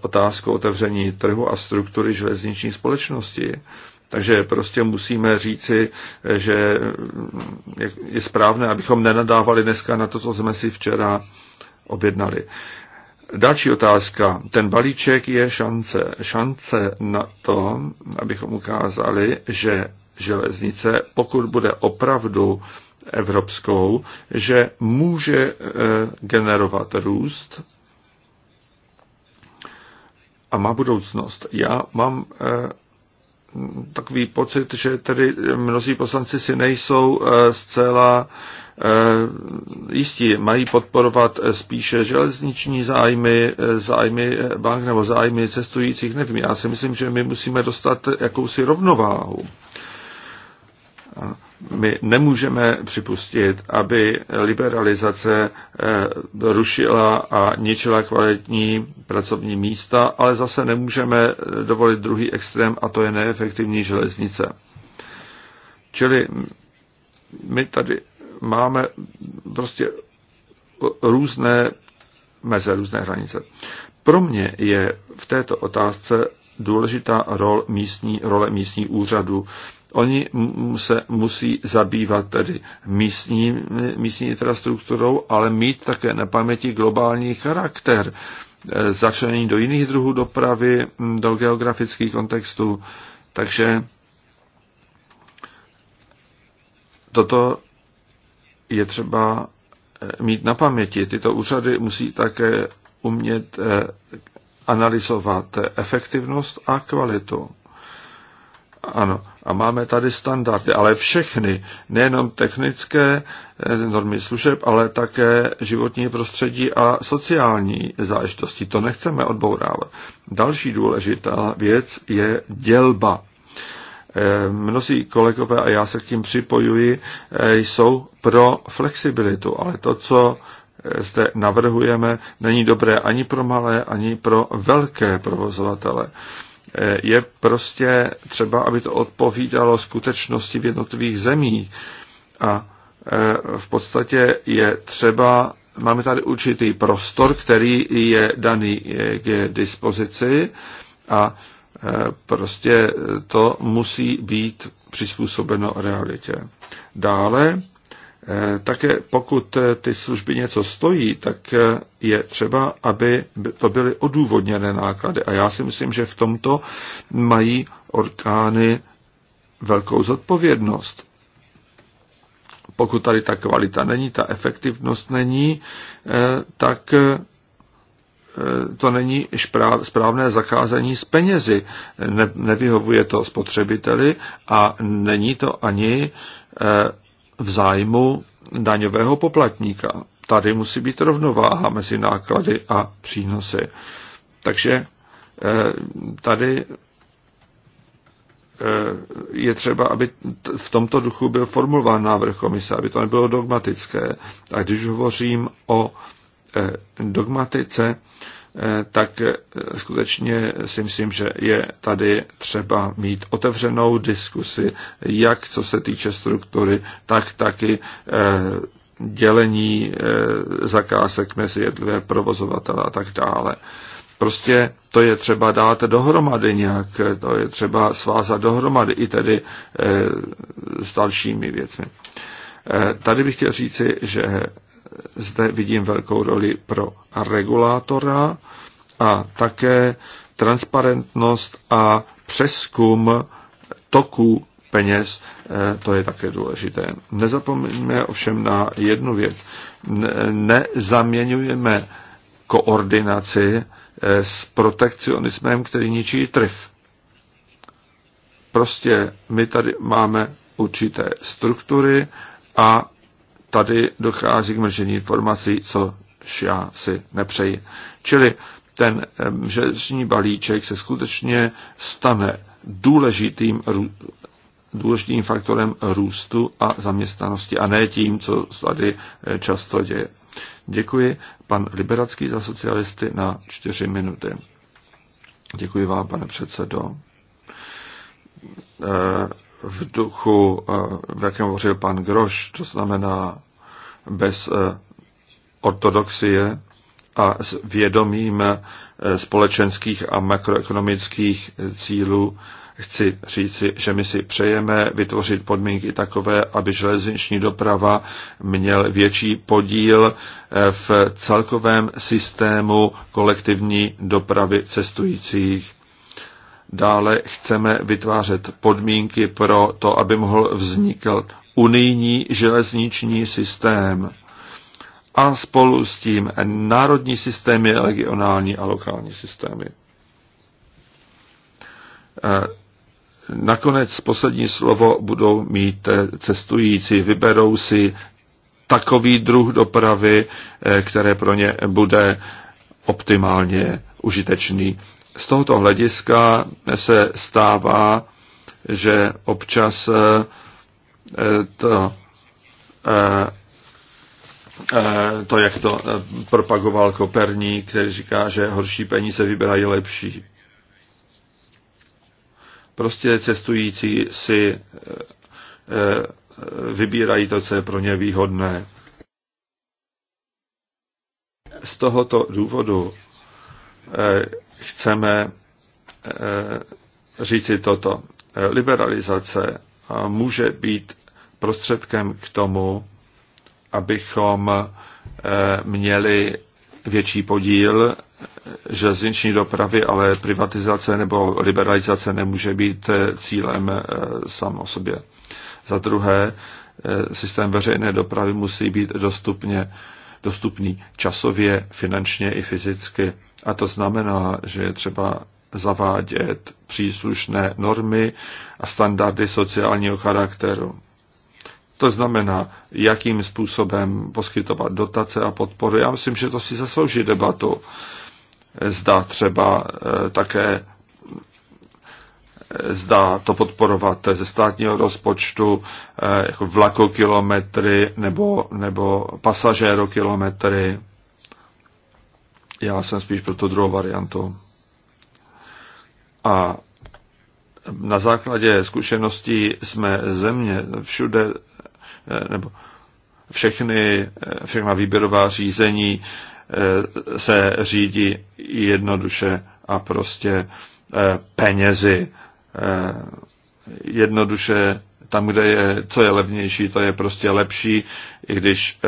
otázkou otevření trhu a struktury železniční společnosti. Takže prostě musíme říci, že je správné, abychom nenadávali dneska na to, co jsme si včera objednali. Další otázka. Ten balíček je šance. Šance na to, abychom ukázali, že železnice, pokud bude opravdu evropskou, že může eh, generovat růst a má budoucnost. Já mám eh, takový pocit, že tedy mnozí poslanci si nejsou eh, zcela eh, jistí. Mají podporovat eh, spíše železniční zájmy, zájmy bank nebo zájmy cestujících, nevím. Já si myslím, že my musíme dostat jakousi rovnováhu. My nemůžeme připustit, aby liberalizace eh, rušila a ničila kvalitní pracovní místa, ale zase nemůžeme eh, dovolit druhý extrém a to je neefektivní železnice. Čili my tady máme prostě různé meze, různé hranice. Pro mě je v této otázce důležitá rol místní, role místních úřadů. Oni se musí zabývat tedy místní, místní infrastrukturou, ale mít také na paměti globální charakter, e, začlenění do jiných druhů dopravy, do geografických kontextů. Takže toto je třeba e, mít na paměti. Tyto úřady musí také umět e, analyzovat efektivnost a kvalitu. Ano, a máme tady standardy, ale všechny, nejenom technické eh, normy služeb, ale také životní prostředí a sociální záležitosti. To nechceme odbourávat. Další důležitá věc je dělba. Eh, mnozí kolegové, a já se k tím připojuji, eh, jsou pro flexibilitu, ale to, co zde navrhujeme, není dobré ani pro malé, ani pro velké provozovatele je prostě třeba, aby to odpovídalo skutečnosti v jednotlivých zemích. A e, v podstatě je třeba, máme tady určitý prostor, který je daný e, k dispozici a e, prostě to musí být přizpůsobeno realitě. Dále Eh, také pokud eh, ty služby něco stojí, tak eh, je třeba, aby to byly odůvodněné náklady. A já si myslím, že v tomto mají orkány velkou zodpovědnost. Pokud tady ta kvalita není, ta efektivnost není, tak to není správné zacházení s penězi. nevyhovuje to spotřebiteli a není to ani v zájmu daňového poplatníka. Tady musí být rovnováha mezi náklady a přínosy. Takže eh, tady eh, je třeba, aby v tomto duchu byl formulován návrh komise, aby to nebylo dogmatické. A když hovořím o eh, dogmatice, Eh, tak eh, skutečně si myslím, že je tady třeba mít otevřenou diskusi, jak co se týče struktury, tak taky eh, dělení zakázek mezi jednotlivé provozovatele a tak dále. Prostě to je třeba dát dohromady nějak, to je třeba svázat dohromady i tedy s dalšími věcmi. Tady bych chtěl říci, že zde vidím velkou roli pro regulátora a také transparentnost a přeskum toku peněz, eh, to je také důležité. Nezapomeňme ovšem na jednu věc. Nezaměňujeme koordinaci eh, s protekcionismem, který ničí trh. Prostě my tady máme určité struktury a tady dochází k mlžení informací, co já si nepřeji. Čili ten eh, železniční balíček se skutečně stane důležitým, důležitým faktorem růstu a zaměstnanosti a ne tím, co tady eh, často děje. Děkuji pan Liberacký za socialisty na čtyři minuty. Děkuji vám, pane předsedo eh, v duchu, eh, v jakém hovořil pan Groš, to znamená bez eh, ortodoxie a s vědomím eh, společenských a makroekonomických cílů, chci říci, že my si přejeme vytvořit podmínky takové, aby železniční doprava měl větší podíl v celkovém systému kolektivní dopravy cestujících. Dále chceme vytvářet podmínky pro to, aby mohl vznikl unijní železniční systém a spolu s tím národní systémy, regionální a lokální systémy. E, nakonec poslední slovo budou mít cestující. Vyberou si takový druh dopravy, e, které pro ně bude optimálně užitečný. Z tohoto hlediska se stává, že občas eh, to, eh, eh, to jak to propagoval Koperní, který říká, že horší peníze vybírají lepší. Prostě cestující si vybírají to, co je pro ně výhodné. Z tohoto důvodu chceme eh, říci toto. Liberalizace eh, může být prostředkem k tomu, abychom eh, měli větší podíl železniční dopravy, ale privatizace nebo liberalizace nemůže být cílem sám o sobě. Za druhé, systém veřejné dopravy musí být dostupně, dostupný časově, finančně i fyzicky. A to znamená, že je třeba zavádět příslušné normy a standardy sociálního charakteru. To znamená, jakým způsobem poskytovat dotace a podpory. Já myslím, že to si zaslouží debatu. Zda třeba eh, také eh, zda to podporovat ze státního rozpočtu, eh, jako vlakokilometry nebo, nebo pasažérokilometry. Já jsem spíš pro tu druhou variantu. A na základě zkušeností jsme země všude, eh, nebo všechny, eh, všechna výběrová řízení eh, se řídí jednoduše a prostě penězi. Jednoduše tam, kde je, co je levnější, to je prostě lepší, i když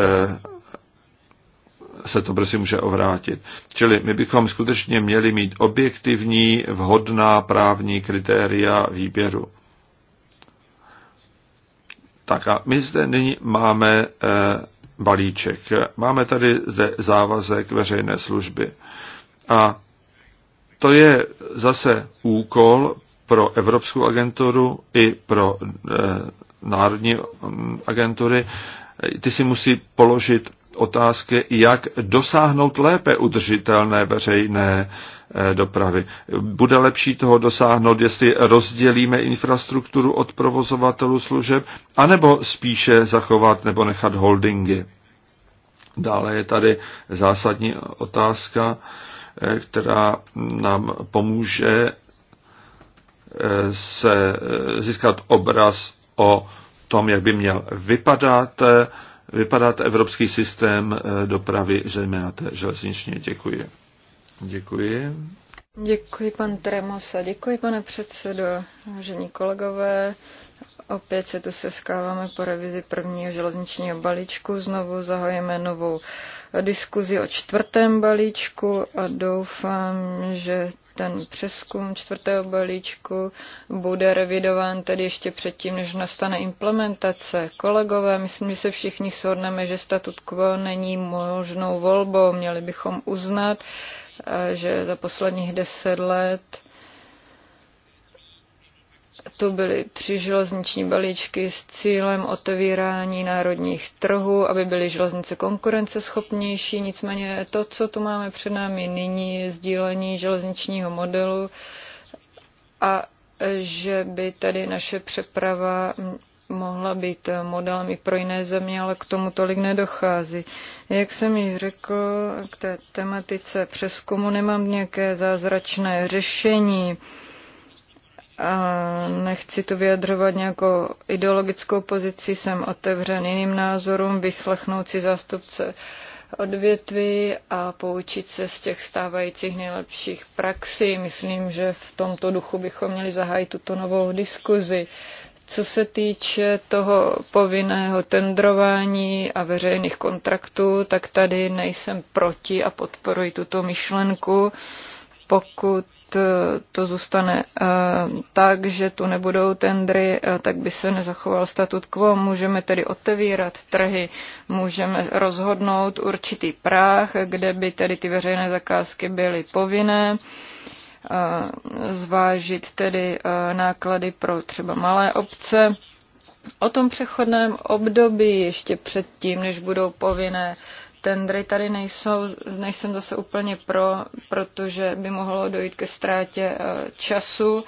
se to brzy může ovrátit. Čili my bychom skutečně měli mít objektivní, vhodná právní kritéria výběru. Tak a my zde nyní máme eh, balíček. Máme tady zde závazek veřejné služby. A to je zase úkol pro Evropskou agenturu i pro e, národní mm, agentury. Ty si musí položit otázky, jak dosáhnout lépe udržitelné veřejné eh, dopravy. Bude lepší toho dosáhnout, jestli rozdělíme infrastrukturu od provozovatelů služeb, anebo spíše zachovat nebo nechat holdingy. Dále je tady zásadní otázka, eh, která nám pomůže eh, se získat obraz o tom, jak by měl vypadat vypadat evropský systém eh, dopravy, zejména té železničně. Děkuji. Děkuji. Děkuji, pan Tremosa. Děkuji, pane předsedo. Vážení kolegové, opět se tu seskáváme po revizi prvního železničního balíčku. Znovu zahajeme novou diskuzi o čtvrtém balíčku a doufám, že ten přeskum čtvrtého balíčku bude revidován tedy ještě předtím, než nastane implementace. Kolegové, myslím, že se všichni shodneme, že statut quo není možnou volbou. Měli bychom uznat, eh, že za posledních deset let to byly tři železniční balíčky s cílem otevírání národních trhů, aby byly železnice konkurenceschopnější. Nicméně to, co tu máme před námi nyní, je sdílení železničního modelu a že by tady naše přeprava mohla být modelem i pro jiné země, ale k tomu tolik nedochází. Jak jsem již řekl, k té tematice přeskumu nemám nějaké zázračné řešení nechci to vyjadřovat nějakou ideologickou pozici, jsem otevřen jiným názorům, vyslechnout si zástupce odvětví a poučit se z těch stávajících nejlepších praxí. Myslím, že v tomto duchu bychom měli zahájit tuto novou diskuzi. Co se týče toho povinného tendrování a veřejných kontraktů, tak tady nejsem proti a podporuji tuto myšlenku. Uh, pokud eh, to zůstane eh, tak, že tu nebudou tendry, eh, tak by se nezachoval statut quo. Můžeme tedy otevírat trhy, můžeme rozhodnout určitý práh, kde by tedy ty veřejné zakázky byly povinné zvážit tedy náklady pro třeba malé obce. O tom přechodném období ještě předtím, než budou povinné tendry tady nejsou, nejsem zase úplně pro, protože by mohlo dojít ke ztrátě eh, času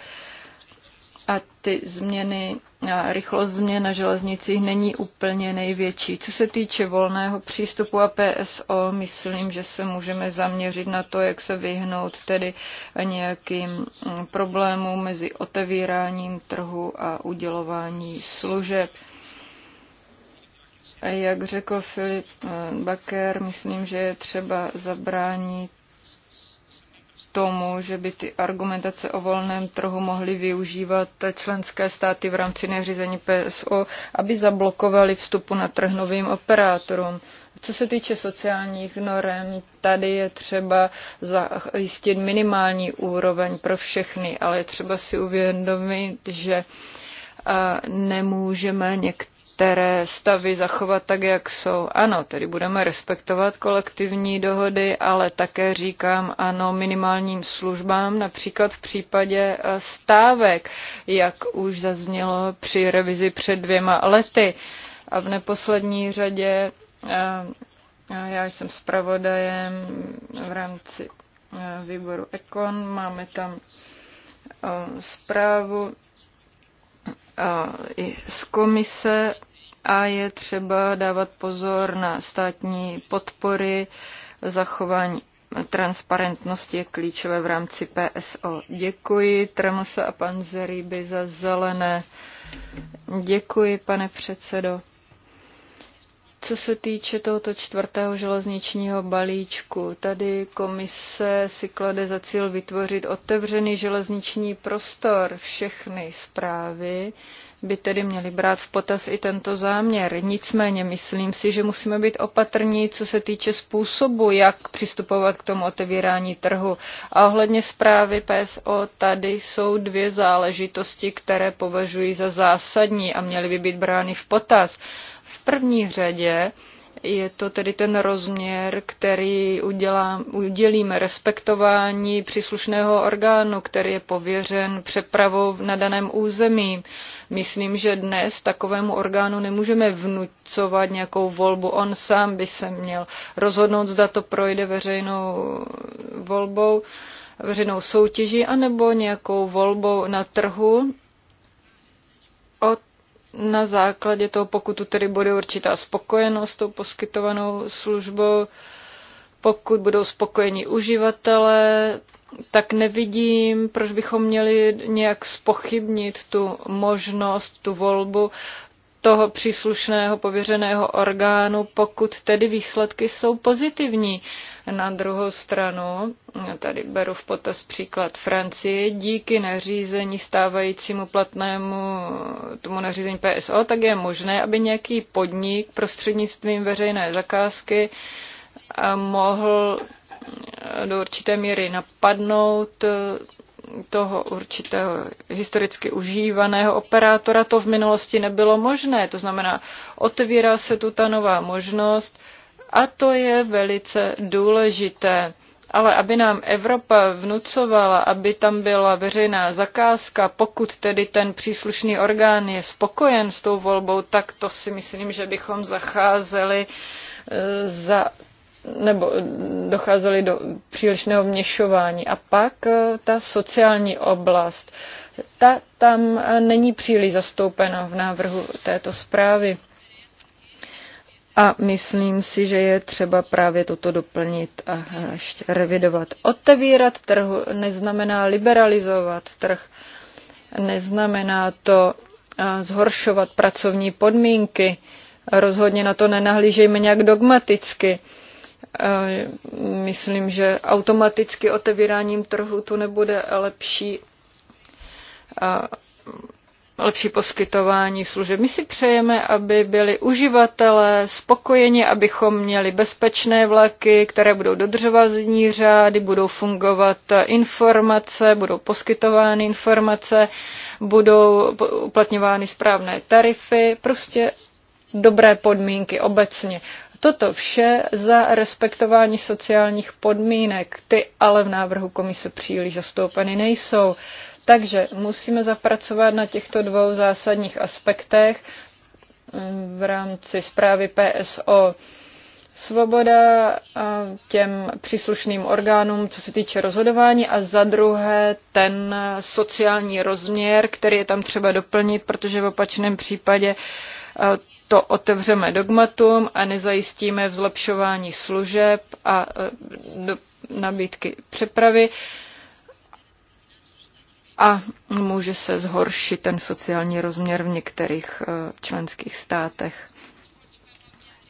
a ty změny, a eh, rychlost změn na železnicích není úplně největší. Co se týče volného přístupu a PSO, myslím, že se můžeme zaměřit na to, jak se vyhnout tedy nějakým mm, problémům mezi otevíráním trhu a udělování služeb. Jak řekl Filip eh, Baker, myslím, že je třeba zabránit tomu, že by ty argumentace o volném trhu mohly využívat členské státy v rámci neřízení PSO, aby zablokovali vstupu na trh novým operátorům. Co se týče sociálních norem, tady je třeba zajistit minimální úroveň pro všechny, ale je třeba si uvědomit, že eh, nemůžeme některé některé stavy zachovat tak, jak jsou. Ano, tedy budeme respektovat kolektivní dohody, ale také říkám ano minimálním službám, například v případě e, stávek, jak už zaznělo při revizi před dvěma lety. A v neposlední řadě e, já jsem zpravodajem v rámci e, výboru Ekon, máme tam zprávu i z komise a je třeba dávat pozor na státní podpory, zachování transparentnosti je klíčové v rámci PSO. Děkuji Tremosa a pan Zeríby za zelené. Děkuji, pane předsedo. Co se týče tohoto čtvrtého železničního balíčku, tady komise si klade za cíl vytvořit otevřený železniční prostor všechny zprávy, by tedy měli brát v potaz i tento záměr. Nicméně myslím si, že musíme být opatrní, co se týče způsobu, jak přistupovat k tomu otevírání trhu. A ohledně zprávy PSO tady jsou dvě záležitosti, které považuji za zásadní a měly by být brány v potaz. V první řadě je to tedy ten rozměr, který udělá, udělíme respektování příslušného orgánu, který je pověřen přepravou na daném území. Myslím, že dnes takovému orgánu nemůžeme vnucovat nějakou volbu. On sám by se měl rozhodnout, zda to projde veřejnou volbou veřejnou soutěží anebo nějakou volbou na trhu na základě toho, pokud tu tedy bude určitá spokojenost s tou poskytovanou službou, pokud budou spokojení uživatelé, tak nevidím, proč bychom měli nějak spochybnit tu možnost, tu volbu toho příslušného pověřeného orgánu, pokud tedy výsledky jsou pozitivní. Na druhou stranu, tady beru v potaz příklad Francie, díky nařízení stávajícímu platnému tomu nařízení PSO, tak je možné, aby nějaký podnik prostřednictvím veřejné zakázky eh, mohl eh, do určité míry napadnout eh, toho určitého historicky užívaného operátora, to v minulosti nebylo možné. To znamená, otevírá se tu ta nová možnost a to je velice důležité. Ale aby nám Evropa vnucovala, aby tam byla veřejná zakázka, pokud tedy ten příslušný orgán je spokojen s tou volbou, tak to si myslím, že bychom zacházeli eh, za nebo docházeli do přílišného vměšování. A pak eh, ta sociální oblast, ta tam eh, není příliš zastoupena v návrhu této zprávy. A myslím si, že je třeba právě toto doplnit a ještě revidovat. Otevírat trh neznamená liberalizovat trh, neznamená to eh, zhoršovat pracovní podmínky, rozhodně na to nenahlížejme nějak dogmaticky. Myslím, že automaticky otevíráním trhu to nebude lepší lepší poskytování služeb. My si přejeme, aby byli uživatelé spokojeni, abychom měli bezpečné vlaky, které budou dodržovat zní řády, budou fungovat informace, budou poskytovány informace, budou uplatňovány správné tarify, prostě dobré podmínky obecně. Toto vše za respektování sociálních podmínek, ty ale v návrhu komise příliš zastoupeny nejsou. Takže musíme zapracovat na těchto dvou zásadních aspektech mm, v rámci zprávy PSO svoboda těm příslušným orgánům, co se týče rozhodování a za druhé ten sociální rozměr, který je tam třeba doplnit, protože v opačném případě to otevřeme dogmatům a nezajistíme vzlepšování služeb a e, do nabídky přepravy a může se zhoršit ten sociální rozměr v některých e, členských státech.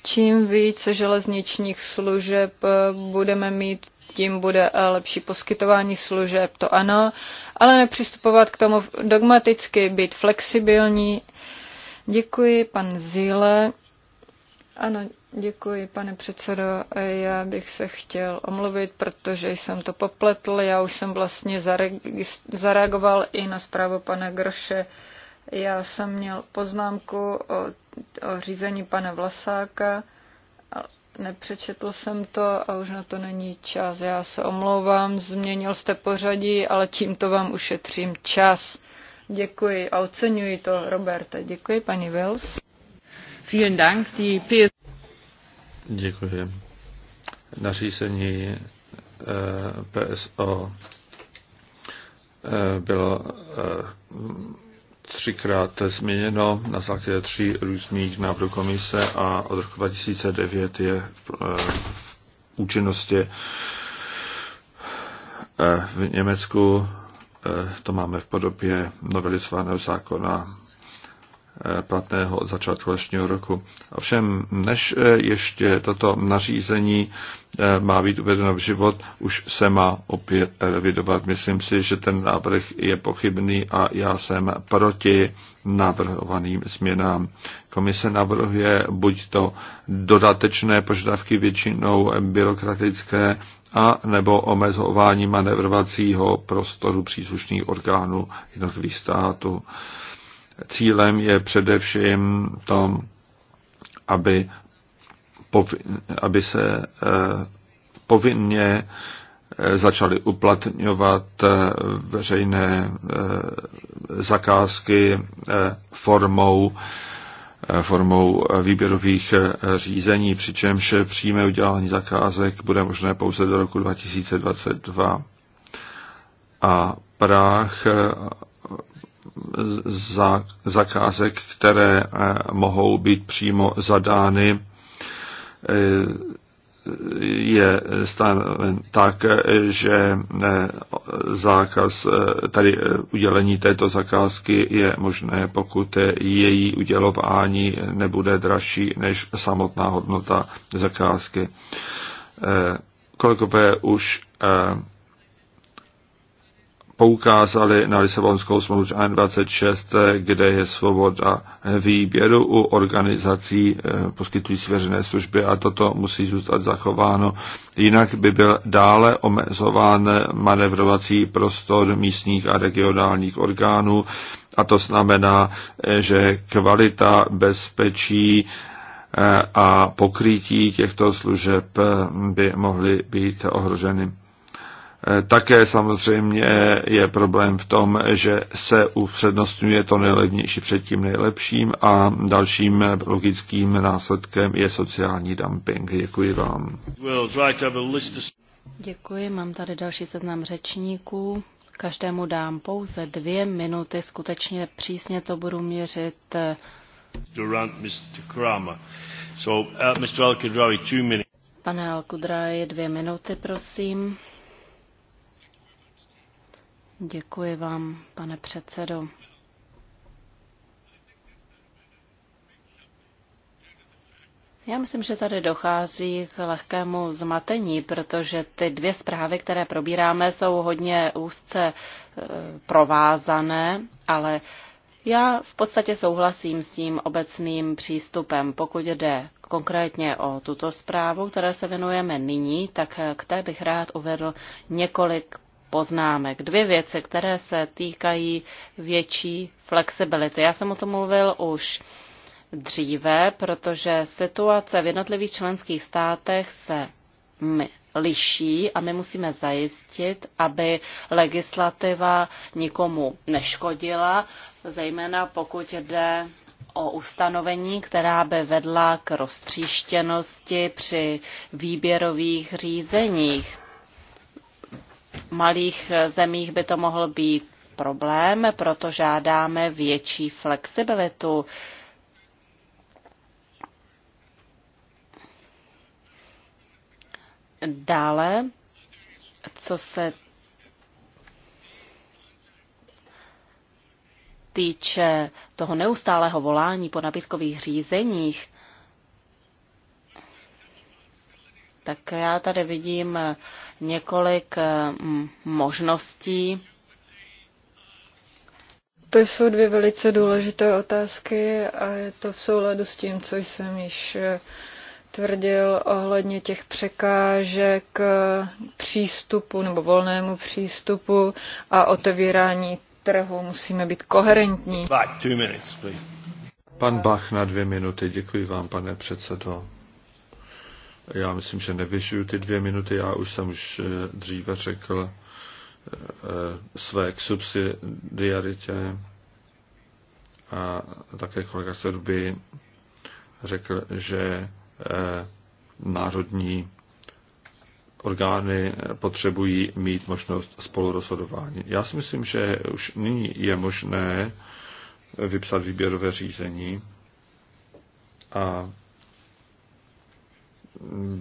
Čím více železničních služeb e, budeme mít, tím bude lepší poskytování služeb, to ano, ale nepřistupovat k tomu dogmaticky, být flexibilní, Děkuji, pan Zíle. Ano, děkuji, pane předsedo. Já bych se chtěl omluvit, protože jsem to popletl. Já už jsem vlastně zareagoval i na zprávu pana Groše. Já jsem měl poznámku o, o řízení pana Vlasáka. Nepřečetl jsem to a už na to není čas. Já se omlouvám, změnil jste pořadí, ale tímto vám ušetřím čas. Děkuji a oceňuji to, Roberte. Děkuji, paní Wills. Vielen Dank, die PS... Děkuji. Nařízení eh, PSO eh, bylo eh, třikrát změněno na základě tří různých návrhů komise a od roku 2009 je v účinnosti v Německu to máme v podobě novelizovaného zákona platného od začátku letošního roku. Ovšem, než eh, ještě toto nařízení eh, má být uvedeno v život, už se má opět revidovat. Myslím si, že ten návrh je pochybný a já jsem proti navrhovaným změnám. Komise navrhuje buď to dodatečné požadavky většinou byrokratické, a nebo omezování manevrovacího prostoru příslušných orgánů jednotlivých států. Cílem je především to, aby, aby se eh, povinně eh, začaly uplatňovat eh, veřejné zakázky formou formou výběrových řízení, přičemž přímé udělání zakázek bude možné pouze do roku 2022. A práh zakázek, které eh, mohou být přímo zadány, eh, je stanoven tak, že eh, zákaz, tady udělení této zakázky je možné, pokud její udělování nebude dražší než samotná hodnota zakázky. Kolegové už poukázali na Lisabonskou smlouvu N26, kde je svoboda výběru u organizací eh, poskytující veřejné služby a toto musí zůstat zachováno. Jinak by byl dále omezován manevrovací prostor místních a regionálních orgánů a to znamená, že kvalita bezpečí eh, a pokrytí těchto služeb eh, by mohly být ohroženy. Eh, také samozřejmě je problém v tom, že se upřednostňuje to nejlevnější před tím nejlepším a dalším logickým následkem je sociální dumping. Děkuji vám. Děkuji, mám tady další seznam řečníků. Každému dám pouze dvě minuty, skutečně přísně to budu měřit. Durant, Mr. So, uh, Mr. two Pane al dvě minuty, prosím. Děkuji vám, pane předsedo. Já myslím, že tady dochází k lehkému zmatení, protože ty dvě zprávy, které probíráme, jsou hodně úzce e, provázané, ale já v podstatě souhlasím s tím obecným přístupem. Pokud jde konkrétně o tuto zprávu, které se věnujeme nyní, tak e, k té bych rád uvedl několik poznámek. Dvě věci, které se týkají větší flexibility. Já jsem o tom mluvil už dříve, protože situace v jednotlivých členských státech se liší a my musíme zajistit, aby legislativa nikomu neškodila, zejména pokud jde o ustanovení, která by vedla k roztříštěnosti při výběrových řízeních malých zemích by to mohl být problém, proto žádáme větší flexibilitu. Dále, co se týče toho neustálého volání po nabídkových řízeních, Tak já tady vidím eh, několik eh, možností. To jsou dvě velice důležité otázky a je to v souladu s tím, co jsem již eh, tvrdil ohledně těch překážek přístupu nebo volnému přístupu a otevírání trhu. Musíme být koherentní. Pan Bach na dvě minuty. Děkuji vám, pane předsedo. Já myslím, že nevyžiju ty dvě minuty. Já už jsem už eh, dříve řekl eh, eh, své k subsidiaritě a také kolega Serby řekl, že národní orgány potřebují mít možnost spolurozhodování. Já si myslím, že už nyní je možné vypsat výběrové řízení a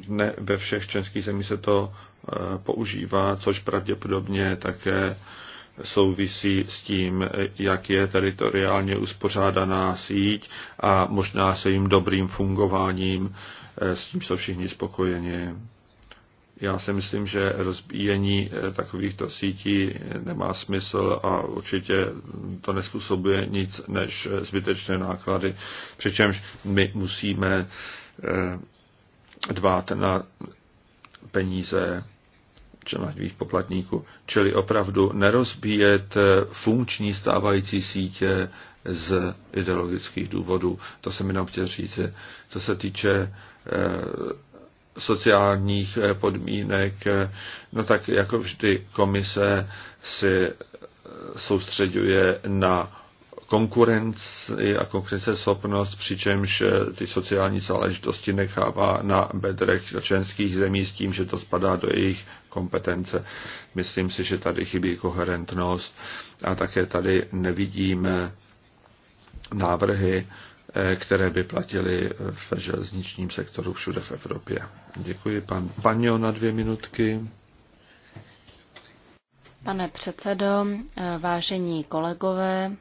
ne ve všech členských zemích se to eh, používá, což pravděpodobně také souvisí s tím, eh, jak je teritoriálně uspořádaná síť a možná se jim dobrým fungováním, eh, s tím jsou všichni spokojeni. Já si myslím, že rozbíjení takovýchto sítí nemá smysl a určitě to nespůsobuje nic než zbytečné náklady. Přičemž my musíme dbát na peníze členadních poplatníků, čili opravdu nerozbíjet funkční stávající sítě z ideologických důvodů. To jsem jenom chtěl říct. Co se týče eh, sociálních eh, podmínek, eh, no tak jako vždy komise si soustředuje na konkurenci a konkurenceschopnost, přičemž eh, ty sociální záležitosti nechává na bedrech členských zemí s tím, že to spadá do jejich kompetence. Myslím si, že tady chybí koherentnost a také tady nevidíme návrhy, eh, které by platily v železničním sektoru všude v Evropě. Děkuji pan Panio na dvě minutky. Pane předsedo, eh, vážení kolegové,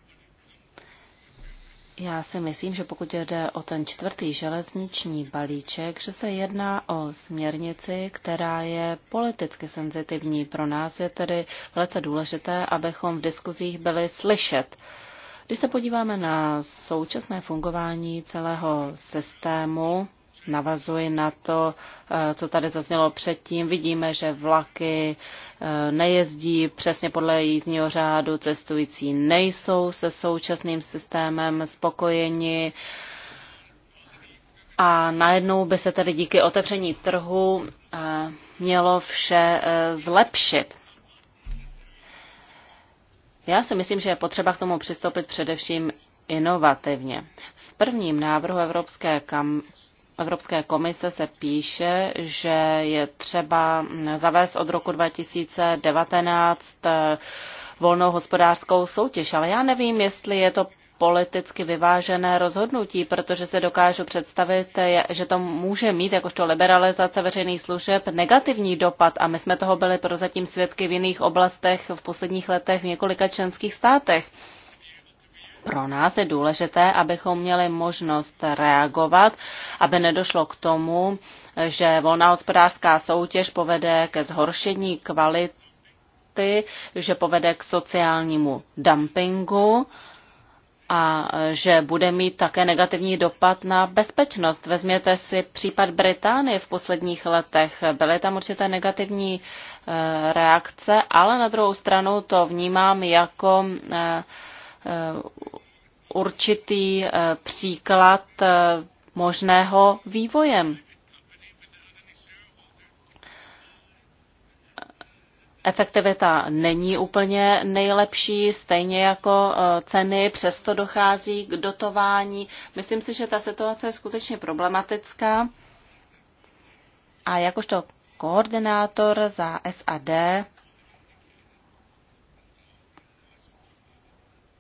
já si myslím, že pokud jde o ten čtvrtý železniční balíček, že se jedná o směrnici, která je politicky senzitivní pro nás, je tedy velice důležité, abychom v diskuzích byli slyšet. Když se podíváme na současné fungování celého systému, navazuji na to, eh, co tady zaznělo předtím. Vidíme, že vlaky eh, nejezdí přesně podle jízdního řádu, cestující nejsou se současným systémem spokojeni. A najednou by se tedy díky otevření trhu eh, mělo vše zlepšit. Já si myslím, že je potřeba k tomu přistoupit především inovativně. V prvním návrhu Evropské kam- Evropské komise se píše, že je třeba zavést od roku 2019 eh, volnou hospodářskou soutěž, ale já nevím, jestli je to politicky vyvážené rozhodnutí, protože se dokážu představit, eh, že to může mít jakožto liberalizace veřejných služeb negativní dopad a my jsme toho byli prozatím svědky v jiných oblastech v posledních letech v několika členských státech pro nás je důležité, abychom měli možnost reagovat, aby nedošlo k tomu, že volná hospodářská soutěž povede ke zhoršení kvality, že povede k sociálnímu dumpingu a že bude mít také negativní dopad na bezpečnost. Vezměte si případ Británie v posledních letech. Byly tam určité negativní eh, reakce, ale na druhou stranu to vnímám jako eh, Eh, určitý eh, příklad eh, možného vývoje. Efektivita není úplně nejlepší, stejně jako ceny, přesto dochází k dotování. Myslím si, že ta situace je skutečně problematická. A jakožto koordinátor za SAD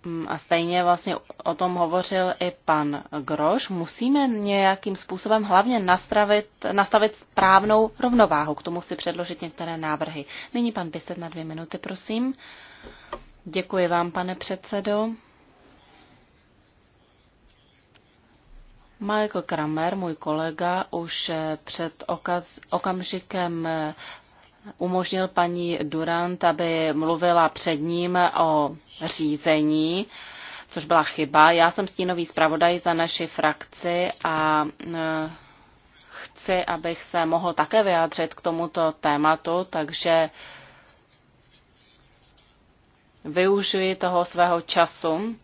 Mm, a stejně vlastně o tom hovořil i pan Groš, musíme nějakým způsobem hlavně nastavit, nastavit právnou rovnováhu. K tomu chci předložit některé návrhy. Nyní pan Biset na dvě minuty, prosím. Děkuji vám, pane předsedo. Michael Kramer, můj kolega, už před okaz, okamžikem umožnil paní Durant, aby mluvila před ním o řízení, což byla chyba. Já jsem stínový zpravodaj za naši frakci a e, chci, abych se mohl také vyjádřit k tomuto tématu, takže využiji toho svého času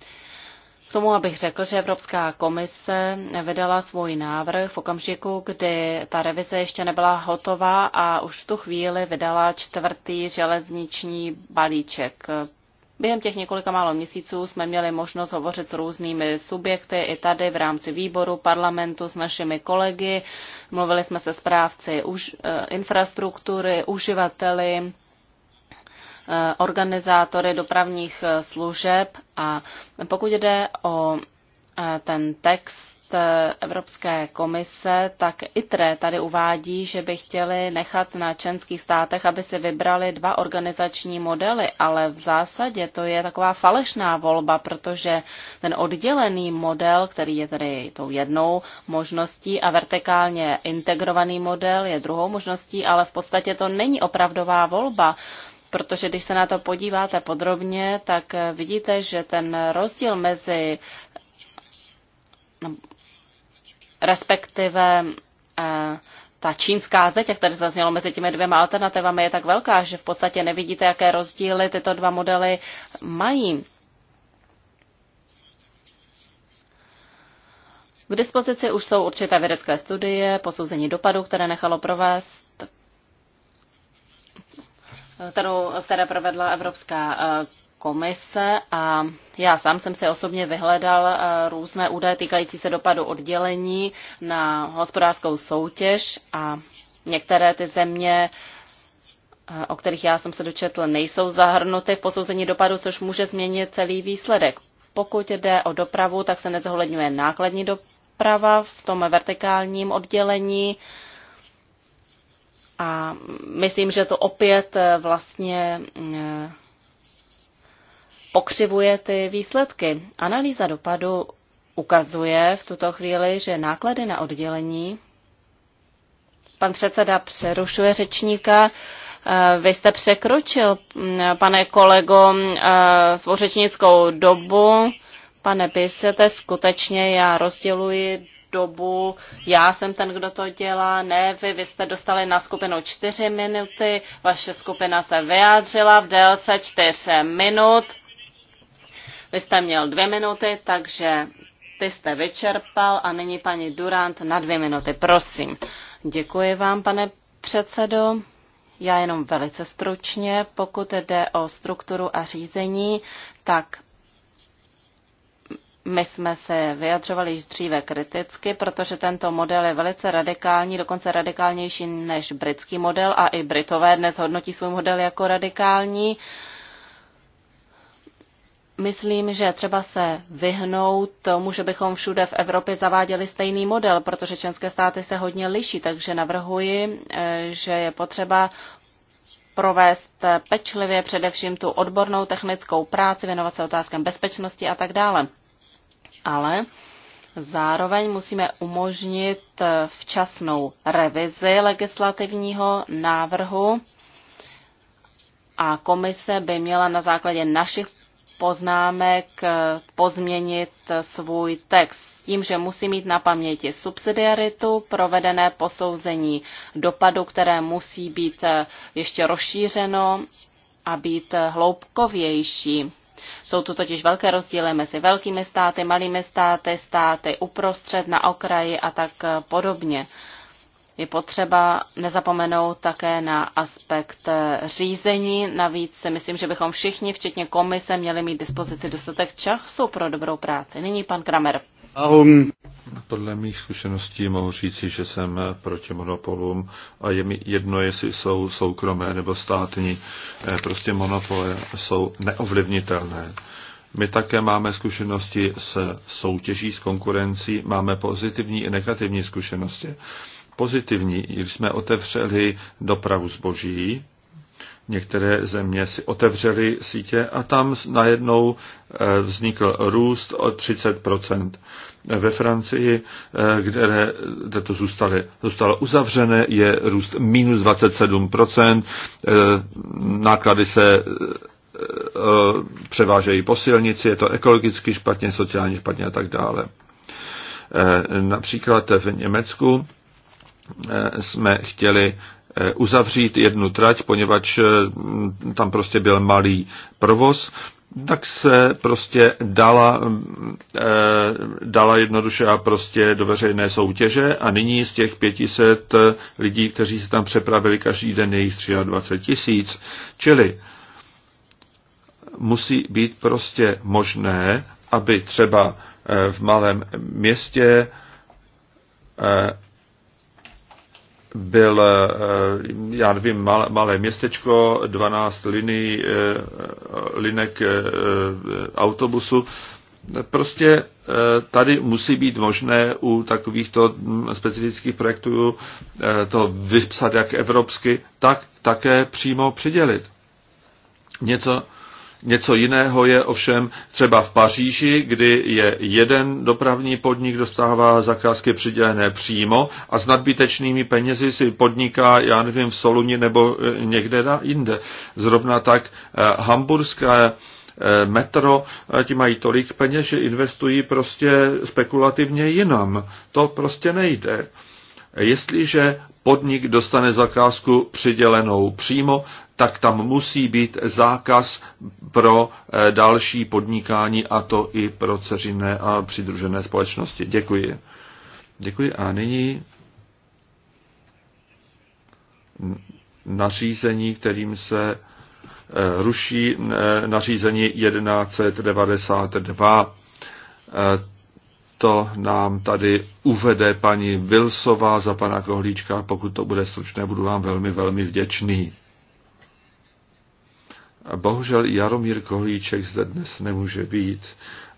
tomu, abych řekl, že Evropská komise vydala svůj návrh v okamžiku, kdy ta revize ještě nebyla hotová a už v tu chvíli vydala čtvrtý železniční balíček. Během těch několika málo měsíců jsme měli možnost hovořit s různými subjekty i tady v rámci výboru parlamentu s našimi kolegy. Mluvili jsme se zprávci už, eh, infrastruktury, uživateli Eh, organizátory dopravních eh, služeb a pokud jde o eh, ten text, Evropské komise, tak ITRE tady uvádí, že by chtěli nechat na členských státech, aby si vybrali dva organizační modely, ale v zásadě to je taková falešná volba, protože ten oddělený model, který je tedy tou jednou možností a vertikálně integrovaný model je druhou možností, ale v podstatě to není opravdová volba, protože když se na to podíváte podrobně, tak eh, vidíte, že ten rozdíl mezi no, respektive eh, ta čínská zeď, jak tady zaznělo mezi těmi dvěma alternativami, je tak velká, že v podstatě nevidíte, jaké rozdíly tyto dva modely mají. K dispozici už jsou určité vědecké studie, posouzení dopadů, které nechalo provést kterou, které provedla Evropská eh, komise a já sám jsem si osobně vyhledal eh, různé údaje týkající se dopadu oddělení na hospodářskou soutěž a některé ty země eh, o kterých já jsem se dočetl, nejsou zahrnuty v posouzení dopadu, což může změnit celý výsledek. Pokud jde o dopravu, tak se nezohledňuje nákladní doprava v tom vertikálním oddělení. A myslím, že to opět eh, vlastně eh, pokřivuje ty výsledky. Analýza dopadu ukazuje v tuto chvíli, že náklady na oddělení. Pan předseda přerušuje řečníka. Eh, vy jste překročil, mm, pane kolego, svou řečnickou dobu. Pane Pisete, skutečně já rozděluji dobu. Já jsem ten, kdo to dělá, ne vy. Vy jste dostali na skupinu čtyři minuty, vaše skupina se vyjádřila v délce čtyř minut. Vy jste měl dvě minuty, takže ty jste vyčerpal a nyní paní Durant na dvě minuty, prosím. Děkuji vám, pane předsedo. Já jenom velice stručně, pokud jde o strukturu a řízení, tak my jsme se vyjadřovali již dříve kriticky, protože tento model je velice radikální, dokonce radikálnější než britský model a i Britové dnes hodnotí svůj model jako radikální. Myslím, že třeba se vyhnout tomu, že bychom všude v Evropě zaváděli stejný model, protože členské státy se hodně liší, takže navrhuji, eh, že je potřeba provést pečlivě především tu odbornou technickou práci, věnovat se otázkám bezpečnosti a tak dále ale zároveň musíme umožnit včasnou revizi legislativního návrhu a komise by měla na základě našich poznámek pozměnit svůj text tím, že musí mít na paměti subsidiaritu, provedené posouzení dopadu, které musí být ještě rozšířeno a být hloubkovější. Jsou tu totiž velké rozdíly mezi velkými státy, malými státy, státy uprostřed, na okraji a tak podobně. Je potřeba nezapomenout také na aspekt eh, řízení. Navíc si myslím, že bychom všichni, včetně komise, měli mít dispozici dostatek času pro dobrou práci. Nyní pan Kramer. Ahoj. Podle mých zkušeností mohu říci, že jsem proti monopolům a je mi jedno, jestli jsou soukromé nebo státní. Eh, prostě monopoly jsou neovlivnitelné. My také máme zkušenosti s soutěží, s konkurencí, máme pozitivní i negativní zkušenosti pozitivní, když jsme otevřeli dopravu zboží, některé země si otevřely sítě a tam najednou eh, vznikl růst o 30 Ve Francii, eh, kde, kde to zůstalo, zůstalo uzavřené, je růst minus 27 eh, náklady se převážejí po silnici, je to ekologicky špatně, sociálně špatně a tak dále. Například v Německu Eh, jsme chtěli eh, uzavřít jednu trať, poněvadž eh, tam prostě byl malý provoz, tak se prostě dala, dala jednoduše a prostě do veřejné soutěže a nyní z těch 500 lidí, kteří se tam přepravili každý den jejich 23 tisíc, čili musí být prostě možné, aby třeba v malém městě byl, eh, já nevím, malé, malé městečko, 12 linií, eh, linek eh, autobusu. Prostě tady musí být možné u takovýchto hm, specifických projektů to vypsat jak evropsky, tak také přímo přidělit. Něco, Něco jiného je ovšem třeba v Paříži, kdy je jeden dopravní podnik dostává zakázky přidělené přímo a s nadbytečnými penězi si podniká, já nevím, v Soluni nebo eh, někde jinde. Zrovna tak eh, hamburské eh, metro, ti mají tolik peněz, že investují prostě spekulativně jinam. To prostě nejde. Jestliže podnik dostane zakázku přidělenou přímo, tak tam musí být zákaz pro eh, další podnikání a to i pro ceřinné a přidružené společnosti. Děkuji. Děkuji a nyní nařízení, kterým se eh, ruší nařízení 1192 to nám tady uvede paní Vilsová za pana Kohlíčka. Pokud to bude stručné, budu vám velmi, velmi vděčný. Bohužel Jaromír Kohlíček zde dnes nemůže být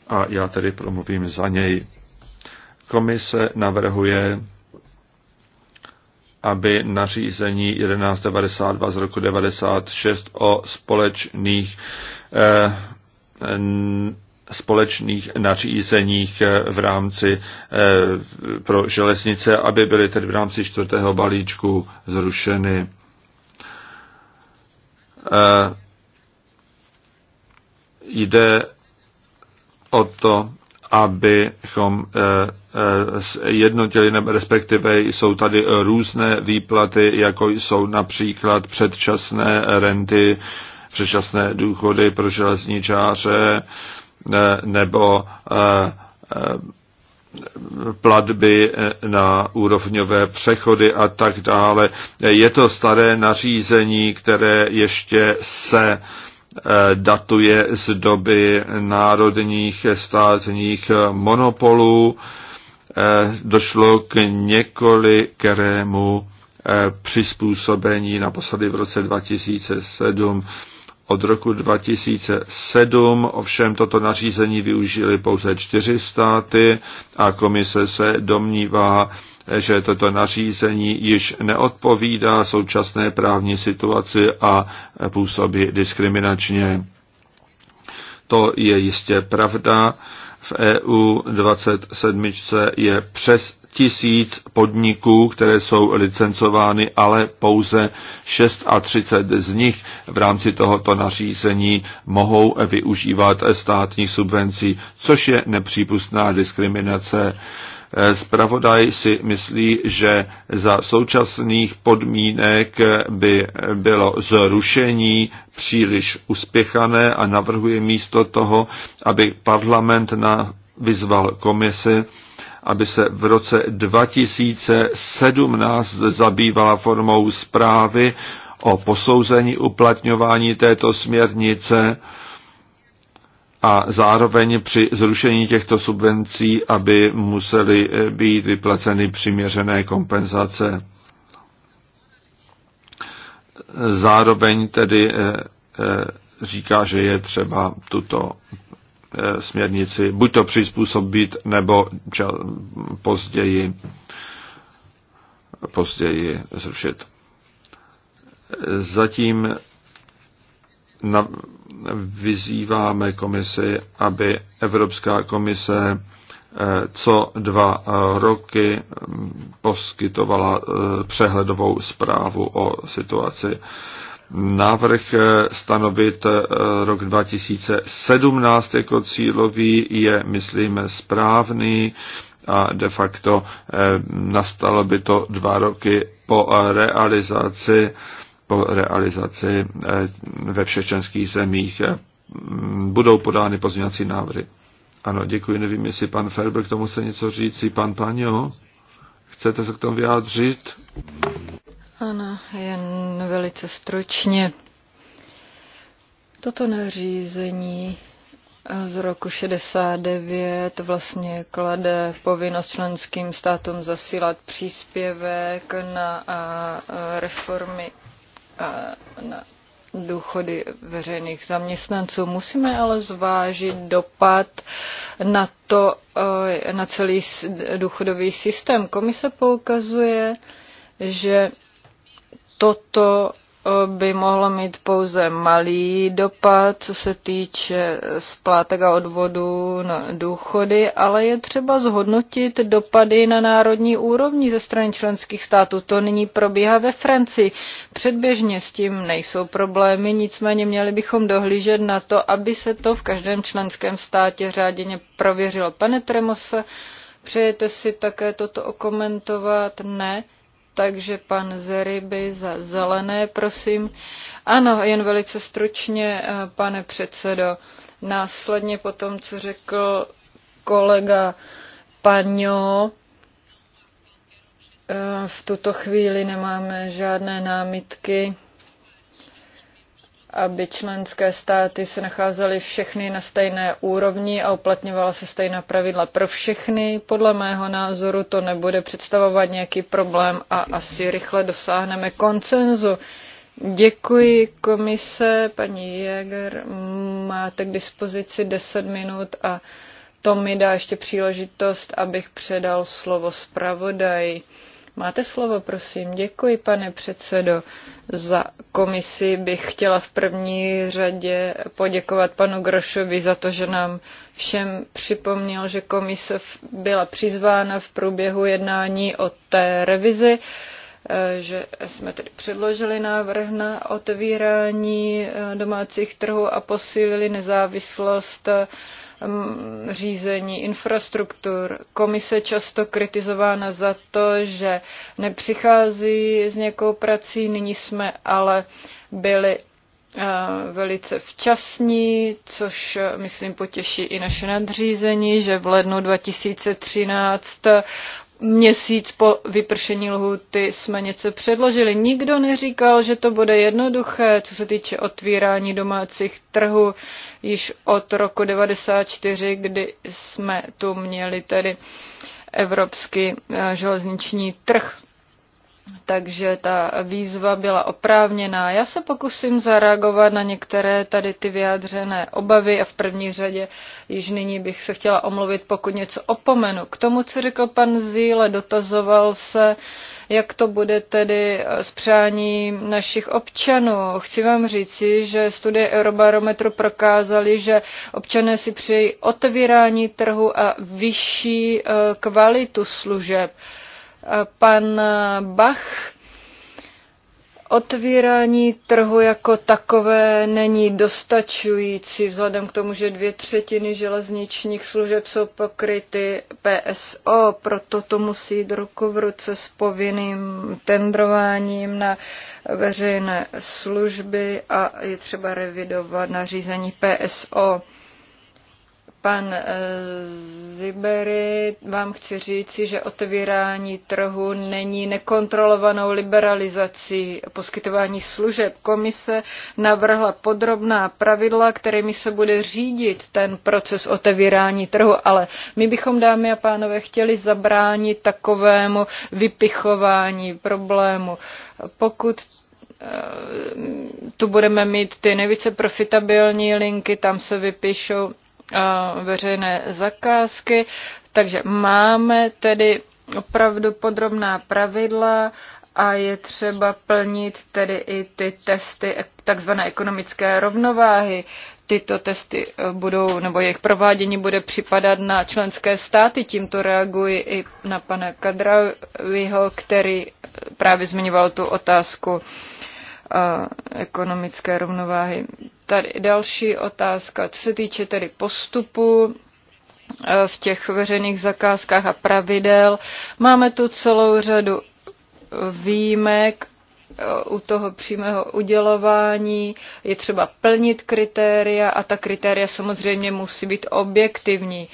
a já tedy promluvím za něj. Komise navrhuje, aby nařízení 1192 z roku 96 o společných eh, společných nařízeních eh, v rámci eh, pro železnice, aby byly tedy v rámci čtvrtého balíčku zrušeny. Eh, jde o to, abychom jednotili, respektive jsou tady různé výplaty, jako jsou například předčasné renty, předčasné důchody pro železničáře, nebo eh, eh, platby eh, na úrovňové přechody a tak dále. Je to staré nařízení, které ještě se datuje z doby národních státních monopolů. Došlo k několikrému přizpůsobení naposledy v roce 2007. Od roku 2007 ovšem toto nařízení využili pouze čtyři státy a komise se domnívá, že toto nařízení již neodpovídá současné právní situaci a působí diskriminačně. To je jistě pravda. V EU 27 je přes tisíc podniků, které jsou licencovány, ale pouze 36 z nich v rámci tohoto nařízení mohou využívat státní subvencí, což je nepřípustná diskriminace. Spravodaj si myslí, že za současných podmínek by bylo zrušení příliš uspěchané a navrhuje místo toho, aby parlament na vyzval komisi, aby se v roce 2017 zabývala formou zprávy o posouzení uplatňování této směrnice a zároveň při zrušení těchto subvencí, aby musely eh, být vyplaceny přiměřené kompenzace. Zároveň tedy eh, eh, říká, že je třeba tuto Eh, směrnici buď to přizpůsobit, nebo později, později zrušit. Zatím na, vyzýváme komisi, aby Evropská komise eh, co dva eh, roky mm, poskytovala přehledovou zprávu o situaci. Návrh eh, stanovit eh, rok 2017 jako cílový je, myslím, správný a de facto eh, nastalo by to dva roky po realizaci po realizaci ve všech členských zemích budou podány pozměňovací návrhy. Ano, děkuji. Nevím, jestli pan Ferber k tomu chce něco říct. Pan Paňo, chcete se k tomu vyjádřit? Ano, jen velice stručně. Toto nařízení z roku 69 vlastně klade povinnost členským státům zasílat příspěvek na reformy na důchody veřejných zaměstnanců. Musíme ale zvážit dopad na to, na celý důchodový systém. Komise poukazuje, že toto eh, by mohlo mít pouze malý dopad, co se týče splátek a odvodů na důchody, ale je třeba zhodnotit dopady na národní úrovni ze strany členských států. To nyní probíhá ve Francii. Předběžně s tím nejsou problémy, nicméně měli bychom dohlížet na to, aby se to v každém členském státě řáděně prověřilo. Pane Tremose, přejete si také toto okomentovat? Ne? takže pan Zeriby za zelené, prosím. Ano, jen velice stručně, eh, pane předsedo. Následně po tom, co řekl kolega Paňo, eh, v tuto chvíli nemáme žádné námitky aby členské státy se nacházely všechny na stejné úrovni a uplatňovala se stejná pravidla pro všechny. Podle mého názoru to nebude představovat nějaký problém a asi rychle dosáhneme koncenzu. Děkuji komise, paní Jäger. Máte k dispozici 10 minut a to mi dá ještě příležitost, abych předal slovo zpravodaji. Máte slovo, prosím. Děkuji, pane předsedo. Za komisi bych chtěla v první řadě poděkovat panu Grošovi za to, že nám všem připomněl, že komise byla přizvána v průběhu jednání o té revizi e, že jsme tedy předložili návrh na otevírání e, domácích trhů a posílili nezávislost e, řízení infrastruktur. Komise často kritizována za to, že nepřichází s nějakou prací, nyní jsme ale byli eh, velice včasní, což eh, myslím potěší i naše nadřízení, že v lednu 2013 měsíc po vypršení lhuty jsme něco předložili. Nikdo neříkal, že to bude jednoduché, co se týče otvírání domácích trhů již od roku 94, kdy jsme tu měli tedy evropský eh, železniční trh takže ta výzva byla oprávněná. Já se pokusím zareagovat na některé tady ty vyjádřené obavy a v první řadě již nyní bych se chtěla omluvit, pokud něco opomenu. K tomu, co řekl pan Zíle, dotazoval se, jak to bude tedy eh, s přáním našich občanů. Chci vám říci, že studie Eurobarometru prokázaly, že občané si přejí otevírání trhu a vyšší eh, kvalitu služeb pan Bach. Otvírání trhu jako takové není dostačující vzhledem k tomu, že dvě třetiny železničních služeb jsou pokryty PSO, proto to musí jít ruku v ruce s povinným tendrováním na veřejné služby a je třeba revidovat nařízení PSO. Pan eh, Zibery, vám chci říci, že otevírání trhu není nekontrolovanou liberalizací poskytování služeb. Komise navrhla podrobná pravidla, kterými se bude řídit ten proces otevírání trhu, ale my bychom, dámy a pánové, chtěli zabránit takovému vypichování problému. Pokud eh, tu budeme mít ty nejvíce profitabilní linky, tam se vypíšou veřejné zakázky. Takže máme tedy opravdu podrobná pravidla a je třeba plnit tedy i ty testy takzvané ekonomické rovnováhy. Tyto testy e, budou, nebo jejich provádění bude připadat na členské státy. Tímto reaguji i na pana Kadraviho, který e, právě zmiňoval tu otázku e, ekonomické rovnováhy. Tady další otázka, co se týče tedy postupu eh, v těch veřejných zakázkách a pravidel. Máme tu celou řadu výjimek eh, u toho přímého udělování, je třeba plnit kritéria a ta kritéria samozřejmě musí být objektivní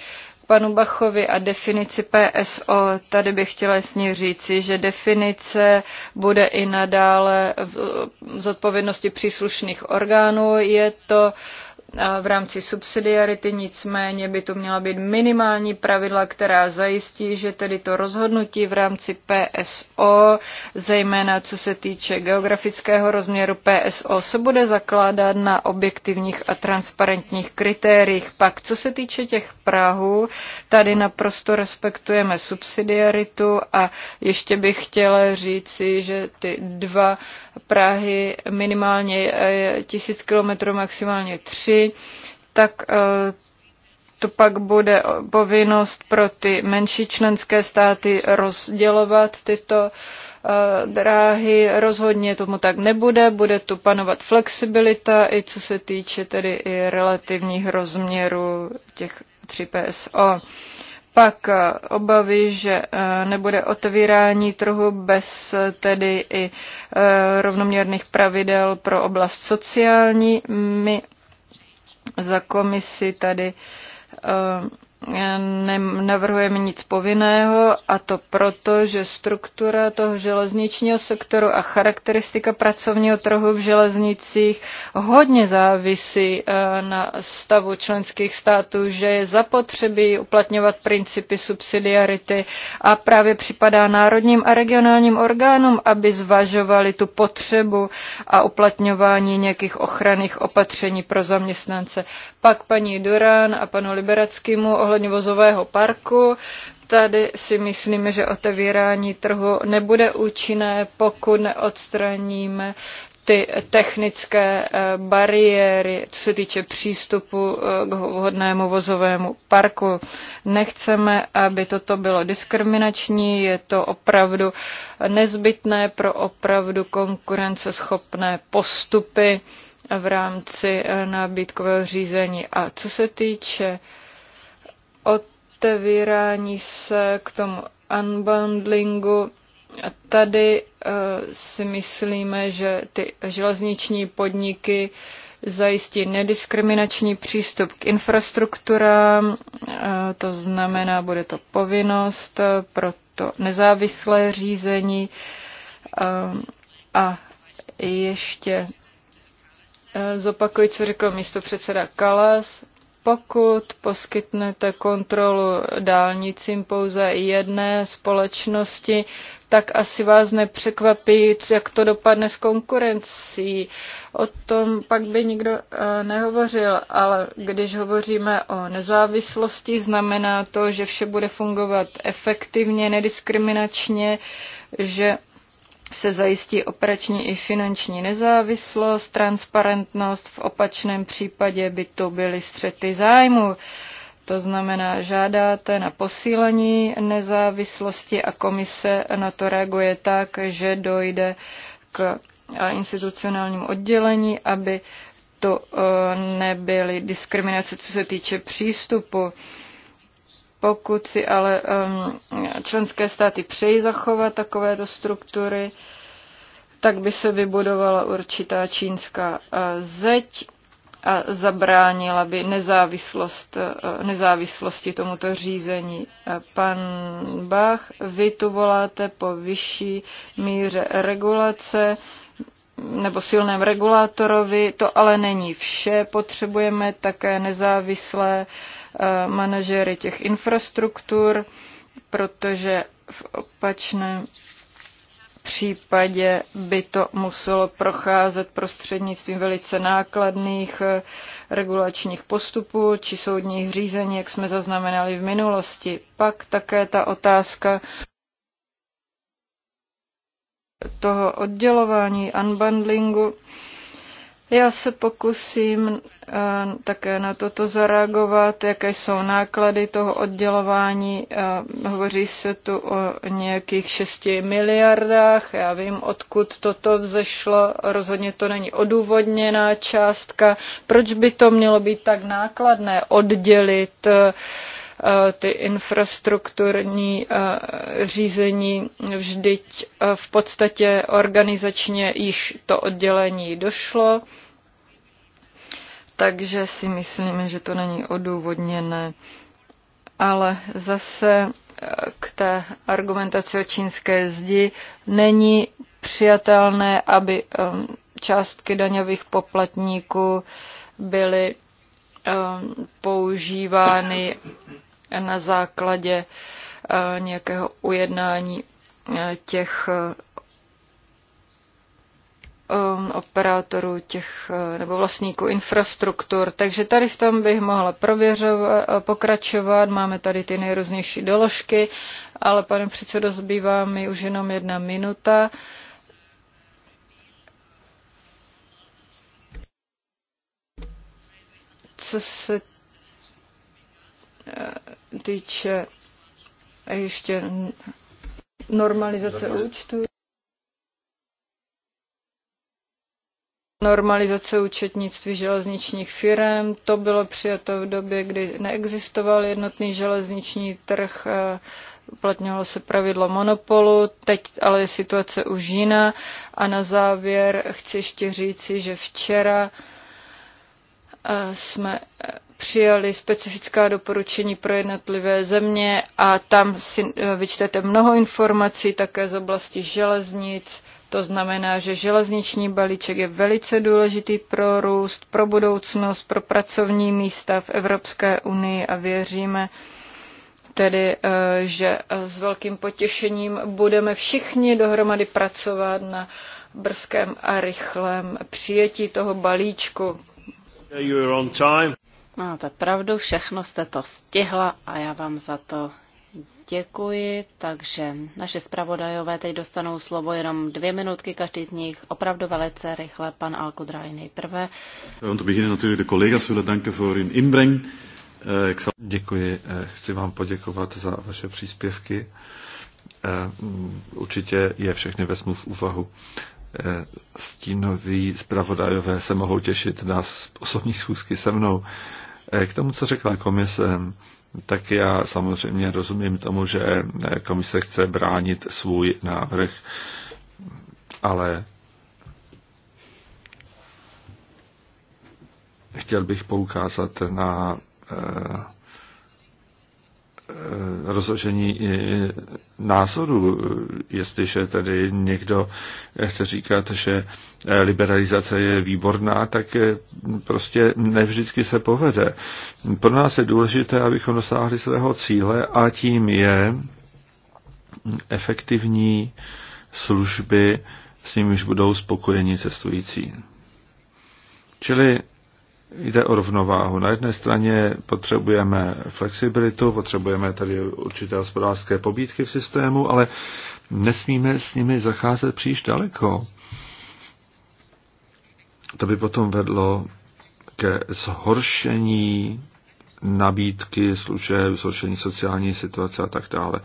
panu Bachovi a definici PSO. Tady bych chtěla jasně říci, že definice bude i nadále v zodpovědnosti příslušných orgánů. Je to v rámci subsidiarity, nicméně by to měla být minimální pravidla, která zajistí, že tedy to rozhodnutí v rámci PSO, zejména co se týče geografického rozměru PSO, se bude zakládat na objektivních a transparentních kritériích. Pak, co se týče těch Prahu, tady naprosto respektujeme subsidiaritu a ještě bych chtěla říci, že ty dva Prahy minimálně eh, tisíc kilometrů maximálně tři tak eh, to pak bude povinnost pro ty menší členské státy rozdělovat tyto eh, dráhy. Rozhodně tomu tak nebude, bude tu panovat flexibilita, i co se týče tedy i relativních rozměrů těch 3 PSO. Pak eh, obavy, že nebude otevírání trhu bez tedy i rovnoměrných pravidel pro oblast sociální. My za komisi tady navrhujeme nic povinného a to proto, že struktura toho železničního sektoru a charakteristika pracovního trhu v železnicích hodně závisí eh, na stavu členských států, že je zapotřebí uplatňovat principy subsidiarity a právě připadá národním a regionálním orgánům, aby zvažovali tu potřebu a uplatňování nějakých ochranných opatření pro zaměstnance. Pak paní Durán a panu Liberackému ohledně ohledně vozového parku. Tady si myslíme, že otevírání trhu nebude účinné, pokud neodstraníme ty technické eh, bariéry, co se týče přístupu eh, k vhodnému vozovému parku. Nechceme, aby toto bylo diskriminační, je to opravdu nezbytné pro opravdu konkurenceschopné postupy v rámci eh, nabídkového řízení. A co se týče otevírání se k tomu unbundlingu. Tady eh, si myslíme, že ty železniční podniky zajistí nediskriminační přístup k infrastrukturám, eh, to znamená, bude to povinnost eh, pro to nezávislé řízení a ještě zopakuji, co řekl místo předseda Kalas pokud poskytnete kontrolu dálnicím pouze jedné společnosti, tak asi vás nepřekvapí, jak to dopadne s konkurencí. O tom pak by nikdo eh, nehovořil, ale když hovoříme o nezávislosti, znamená to, že vše bude fungovat efektivně, nediskriminačně, že se zajistí operační i finanční nezávislost, transparentnost, v opačném případě by to byly střety zájmu. To znamená, žádáte na posílení nezávislosti a komise na to reaguje tak, že dojde k institucionálnímu oddělení, aby to eh, nebyly diskriminace, co se týče přístupu. Pokud si ale um, členské státy přejí zachovat takovéto struktury, tak by se vybudovala určitá čínská e, zeď a zabránila by nezávislost, e, nezávislosti tomuto řízení. E, pan Bach, vy tu voláte po vyšší míře regulace nebo silném regulátorovi, to ale není vše. Potřebujeme také nezávislé uh, Eh, manažery těch infrastruktur, protože v opačném případě by to muselo procházet prostřednictvím velice nákladných eh, regulačních postupů či soudních řízení, jak jsme zaznamenali v minulosti. Pak také ta otázka toho oddělování, unbundlingu, já se pokusím eh, také na toto zareagovat, jaké jsou náklady toho oddělování. Eh, hovoří se tu o nějakých 6 miliardách. Já vím, odkud toto vzešlo. Rozhodně to není odůvodněná částka. Proč by to mělo být tak nákladné oddělit eh, ty infrastrukturní řízení vždyť v podstatě organizačně již to oddělení došlo takže si myslíme, že to není odůvodněné. Ale zase eh, k té argumentaci o čínské zdi není přijatelné, aby ehm, částky daňových poplatníků byly ehm, používány na základě eh, nějakého ujednání eh, těch Um, operátorů těch eh, nebo vlastníků infrastruktur. Takže tady v tom bych mohla prověřovat, eh, pokračovat. Máme tady ty nejrůznější doložky, ale pane předsedo, zbývá mi už jenom jedna minuta. Co se eh, týče ještě normalizace účtu. normalizace účetnictví železničních firm. To bylo přijato v době, kdy neexistoval jednotný železniční trh, eh, uplatňovalo se pravidlo monopolu, teď ale je situace už jiná. A na závěr chci ještě říci, že včera eh, jsme eh, přijali specifická doporučení pro jednotlivé země a tam si vyčtete mnoho informací také z oblasti železnic, to znamená, že železniční balíček je velice důležitý pro růst, pro budoucnost, pro pracovní místa v Evropské unii a věříme, tedy, eh, že eh, s velkým potěšením budeme všichni dohromady pracovat na brzkém a rychlém přijetí toho balíčku. Máte pravdu, všechno jste to stihla a já vám za to Děkuji, takže naše zpravodajové teď dostanou slovo jenom dvě minutky, každý z nich opravdu velice rychle, pan Alkudraj nejprve. Om te beginnen natuurlijk no de collega's willen danken voor hun inbreng. Eh, Děkuji, eh, chci vám poděkovat za vaše příspěvky. Eh, mm, určitě je všechny vezmu v úvahu. Stínoví zpravodajové se mohou těšit na osobní schůzky se mnou. K tomu, co řekla komise, tak já samozřejmě rozumím tomu, že komise chce bránit svůj návrh, ale chtěl bych poukázat na eh, Eh, rozložení eh, názorů, jestliže tady někdo chce říkat, že eh, liberalizace je výborná, tak prostě nevždycky se povede. Pro nás je důležité, abychom dosáhli svého cíle a tím je efektivní služby, s nimiž budou spokojeni cestující. Čili jde o rovnováhu. Na jedné straně potřebujeme flexibilitu, potřebujeme tady určité hospodářské pobídky v systému, ale nesmíme s nimi zacházet příliš daleko. To by potom vedlo ke zhoršení nabídky služeb, zhoršení sociální situace a tak dále.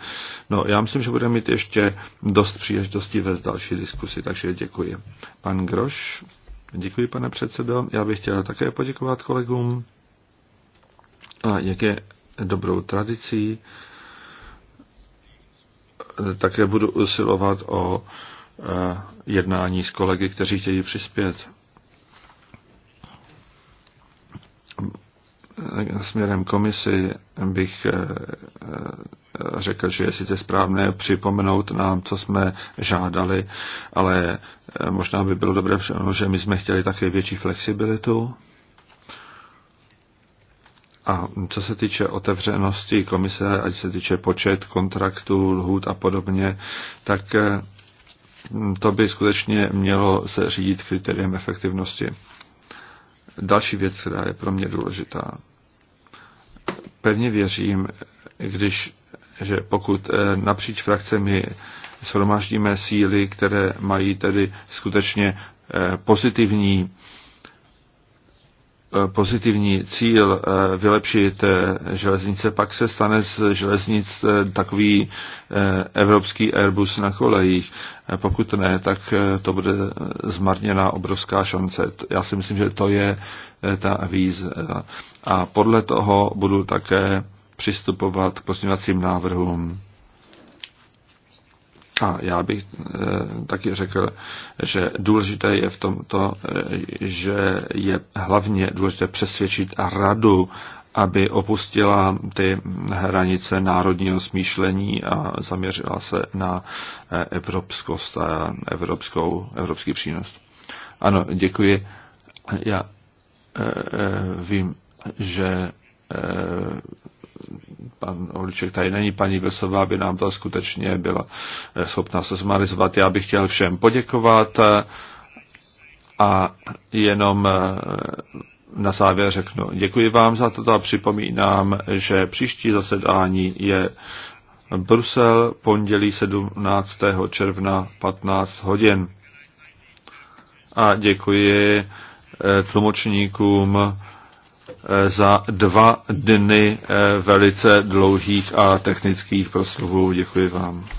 No, já myslím, že budeme mít ještě dost příležitostí ve další diskusi, takže děkuji. Pan Groš. Děkuji, pane předsedo. Já bych chtěl také poděkovat kolegům. A jak je dobrou tradicí, také budu usilovat o eh, jednání s kolegy, kteří chtějí přispět. směrem komisi bych eh, eh, řekl, že je sice správné připomenout nám, co jsme žádali, ale eh, možná by bylo dobré, že my jsme chtěli také větší flexibilitu. A co se týče otevřenosti komise, ať se týče počet kontraktů, lhůt a podobně, tak to by skutečně mělo se řídit kritériem efektivnosti. Další věc, která je pro mě důležitá pevně věřím, když, že pokud eh, napříč frakcemi shromaždíme síly, které mají tedy skutečně eh, pozitivní Eh, pozitivní cíl eh, vylepšit eh, železnice, pak se stane z železnic takový evropský Airbus na kolejích. Pokud ne, tak to bude zmarněná obrovská šance. Já si myslím, že to je ta výzva. A podle toho budu také přistupovat k pozměňovacím návrhům. A já bych eh, taky řekl, že důležité je v tomto, eh, že je hlavně důležité přesvědčit radu, aby opustila ty hranice národního smýšlení a zaměřila se na eh, evropskost a evropskou, evropský přínos. Ano, děkuji. Já e, e, vím, že e, pan Oliček tady není, paní Vesová by nám to skutečně byla eh, schopna se zmarizovat. Já bych chtěl všem poděkovat eh, a jenom eh, na závěr řeknu, děkuji vám za toto a připomínám, že příští zasedání je Brusel pondělí 17. června 15 hodin. A děkuji tlumočníkům za dva dny eh, velice dlouhých a technických proslovů. Děkuji vám.